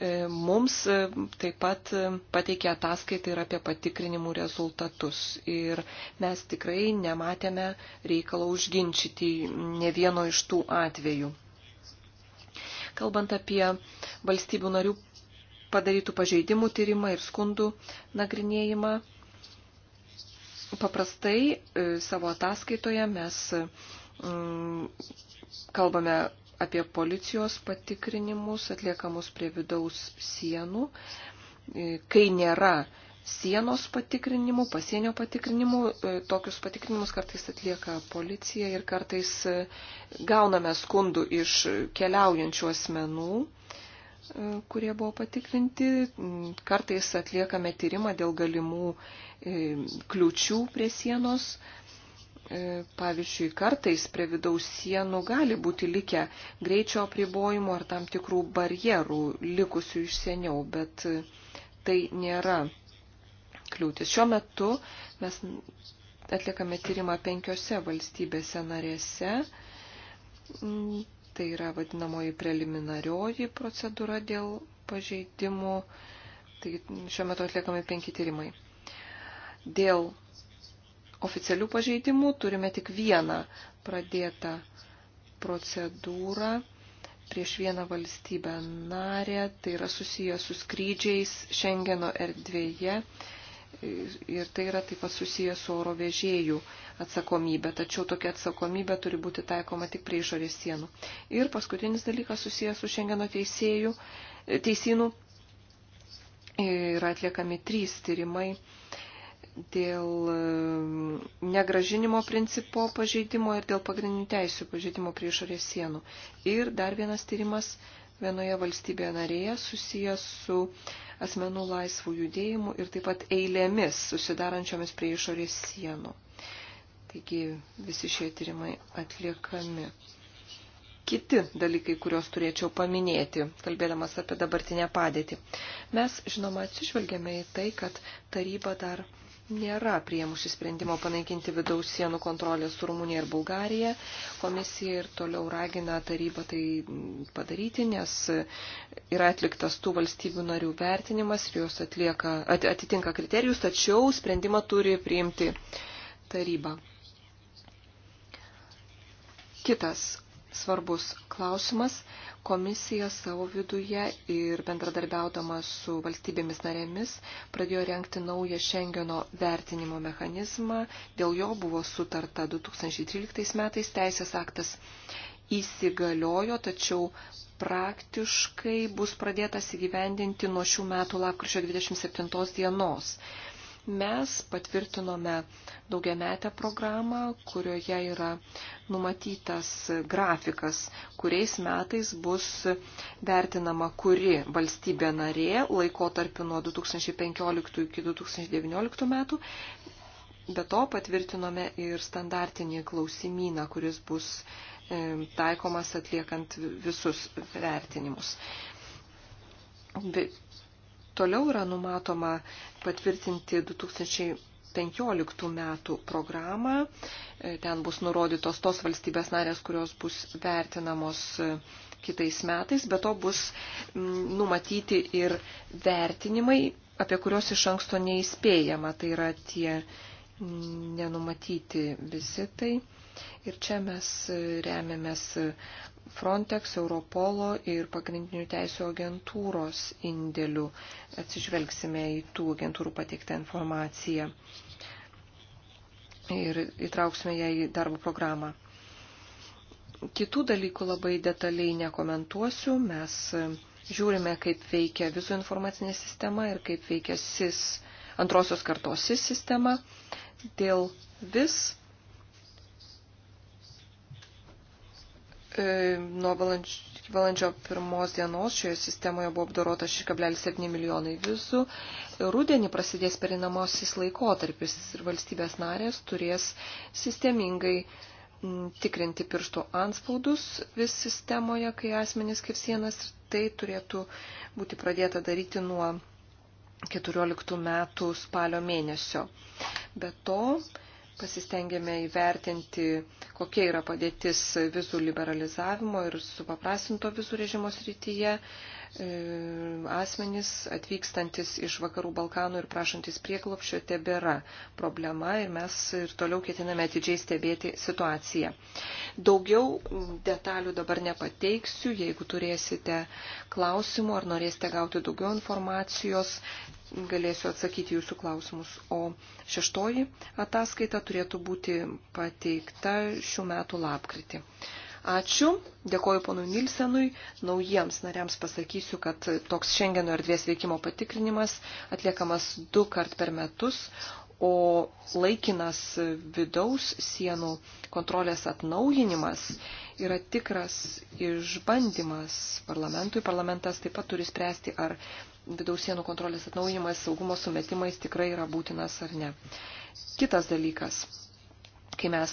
E, mums e, taip pat e, pateikė ataskaitą ir apie patikrinimų rezultatus. Ir mes tikrai nematėme reikalo užginčyti ne vieno iš tų atvejų. Kalbant apie valstybių narių padarytų pažeidimų tyrimą ir skundų nagrinėjimą, paprastai savo ataskaitoje mes mm, kalbame apie policijos patikrinimus atliekamus prie vidaus sienų, e, kai nėra sienos patikrinimų, pasienio patikrinimų, e, tokius patikrinimus kartais atlieka policija ir kartais e, gauname skundų iš keliaujančių asmenų kurie buvo patikrinti. Mm, kartais atliekame tyrimą dėl galimų kliučių prie sienos, E, pavyzdžiui, kartais prie vidaus sienų gali būti likę greičio apribojimų ar tam tikrų barjerų likusių iš seniau, bet e, tai nėra kliūtis. Šiuo metu mes atliekame tyrimą penkiose valstybėse narėse. Mm, tai yra vadinamoji preliminarioji procedūra dėl pažeidimų. Taigi šiuo metu atliekami penki tyrimai. Dėl oficialių pažeidimų, turime tik vieną pradėtą procedūrą prieš vieną valstybę narę, tai yra susijęs su skrydžiais Šengeno erdvėje ir tai yra taip pat susijęs su oro vežėjų atsakomybė, tačiau tokia atsakomybė turi būti taikoma tik prie išorės sienų. Ir paskutinis dalykas susijęs su Šengeno teisėjų, teisynų yra atliekami trys tyrimai dėl e, negražinimo principo pažeidimo ir dėl pagrindinių teisų pažeidimo prie išorės sienų. Ir dar vienas tyrimas vienoje valstybėje narėje susijęs su asmenų laisvų judėjimu ir taip pat eilėmis susidarančiomis prie išorės sienų. Taigi visi šie tyrimai atliekami. Kiti dalykai, kuriuos turėčiau paminėti, kalbėdamas apie dabartinę padėtį. Mes, žinoma, atsižvelgėme į tai, kad taryba dar nėra priemuši sprendimo panaikinti vidaus sienų kontrolės su Rumunija ir Bulgarija. Komisija ir toliau ragina tarybą tai padaryti, nes yra atliktas tų valstybių narių vertinimas ir jos atlieka, at, atitinka kriterijus, tačiau sprendimą turi priimti taryba. Kitas svarbus klausimas Komisija savo viduje ir bendradarbiaudama su valstybėmis narėmis pradėjo renkti naują Šengeno vertinimo mechanizmą. Dėl jo buvo sutarta 2013 metais teisės aktas įsigaliojo, tačiau praktiškai bus pradėtas įgyvendinti nuo šių metų lapkričio 27 dienos mes patvirtinome daugiametę programą, kurioje yra numatytas grafikas, kuriais metais bus vertinama, kuri valstybė narė laikotarpiu nuo 2015 iki 2019 metų. Be to patvirtinome ir standartinį klausimyną, kuris bus e, taikomas atliekant visus vertinimus. Toliau yra numatoma patvirtinti 2015 metų programą. Ten bus nurodytos tos valstybės narės, kurios bus vertinamos kitais metais, bet to bus numatyti ir vertinimai, apie kuriuos iš anksto neįspėjama. Tai yra tie nenumatyti vizitai. Ir čia mes remiamės Frontex, Europolo ir pagrindinių teisų agentūros indėlių. Atsižvelgsime į tų agentūrų pateiktą informaciją ir įtrauksime ją į darbo programą. Kitų dalykų labai detaliai nekomentuosiu. Mes žiūrime, kaip veikia visų informacinė sistema ir kaip veikia SIS, antrosios kartos SIS sistema. Dėl vis E, nuo valandžio, valandžio pirmos dienos šioje sistemoje buvo apdorota 6,7 milijonai vizų. Rūdienį prasidės perinamosis laikotarpis ir valstybės narės turės sistemingai tikrinti pirštų anspaudus vis sistemoje, kai asmenys kaip sienas ir tai turėtų būti pradėta daryti nuo 14 metų spalio mėnesio. Be to, pasistengėme įvertinti, kokia yra padėtis vizų liberalizavimo ir supaprastinto vizų režimo srityje. E, asmenys atvykstantis iš vakarų Balkanų ir prašantis prieklopščio tebėra problema ir mes ir toliau ketiname atidžiai stebėti situaciją. Daugiau detalių dabar nepateiksiu, jeigu turėsite klausimų ar norėsite gauti daugiau informacijos, galėsiu atsakyti jūsų klausimus. O šeštoji ataskaita turėtų būti pateikta šių metų lapkritį. Ačiū, dėkoju ponui Nilsenui, naujiems nariams pasakysiu, kad toks Šengeno erdvės veikimo patikrinimas atliekamas du kart per metus, o laikinas vidaus sienų kontrolės atnaujinimas yra tikras išbandymas parlamentui. Parlamentas taip pat turi spręsti, ar vidaus sienų kontrolės atnaujimas saugumo sumetimais tikrai yra būtinas ar ne. Kitas dalykas, kai mes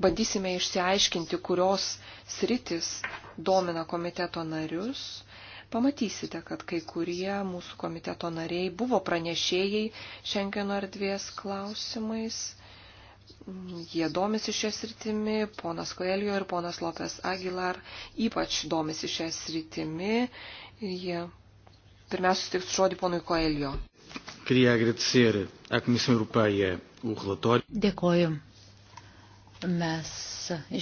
bandysime išsiaiškinti, kurios sritis domina komiteto narius, pamatysite, kad kai kurie mūsų komiteto nariai buvo pranešėjai Šengeno erdvės klausimais Jie domisi šią sritimi, ponas Koelio ir ponas Lopes Aguilar ypač domisi šią sritimi. Jie pirmiausia sutiks žodį ponui Koelio. Dėkoju. Mes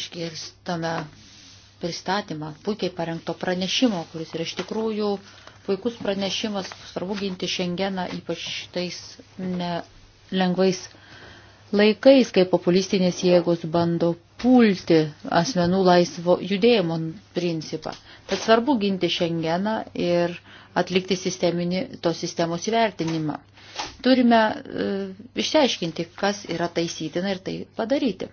išgirstame pristatymą puikiai parengto pranešimo, kuris yra iš tikrųjų puikus pranešimas, svarbu ginti šiandieną ypač tais lengvais laikais, kai populistinės jėgos bando pulti asmenų laisvo judėjimo principą. Tad svarbu ginti šiandieną ir atlikti sisteminį tos sistemos įvertinimą. Turime e, išsiaiškinti, kas yra taisytina ir tai padaryti.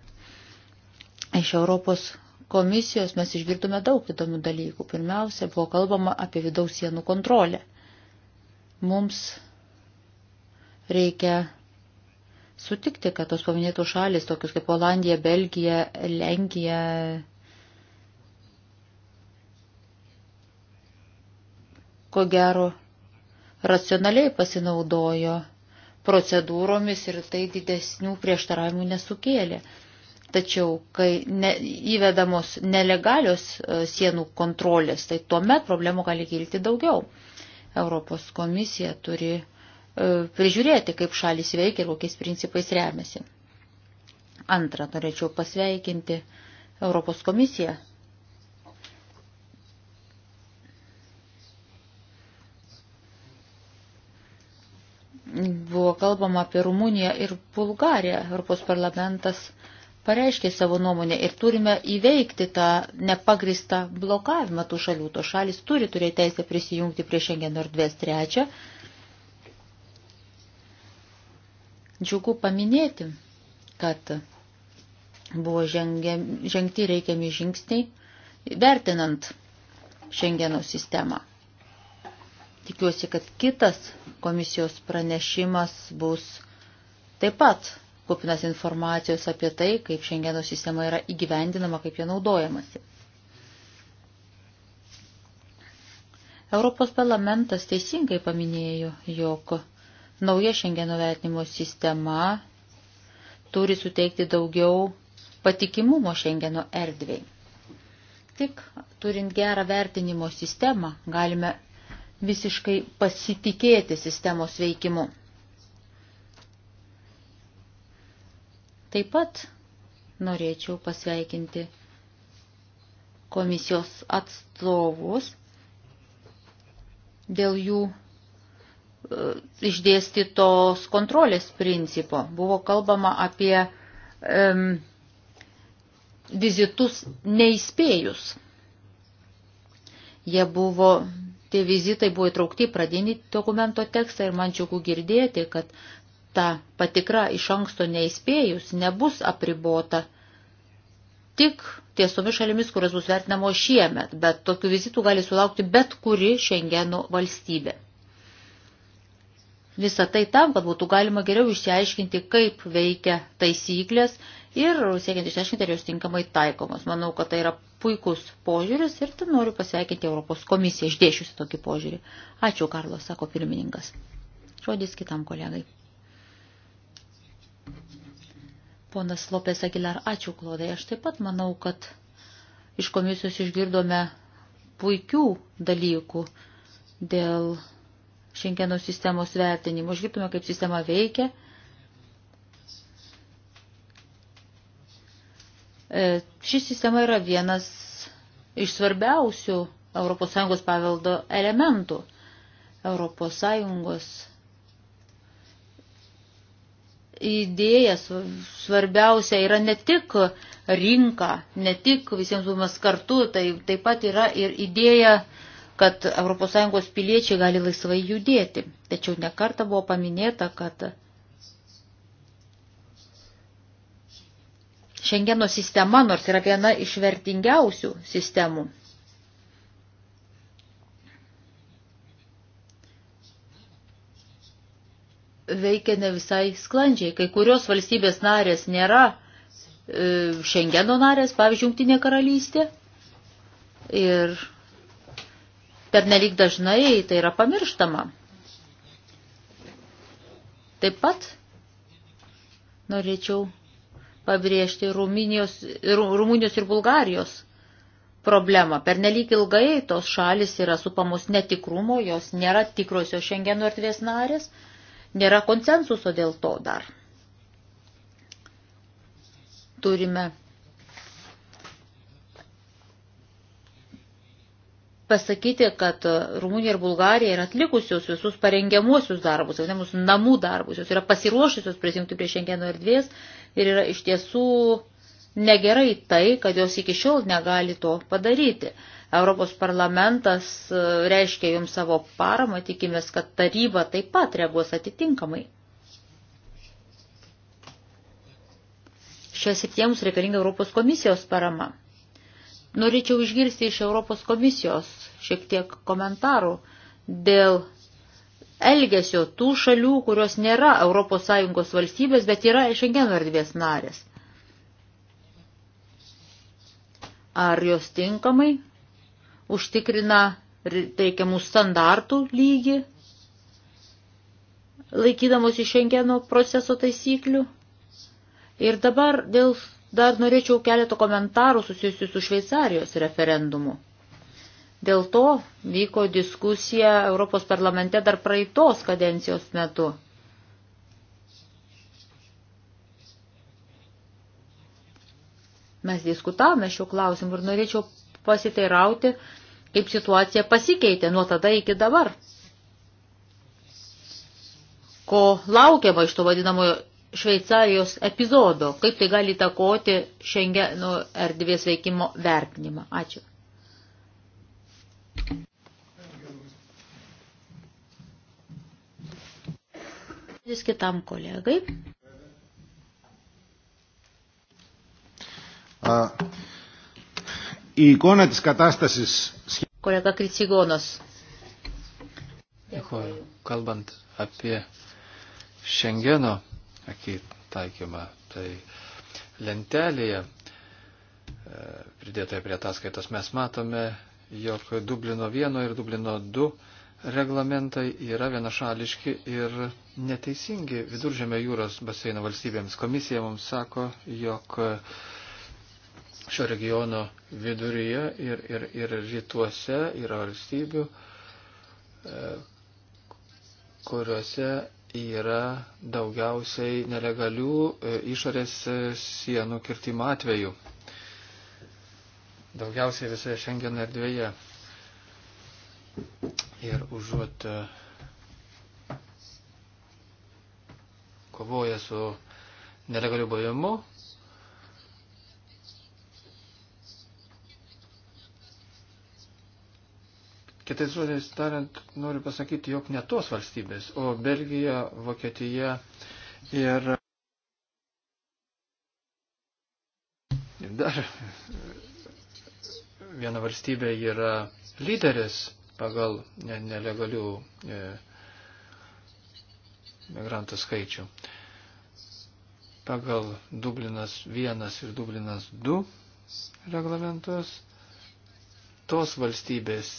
Iš Europos komisijos mes išgirdome daug įdomių dalykų. Pirmiausia, buvo kalbama apie vidaus sienų kontrolę. Mums reikia sutikti, kad tos paminėtų šalis, tokius kaip Olandija, Belgija, Lenkija, ko gero, racionaliai pasinaudojo procedūromis ir tai didesnių prieštaravimų nesukėlė. Tačiau, kai ne, įvedamos nelegalios e, sienų kontrolės, tai tuomet problemų gali kilti daugiau. Europos komisija turi uh, E, prižiūrėti, kaip šalis veikia ir kokiais principais remiasi. Antra, norėčiau pasveikinti Europos komisiją. Buvo kalbama apie Rumuniją ir Bulgariją. Europos parlamentas pareiškė savo nuomonę ir turime įveikti tą nepagristą blokavimą tų šalių. To šalis turi turėti teisę prisijungti prie šiandien erdvės trečią. Džiugu paminėti, kad buvo žengė, žengti reikiami žingsniai, vertinant Šengeno sistemą. Tikiuosi, kad kitas komisijos pranešimas bus taip pat kupinas informacijos apie tai, kaip Šengeno sistema yra įgyvendinama, kaip jie naudojamasi. Europos parlamentas teisingai paminėjo, jog Nauja šiandieno vertinimo sistema turi suteikti daugiau patikimumo šiandieno erdvėj. Tik turint gerą vertinimo sistemą galime visiškai pasitikėti sistemos veikimu. Taip pat norėčiau pasveikinti komisijos atstovus dėl jų E, išdėstytos kontrolės principo. Buvo kalbama apie um, vizitus neįspėjus. Jie buvo, tie vizitai buvo įtraukti pradinį dokumento tekstą ir man džiugu girdėti, kad ta patikra iš anksto neįspėjus nebus apribota tik tiesomis šalimis, kurios bus vertinamos šiemet, bet tokių vizitų gali sulaukti bet kuri Šengeno valstybė. Visą tai tam, kad būtų galima geriau išsiaiškinti, kaip veikia taisyklės ir siekiant išsiaiškinti, ar jos tinkamai taikomos. Manau, kad tai yra puikus požiūris ir tai noriu pasveikinti Europos komisiją išdėšiusi tokį požiūrį. Ačiū, Karlos, sako pirmininkas. Žodis kitam kolegai. Ponas Lopės Agilar, ačiū, Klodai. Aš taip pat manau, kad iš komisijos išgirdome puikių dalykų dėl šiandieno sistemos vertinimo, išgirtume, kaip sistema veikia. E, ši sistema yra vienas iš svarbiausių ES paveldo elementų. ES idėja svarbiausia yra ne tik rinka, ne tik visiems buvimas kartu, tai taip pat yra ir idėja kad ES piliečiai gali laisvai judėti. Tačiau nekarta buvo paminėta, kad Šengeno sistema, nors yra viena iš vertingiausių sistemų, veikia ne visai sklandžiai. Kai kurios valstybės narės nėra e, Šengeno narės, pavyzdžiui, Jungtinė karalystė. Ir per nelik dažnai tai yra pamirštama. Taip pat norėčiau pabrėžti Rumunijos, Rumunijos ir Bulgarijos problemą. Per nelik ilgai tos šalis yra supamos netikrumo, jos nėra tikrosios šengeno erdvės narės, nėra konsensuso dėl to dar. Turime pasakyti, kad Rumunija ir Bulgarija yra atlikusios visus parengiamuosius darbus, vadinamus namų darbus, jos yra pasiruošusios prisijungti prie šiandieno erdvės ir yra iš tiesų negerai tai, kad jos iki šiol negali to padaryti. Europos parlamentas e, reiškia jums savo paramą, tikimės, kad taryba taip pat reaguos atitinkamai. Šią sritį mums reikalinga Europos komisijos parama. Norėčiau išgirsti iš Europos komisijos šiek tiek komentarų dėl elgesio tų šalių, kurios nėra ES valstybės, bet yra Šengeno erdvės narės. Ar jos tinkamai užtikrina teikiamų standartų lygį, laikydamos iš Šengeno proceso taisyklių? Ir dabar dėl Dar norėčiau keletą komentarų susijusių su Šveicarijos referendumu. Dėl to vyko diskusija Europos parlamente dar praeitos kadencijos metu. Mes diskutavome šiuo klausimu ir norėčiau pasiteirauti, kaip situacija pasikeitė nuo tada iki dabar. Ko laukiama iš to vadinamojo Šveicarijos epizodo, kaip tai gali takoti Šengeno erdvės veikimo vertinimą. Ačiū. Vis kitam kolegai. Η εικόνα της κατάστασης... Kolega Kricigonas. Dėkuoju. Kalbant apie Šengeno taikymą. Tai lentelėje e, pridėtoje prie ataskaitos mes matome, jog Dublino 1 ir Dublino 2 reglamentai yra vienašališki ir neteisingi viduržėmio jūros baseino valstybėms. Komisija mums sako, jog šio regiono viduryje ir, ir, ir rytuose yra valstybių, e, kuriuose yra daugiausiai nelegalių e, išorės e, sienų kirtimo atvejų. Daugiausiai visoje šiandien erdvėje. Ir užuot e, kovoja su nelegaliu buvimu, Kitais žodžiais tariant, noriu pasakyti, jog ne tos valstybės, o Belgija, Vokietija ir, ir dar viena valstybė yra lyderis pagal nelegalių e, migrantų skaičių. Pagal Dublinas 1 ir Dublinas 2 reglamentus tos valstybės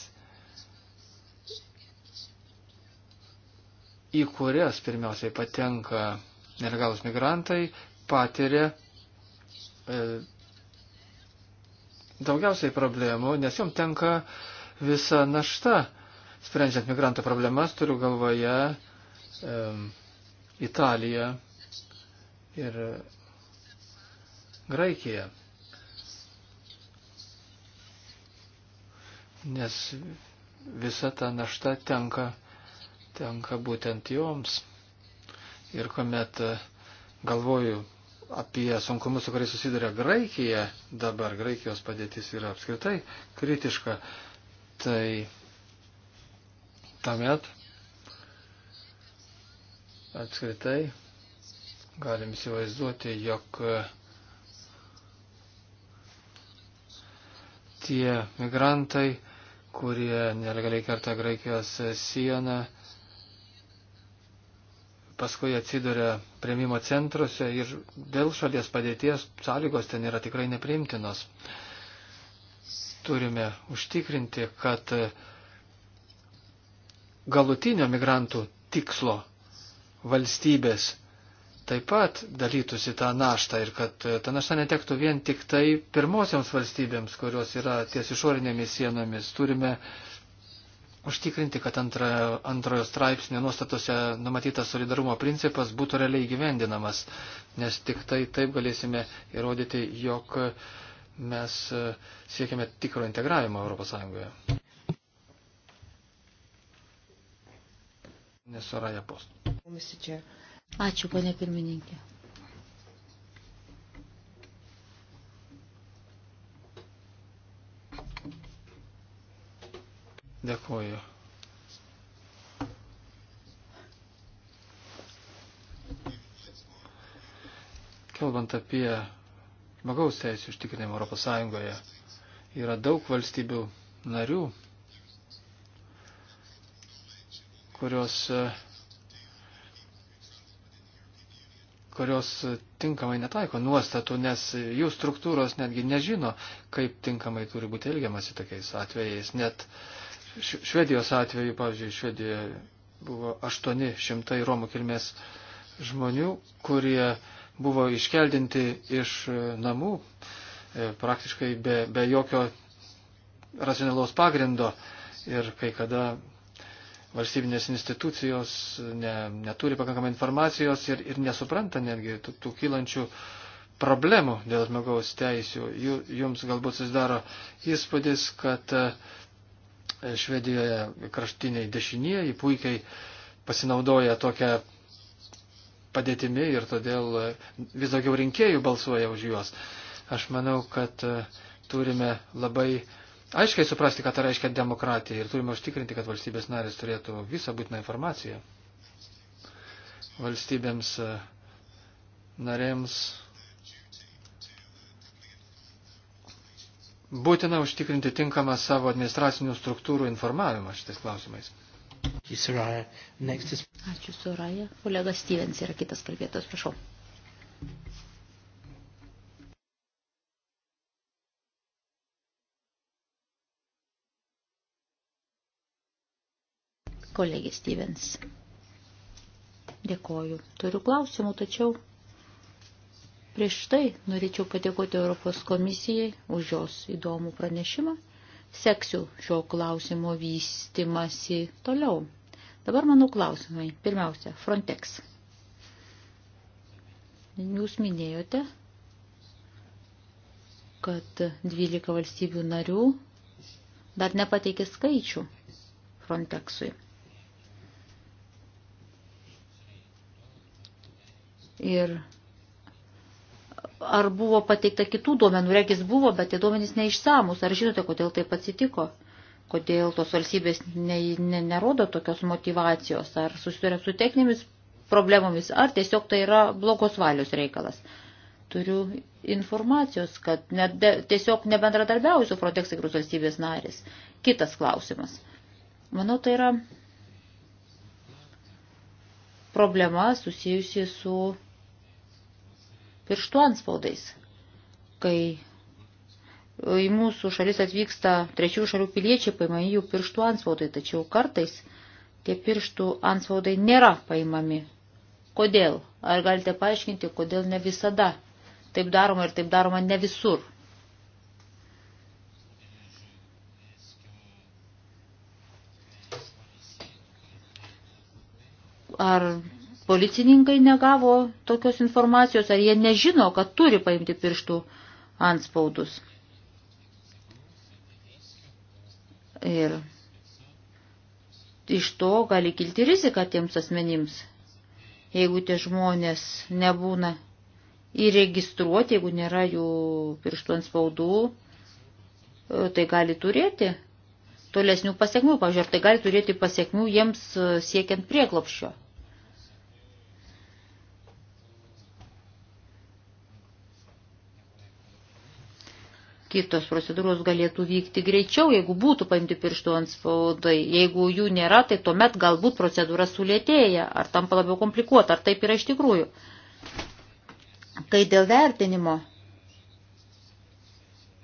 į kurias pirmiausiai patenka nelegalus migrantai, patiria e, daugiausiai problemų, nes jom tenka visa našta. Sprendžiant migrantų problemas, turiu galvoje e, Italiją ir Graikiją. Nes visa ta našta tenka tenka būtent joms. Ir kuomet e, galvoju apie sunkumus, su kuriais susiduria Graikija, dabar Graikijos padėtis yra apskritai kritiška, tai tuomet apskritai galim įsivaizduoti, jog e, tie migrantai, kurie nelegaliai kerta Graikijos sieną, paskui atsiduria prieimimo centruose ir dėl šalies padėties sąlygos ten yra tikrai neprimtinos. Turime užtikrinti, kad galutinio migrantų tikslo valstybės taip pat dalytųsi tą naštą ir kad ta našta netektų vien tik tai pirmosiams valstybėms, kurios yra ties išorinėmis sienomis. Turime uh, užtikrinti, kad antra, antrojo straipsnio nuostatose numatytas solidarumo principas būtų realiai gyvendinamas, nes tik tai taip galėsime įrodyti, jog mes e, siekiame tikro integravimo ES. Nesoraja post. Ačiū, ponė pirmininkė. Dėkuoju. Kalbant apie žmogaus teisų užtikrinimą Europos Sąjungoje, yra daug valstybių narių, kurios, kurios tinkamai netaiko nuostatų, nes jų struktūros netgi nežino, kaip tinkamai turi būti elgiamasi tokiais atvejais. Net uh, Švedijos atveju, pavyzdžiui, Švedijoje buvo 800 romų kilmės žmonių, kurie buvo iškeldinti iš e, namų e, praktiškai be, be jokio racionalaus pagrindo ir kai kada valstybinės institucijos ne, neturi pakankamai informacijos ir, ir nesupranta netgi tų, tų kylančių problemų dėl žmogaus teisių. Jums galbūt susidaro įspūdis, kad uh, Švedijoje kraštiniai dešinieji puikiai pasinaudoja tokią padėtimi ir todėl vis daugiau rinkėjų balsuoja už juos. Aš manau, kad e, turime labai aiškiai suprasti, ką tai reiškia demokratija ir turime užtikrinti, kad valstybės narės turėtų visą būtiną informaciją. Valstybėms e, narėms būtina užtikrinti tinkamą savo administracinių struktūrų informavimą šitais klausimais. Ačiū, Suraja. Kolega Stevens yra kitas kalbėtas, prašau. Kolegė Stevens. Dėkoju. Turiu klausimų, tačiau Prieš tai norėčiau padėkoti Europos komisijai už jos įdomų pranešimą. Seksiu šio klausimo vystimasi toliau. Dabar mano klausimai. Pirmiausia, Frontex. Jūs minėjote, kad 12 valstybių narių dar nepateikė skaičių Frontexui. Ir ar buvo pateikta kitų duomenų, regis buvo, bet tie duomenys neišsamus. Ar žinote, kodėl taip atsitiko? Kodėl tos valstybės ne, ne, nerodo tokios motivacijos? Ar susiduria su techninėmis problemomis, ar tiesiog tai yra blogos valios reikalas? Turiu informacijos, kad ne, de, tiesiog nebendradarbiauju su Frontex tikrus valstybės narės. Kitas klausimas. Manau, tai yra problema susijusi su pirštų anspaudais, kai į mūsų šalis atvyksta trečių šalių piliečiai, paimami jų pirštų anspaudai, tačiau kartais tie pirštų anspaudai nėra paimami. Kodėl? Ar galite paaiškinti, kodėl ne visada taip daroma ir taip daroma ne visur? Ar policininkai negavo tokios informacijos, ar jie nežino, kad turi paimti pirštų anspaudus. Ir iš to gali kilti rizika tiems asmenims, jeigu tie žmonės nebūna įregistruoti, jeigu nėra jų pirštų anspaudų, tai gali turėti tolesnių pasiekmių, pažiūrėjau, tai gali turėti pasiekmių jiems siekiant prieklopščio. kitos procedūros galėtų vykti greičiau, jeigu būtų paimti pirštų ant spaudai. Jeigu jų nėra, tai tuomet galbūt procedūra sulėtėja, ar tampa labiau komplikuota, ar taip yra iš tikrųjų. Kai dėl vertinimo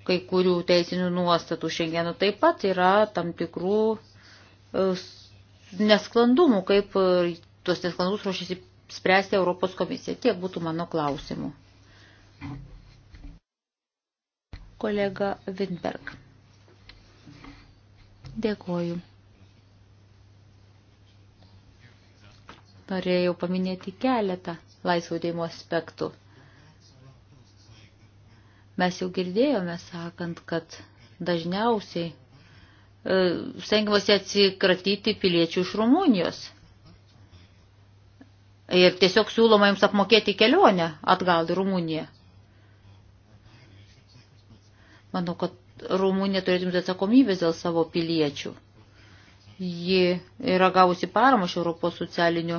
kai kurių teisinių nuostatų šiandieną taip pat yra tam tikrų e, nesklandumų, kaip e, tuos nesklandumus ruošiasi spręsti Europos komisija. Tiek būtų mano klausimų kolega Winberg. Dėkoju. Norėjau paminėti keletą laisvaudėjimo aspektų. Mes jau girdėjome sakant, kad dažniausiai e, stengiamasi atsikratyti piliečių iš Rumunijos. Ir tiesiog siūloma jums apmokėti kelionę atgal į Rumuniją. Manau, kad Rumunija turėtų atsakomybės dėl savo piliečių. Ji yra gavusi paramą iš Europos socialinių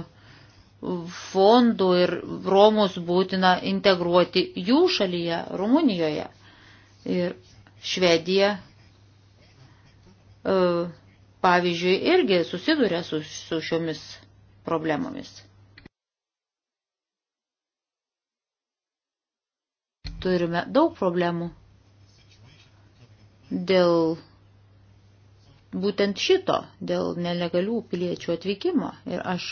fondų ir Romus būtina integruoti jų šalyje, Rumunijoje. Ir Švedija, e, pavyzdžiui, irgi susiduria su, su šiomis problemomis. Turime daug problemų dėl būtent šito, dėl nelegalių piliečių atvykimo. Ir aš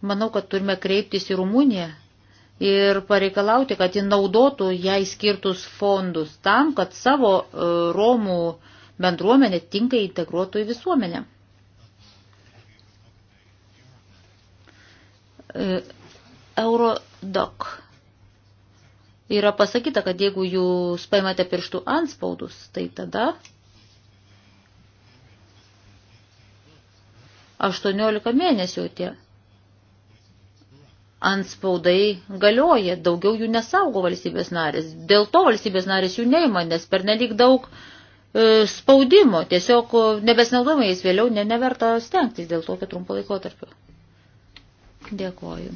manau, kad turime kreiptis į Rumuniją ir pareikalauti, kad ji naudotų jai skirtus fondus tam, kad savo e, Romų bendruomenė tinkai integruotų į visuomenę. E, Eurodoc yra pasakyta, kad jeigu jūs paimate pirštų anspaudus, tai tada 18 mėnesių tie anspaudai galioja, daugiau jų nesaugo valstybės narės. Dėl to valstybės narės jų neima, nes per nelik daug e, spaudimo, tiesiog e, nebesnaudojama jais vėliau, ne, neverta stengtis dėl tokio trumpo laikotarpio. Dėkoju.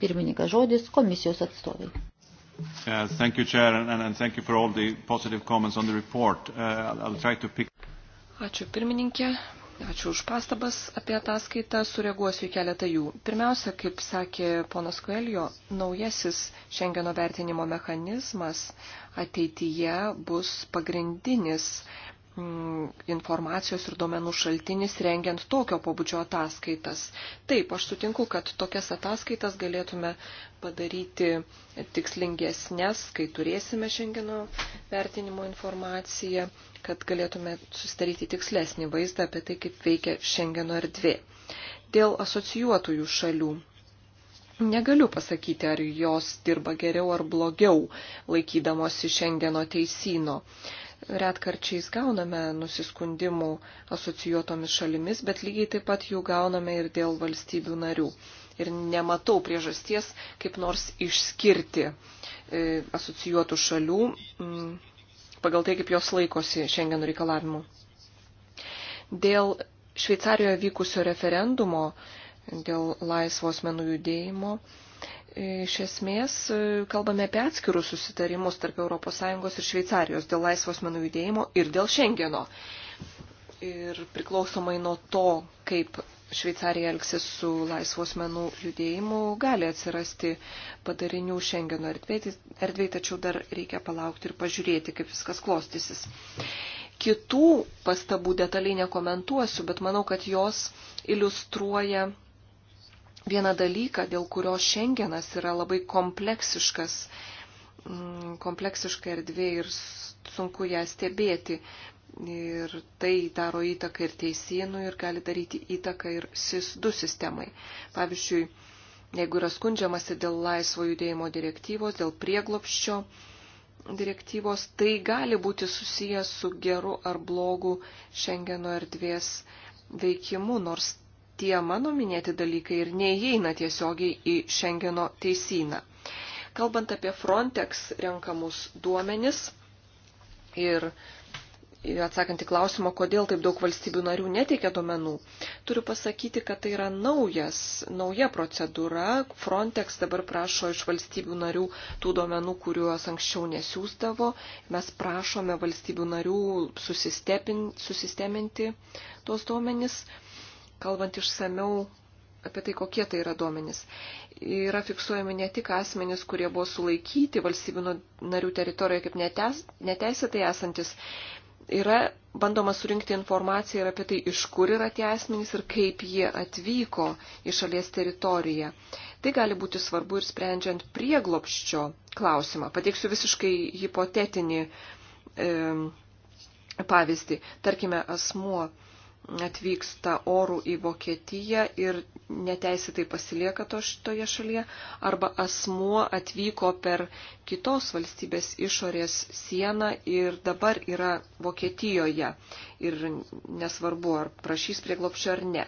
Pirmininkas žodis komisijos atstovai. Uh, thank you, Chair, and, and thank you for all the positive comments on the report. Uh, I'll, I'll try to pick... Ačiū pirmininkė, ačiū už pastabas apie ataskaitą, sureaguosiu į keletą jų. Pirmiausia, kaip sakė ponas Koelio, naujasis Šengeno vertinimo mechanizmas ateityje bus pagrindinis uh, Mm, informacijos ir duomenų šaltinis rengiant tokio pobūdžio ataskaitas. Taip, aš sutinku, kad tokias ataskaitas galėtume padaryti tikslingesnės, kai turėsime šiandieno vertinimo informaciją, kad galėtume sustaryti tikslesnį vaizdą apie tai, kaip veikia šiandieno erdvė. Dėl asocijuotųjų šalių. Negaliu pasakyti, ar jos dirba geriau ar blogiau, laikydamosi šiandieno teisino retkarčiais gauname nusiskundimų asocijuotomis šalimis, bet lygiai taip pat jų gauname ir dėl valstybių narių. Ir nematau priežasties kaip nors išskirti e, asocijuotų šalių pagal tai, kaip jos laikosi šiandienų reikalavimų. Dėl Šveicarijoje vykusio referendumo dėl laisvos menų judėjimo iš esmės kalbame apie atskirus susitarimus tarp ES ir Šveicarijos dėl laisvos menų judėjimo ir dėl Šengeno. Ir priklausomai nuo to, kaip Šveicarija elgsis su laisvos menų judėjimu, gali atsirasti padarinių Šengeno erdvėj, tačiau dar reikia palaukti ir pažiūrėti, kaip viskas klostysis. Kitų pastabų detaliai nekomentuosiu, bet manau, kad jos iliustruoja vieną dalyką, dėl kurio šiandienas yra labai kompleksiškas, mm, kompleksiška erdvė ir sunku ją stebėti. Ir tai daro įtaką ir teisynų ir gali daryti įtaką ir SIS-2 sistemai. Pavyzdžiui, jeigu yra skundžiamasi dėl laisvo judėjimo direktyvos, dėl prieglopščio direktyvos, tai gali būti susijęs su geru ar blogu Šengeno erdvės veikimu, nors tie mano minėti dalykai ir neįeina tiesiogiai į Šengeno teisyną. Kalbant apie Frontex renkamus duomenis ir atsakant į klausimą, kodėl taip daug valstybių narių neteikia duomenų, turiu pasakyti, kad tai yra naujas, nauja procedūra. Frontex dabar prašo iš valstybių narių tų duomenų, kuriuos anksčiau nesiūsdavo. Mes prašome valstybių narių susisteminti tuos duomenys kalbant išsameu apie tai, kokie tai yra duomenys. Yra fiksuojami ne tik asmenys, kurie buvo sulaikyti valstybių nu- narių teritorijoje kaip netes, neteisėtai esantis. Yra bandoma surinkti informaciją ir apie tai, iš kur yra tie asmenys ir kaip jie atvyko į šalies teritoriją. Tai gali būti svarbu ir sprendžiant prieglopščio klausimą. Pateiksiu visiškai hipotetinį e, pavyzdį. Tarkime, asmuo atvyksta orų į Vokietiją ir neteisėtai pasilieka to šitoje šalyje, arba asmuo atvyko per kitos valstybės išorės sieną ir dabar yra Vokietijoje ir nesvarbu, ar prašys prieglopščio ar ne.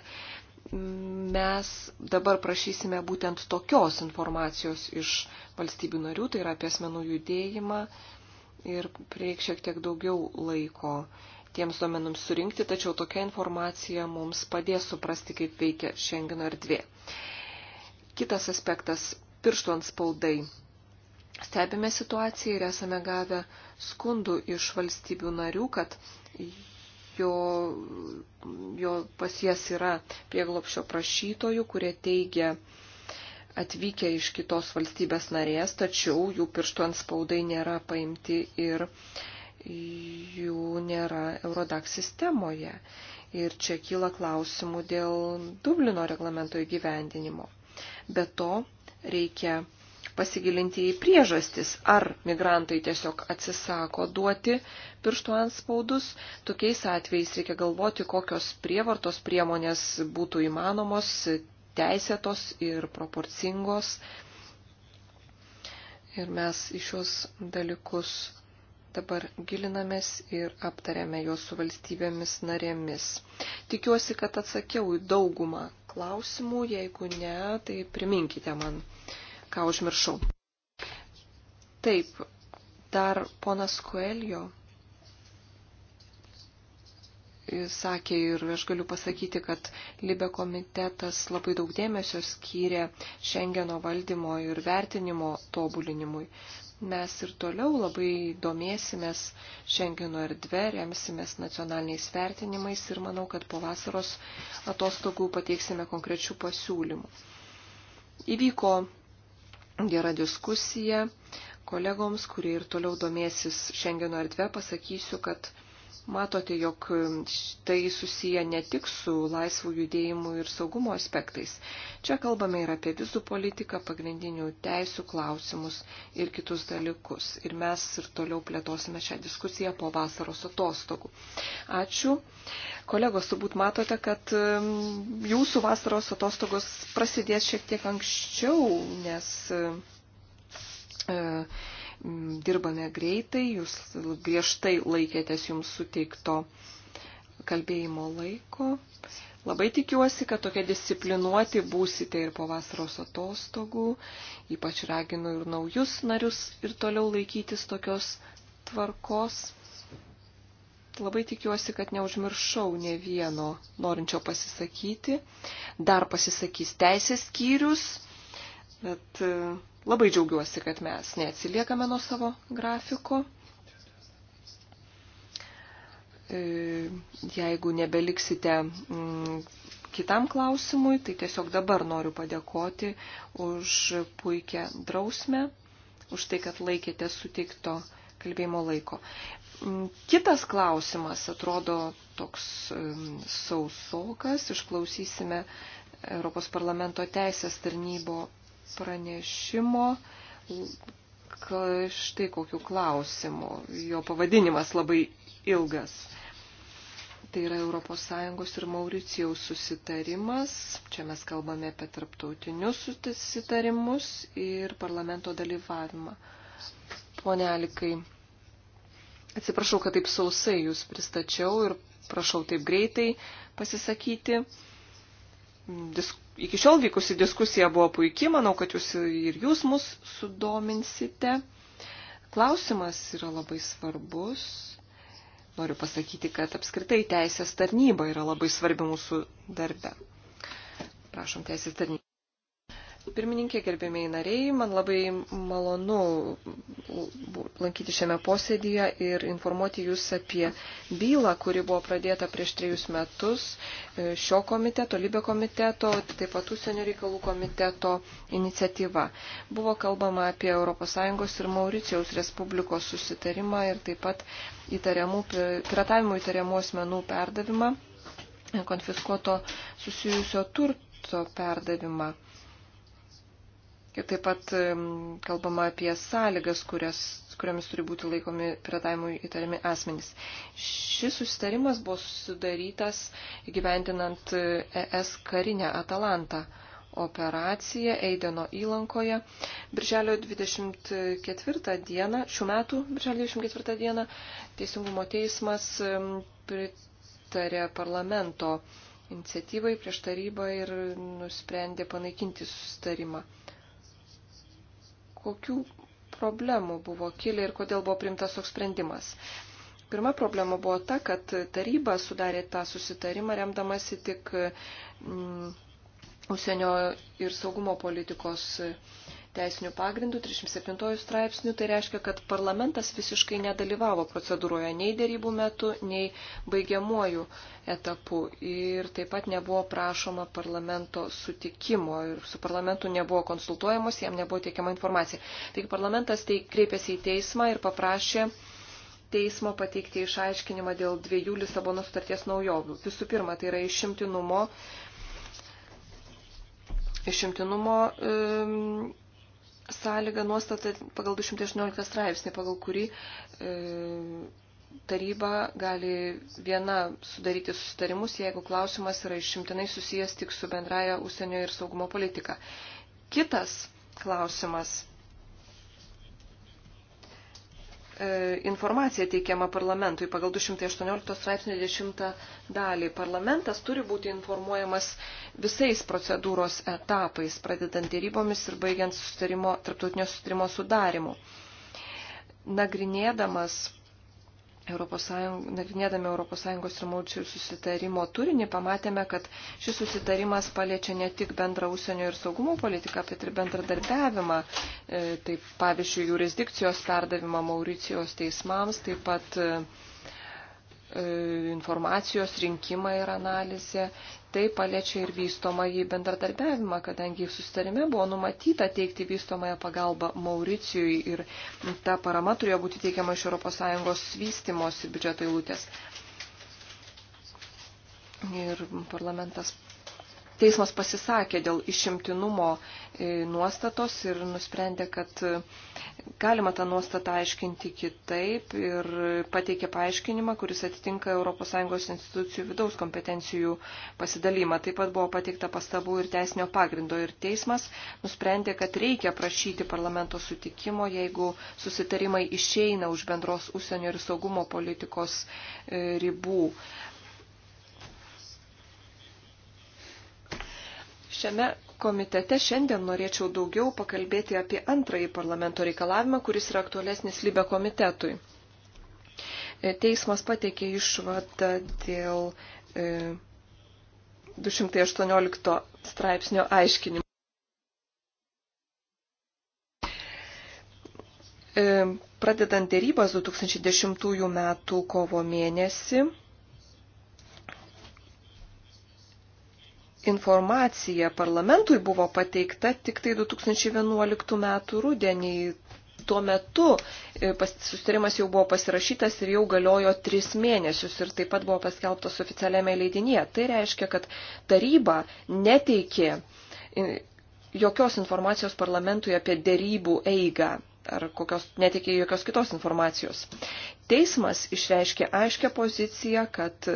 Mes dabar prašysime būtent tokios informacijos iš valstybių narių, tai yra apie asmenų judėjimą ir prieks šiek tiek daugiau laiko tiems duomenims surinkti, tačiau tokia informacija mums padės suprasti, kaip veikia Schengeno erdvė. Kitas aspektas - pirštų ant spaudai. Stebime situaciją ir esame gavę skundų iš valstybių narių, kad jo, jo pas jas yra prieglopšio prašytojų, kurie teigia atvykę iš kitos valstybės narės, tačiau jų pirštų ant spaudai nėra paimti ir uh, jų nėra Eurodax sistemoje. Ir čia kyla klausimų dėl Dublino reglamento įgyvendinimo. Be to, reikia pasigilinti į priežastis, ar migrantai tiesiog atsisako duoti pirštų anspaudus. Tokiais atvejais reikia galvoti, kokios prievartos priemonės būtų įmanomos, teisėtos ir proporcingos. Ir mes iš šios dalykus Dabar gilinamės ir aptarėme juos su valstybėmis narėmis. Tikiuosi, kad atsakiau į daugumą klausimų. Jeigu ne, tai priminkite man, ką užmiršau. Taip, dar ponas Koelio sakė ir aš galiu pasakyti, kad Libe komitetas labai daug dėmesio skyrė Šengeno valdymo ir vertinimo tobulinimui mes ir toliau labai domėsimės Šengeno erdvė, remsimės nacionaliniais vertinimais ir manau, kad po vasaros atostogų pateiksime konkrečių pasiūlymų. Įvyko gera diskusija kolegoms, kurie ir toliau domėsis Šengeno erdvė, pasakysiu, kad Matote, jog tai susiję ne tik su laisvų judėjimų ir saugumo aspektais. Čia kalbame ir apie vizų politiką, pagrindinių teisų klausimus ir kitus dalykus. Ir mes ir toliau plėtosime šią diskusiją po vasaros atostogų. Ačiū. Kolegos, turbūt matote, kad um, jūsų vasaros atostogos prasidės šiek tiek anksčiau, nes. E, dirbame greitai, jūs griežtai laikėtės jums suteikto kalbėjimo laiko. Labai tikiuosi, kad tokie disciplinuoti būsite ir po vasaros atostogų. Ypač raginu ir naujus narius ir toliau laikytis tokios tvarkos. Labai tikiuosi, kad neužmiršau ne vieno norinčio pasisakyti. Dar pasisakys teisės skyrius, bet. Uh, Labai džiaugiuosi, kad mes neatsiliekame nuo savo grafiko. E, jeigu nebeliksite mm, kitam klausimui, tai tiesiog dabar noriu padėkoti už puikią drausmę, už tai, kad laikėte sutikto kalbėjimo laiko. Mm, kitas klausimas atrodo toks mm, sausokas, išklausysime Europos parlamento teisės tarnybo, pranešimo. Štai kokiu klausimu. Jo pavadinimas labai ilgas. Tai yra ES ir Mauricijaus susitarimas. Čia mes kalbame apie tarptautinius susitarimus ir parlamento dalyvavimą. Pone Alikai, atsiprašau, kad taip sausai jūs pristačiau ir prašau taip greitai pasisakyti. Disku iki šiol vykusi diskusija buvo puikia, manau, kad jūs ir jūs mus sudominsite. Klausimas yra labai svarbus. Noriu pasakyti, kad apskritai teisės tarnyba yra labai svarbi mūsų darbe. Prašom teisės tarnybą. Pirmininkė, gerbėmiai nariai, man labai malonu lankyti šiame posėdėje ir informuoti Jūs apie bylą, kuri buvo pradėta prieš trejus metus e, šio komiteto, Libė komiteto, taip pat Užsienio reikalų komiteto iniciatyva. Buvo kalbama apie ES ir Mauricijos Respublikos susitarimą ir taip pat įtariamų, piratavimų įtariamų asmenų perdavimą, konfiskuoto susijusio turto perdavimą. Ir taip pat kalbama apie sąlygas, kurias, kuriamis turi būti laikomi piratavimui įtariami asmenys. Šis susitarimas buvo sudarytas įgyvendinant ES e karinę Atalantą operaciją Eideno įlankoje. Birželio 24 dieną, šių metų birželio 24 dieną, Teisingumo teismas pritarė parlamento iniciatyvai prieš tarybą ir nusprendė panaikinti susitarimą kokių problemų buvo kilę ir kodėl buvo primtas toks sprendimas. Pirma problema buvo ta, kad taryba sudarė tą susitarimą remdamasi tik mm, užsienio ir saugumo politikos mm, teisinių pagrindų, 37 straipsnių, tai reiškia, kad parlamentas visiškai nedalyvavo procedūroje nei dėrybų metu, nei baigiamuoju etapu. Ir taip pat nebuvo prašoma parlamento sutikimo ir su parlamentu nebuvo konsultuojamos, jam nebuvo teikiama informacija. Taigi parlamentas tai kreipėsi į teismą ir paprašė teismo pateikti išaiškinimą dėl dviejų Lisabono sutarties naujovių. Visų pirma, tai yra išimtinumo, išimtinumo um, sąlyga nuostata pagal 218 straipsnį, pagal kurį e, taryba gali viena sudaryti susitarimus, jeigu klausimas yra išimtinai susijęs tik su bendraja užsienio ir saugumo politika. Kitas klausimas E, informacija teikiama parlamentui pagal 218 straipsnio 10 dalį. Parlamentas turi būti informuojamas visais procedūros etapais, pradedant dėrybomis ir baigiant sustarimo, tarptautinio sustarimo sudarimu. Nagrinėdamas Europos Sąjung, nagrinėdami ES ir Mauricijų susitarimo turinį, pamatėme, kad šis susitarimas paliečia ne tik bendrą užsienio ir saugumo politiką, bet ir bendradarbiavimą, e, taip pavyzdžiui, jurisdikcijos perdavimą Mauricijos teismams, taip pat e, informacijos rinkimą ir analizę tai paliečia ir vystomąjį bendradarbiavimą, kadangi susitarime buvo numatyta teikti vystomąją pagalbą Mauricijui ir ta parama turėjo būti teikiama iš ES vystimosi biudžeto eilutės. Ir parlamentas teismas pasisakė dėl išimtinumo e, nuostatos ir nusprendė, kad e, galima tą nuostatą aiškinti kitaip ir pateikė paaiškinimą, kuris atitinka ES institucijų vidaus kompetencijų pasidalymą. Taip pat buvo pateikta pastabų ir teisinio pagrindo ir teismas nusprendė, kad reikia prašyti parlamento sutikimo, jeigu susitarimai išeina už bendros užsienio ir saugumo politikos e, ribų. Šiame komitete šiandien norėčiau daugiau pakalbėti apie antrąjį parlamento reikalavimą, kuris yra aktualesnis Libe komitetui. E, teismas pateikė išvadą dėl 218 e, straipsnio aiškinimo. E, pradedant dėrybas 2010 m. kovo mėnesį, informacija parlamentui buvo pateikta tik tai 2011 metų rudenį. Tuo metu e, sustarimas jau buvo pasirašytas ir jau galiojo tris mėnesius ir taip pat buvo paskelbtas oficialiame leidinėje. Tai reiškia, kad taryba neteikė e, jokios informacijos parlamentui apie dėrybų eigą ar kokios, netikė jokios kitos informacijos. Teismas išreiškė aiškę poziciją, kad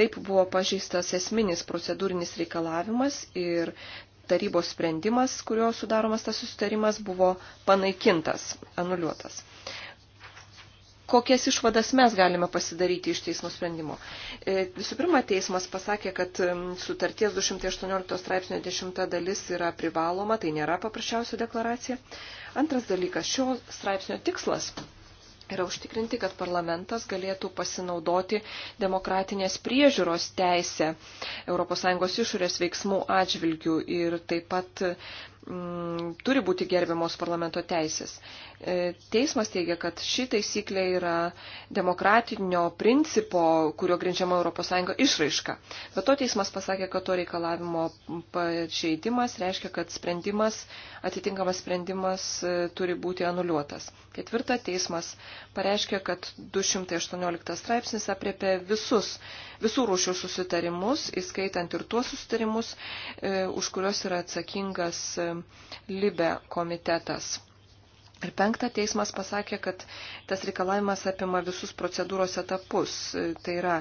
taip buvo pažeistas esminis procedūrinis reikalavimas ir tarybos sprendimas, kurio sudaromas tas susitarimas, buvo panaikintas, anuliuotas kokias išvadas mes galime pasidaryti iš teismo sprendimo. E, visų pirma, teismas pasakė, kad sutarties 218 straipsnio 10 dalis yra privaloma, tai nėra paprasčiausia deklaracija. Antras dalykas, šio straipsnio tikslas yra užtikrinti, kad parlamentas galėtų pasinaudoti demokratinės priežiūros teisę ES išorės veiksmų atžvilgių ir taip pat m, mm, turi būti gerbiamos parlamento teisės. E, teismas teigia, kad ši taisyklė yra demokratinio principo, kurio grindžiama ES išraiška. Bet to teismas pasakė, kad to reikalavimo pažeidimas reiškia, kad sprendimas, atitinkamas sprendimas e, turi būti anuliuotas. Ketvirta, teismas pareiškė, kad 218 straipsnis apriepia visus, visų rūšių susitarimus, įskaitant ir tuos susitarimus, e, už kuriuos yra atsakingas Libe komitetas. Ir penktą teismas pasakė, kad tas reikalavimas apima visus procedūros etapus. Tai yra,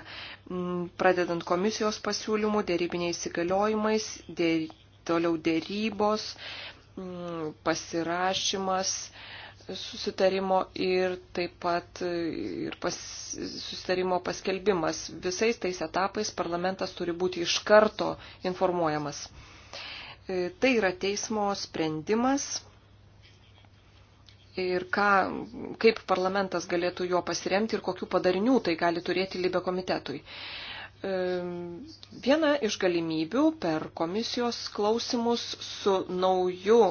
pradedant komisijos pasiūlymų, dėrybiniais įgaliojimais, dėry, toliau dėrybos, pasirašymas susitarimo ir taip pat ir pas, susitarimo paskelbimas. Visais tais etapais parlamentas turi būti iš karto informuojamas. E, tai yra teismo sprendimas ir ką, kaip parlamentas galėtų juo pasiremti ir kokiu padarinių tai gali turėti Libe komitetui. E, viena iš galimybių per komisijos klausimus su nauju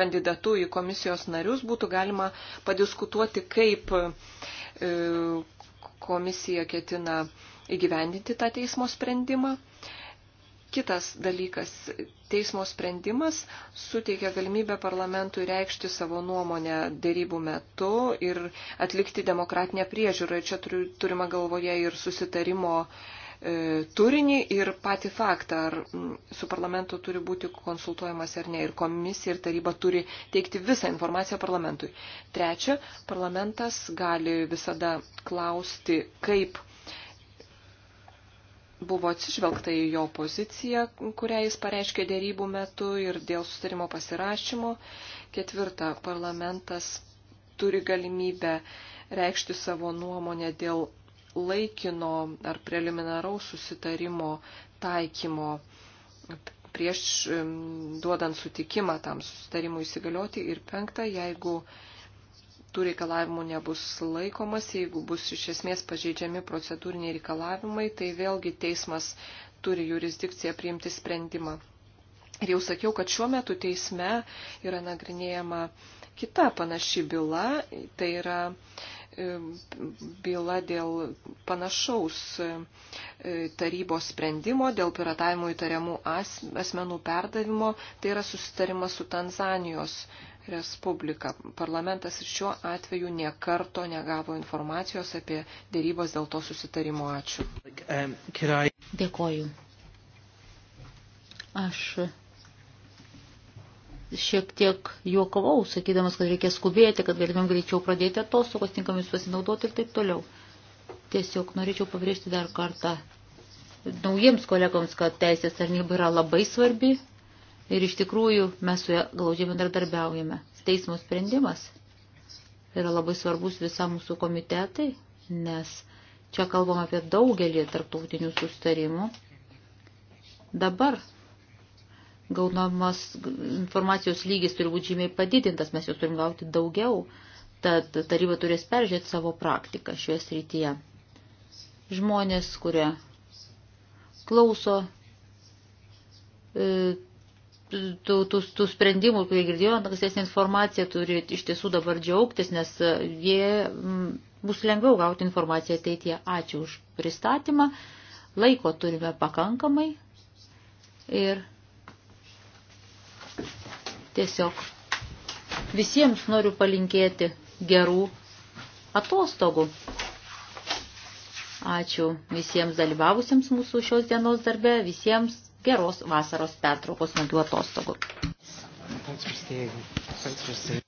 kandidatu į komisijos narius būtų galima padiskutuoti, kaip e, komisija ketina įgyvendinti tą teismo sprendimą. Kitas dalykas - teismo sprendimas suteikia galimybę parlamentui reikšti savo nuomonę dėrybų metu ir atlikti demokratinę priežiūrą. Ir čia turima galvoje ir susitarimo e, turinį ir patį faktą, ar m, su parlamentu turi būti konsultuojamas ar ne. Ir komisija ir taryba turi teikti visą informaciją parlamentui. Trečia, parlamentas gali visada klausti, kaip buvo atsižvelgta į jo poziciją, kurią jis pareiškė dėrybų metu ir dėl sustarimo pasirašymo. Ketvirta, parlamentas turi galimybę reikšti savo nuomonę dėl laikino ar preliminaraus susitarimo taikymo prieš duodant sutikimą tam susitarimui įsigalioti. Ir penkta, jeigu tų reikalavimų nebus laikomas, jeigu bus iš esmės pažeidžiami procedūriniai reikalavimai, tai vėlgi teismas turi jurisdikciją priimti sprendimą. Ir jau sakiau, kad šiuo metu teisme yra nagrinėjama kita panaši byla, tai yra e, byla dėl panašaus e, tarybos sprendimo, dėl piratavimo įtariamų asmenų perdavimo, tai yra susitarimas su Tanzanijos Respubliką. Parlamentas ir šiuo atveju niekarto negavo informacijos apie dėrybas dėl to susitarimo. Ačiū. Um, Dėkoju. Aš šiek tiek juokavau, sakydamas, kad reikia skubėti, kad galėtumėm greičiau pradėti atostogos, tinkamis pasinaudoti ir taip toliau. Tiesiog norėčiau pabrėžti dar kartą naujiems kolegoms, kad teisės tarnyba yra labai svarbi Ir iš tikrųjų mes su ja glaudžiai bendradarbiaujame. Teismo sprendimas yra labai svarbus visam mūsų komitetai, nes čia kalbam apie daugelį tarptautinių sustarimų. Dabar gaunamas informacijos lygis turi būti žymiai padidintas, mes jau turim gauti daugiau, tad taryba turės peržiūrėti savo praktiką šioje srityje. Žmonės, kurie klauso, e, tų, tų, tų sprendimų, kurie girdėjo, ankstesnė informacija turi iš tiesų dabar džiaugtis, nes e, jie bus lengviau gauti informaciją ateityje. Ačiū už pristatymą. Laiko turime pakankamai ir tiesiog visiems noriu palinkėti gerų atostogų. Ačiū visiems dalyvavusiems mūsų šios dienos darbe, visiems geros vasaros pertraukos smagių atostogų. Thanks for staying. Thanks for staying.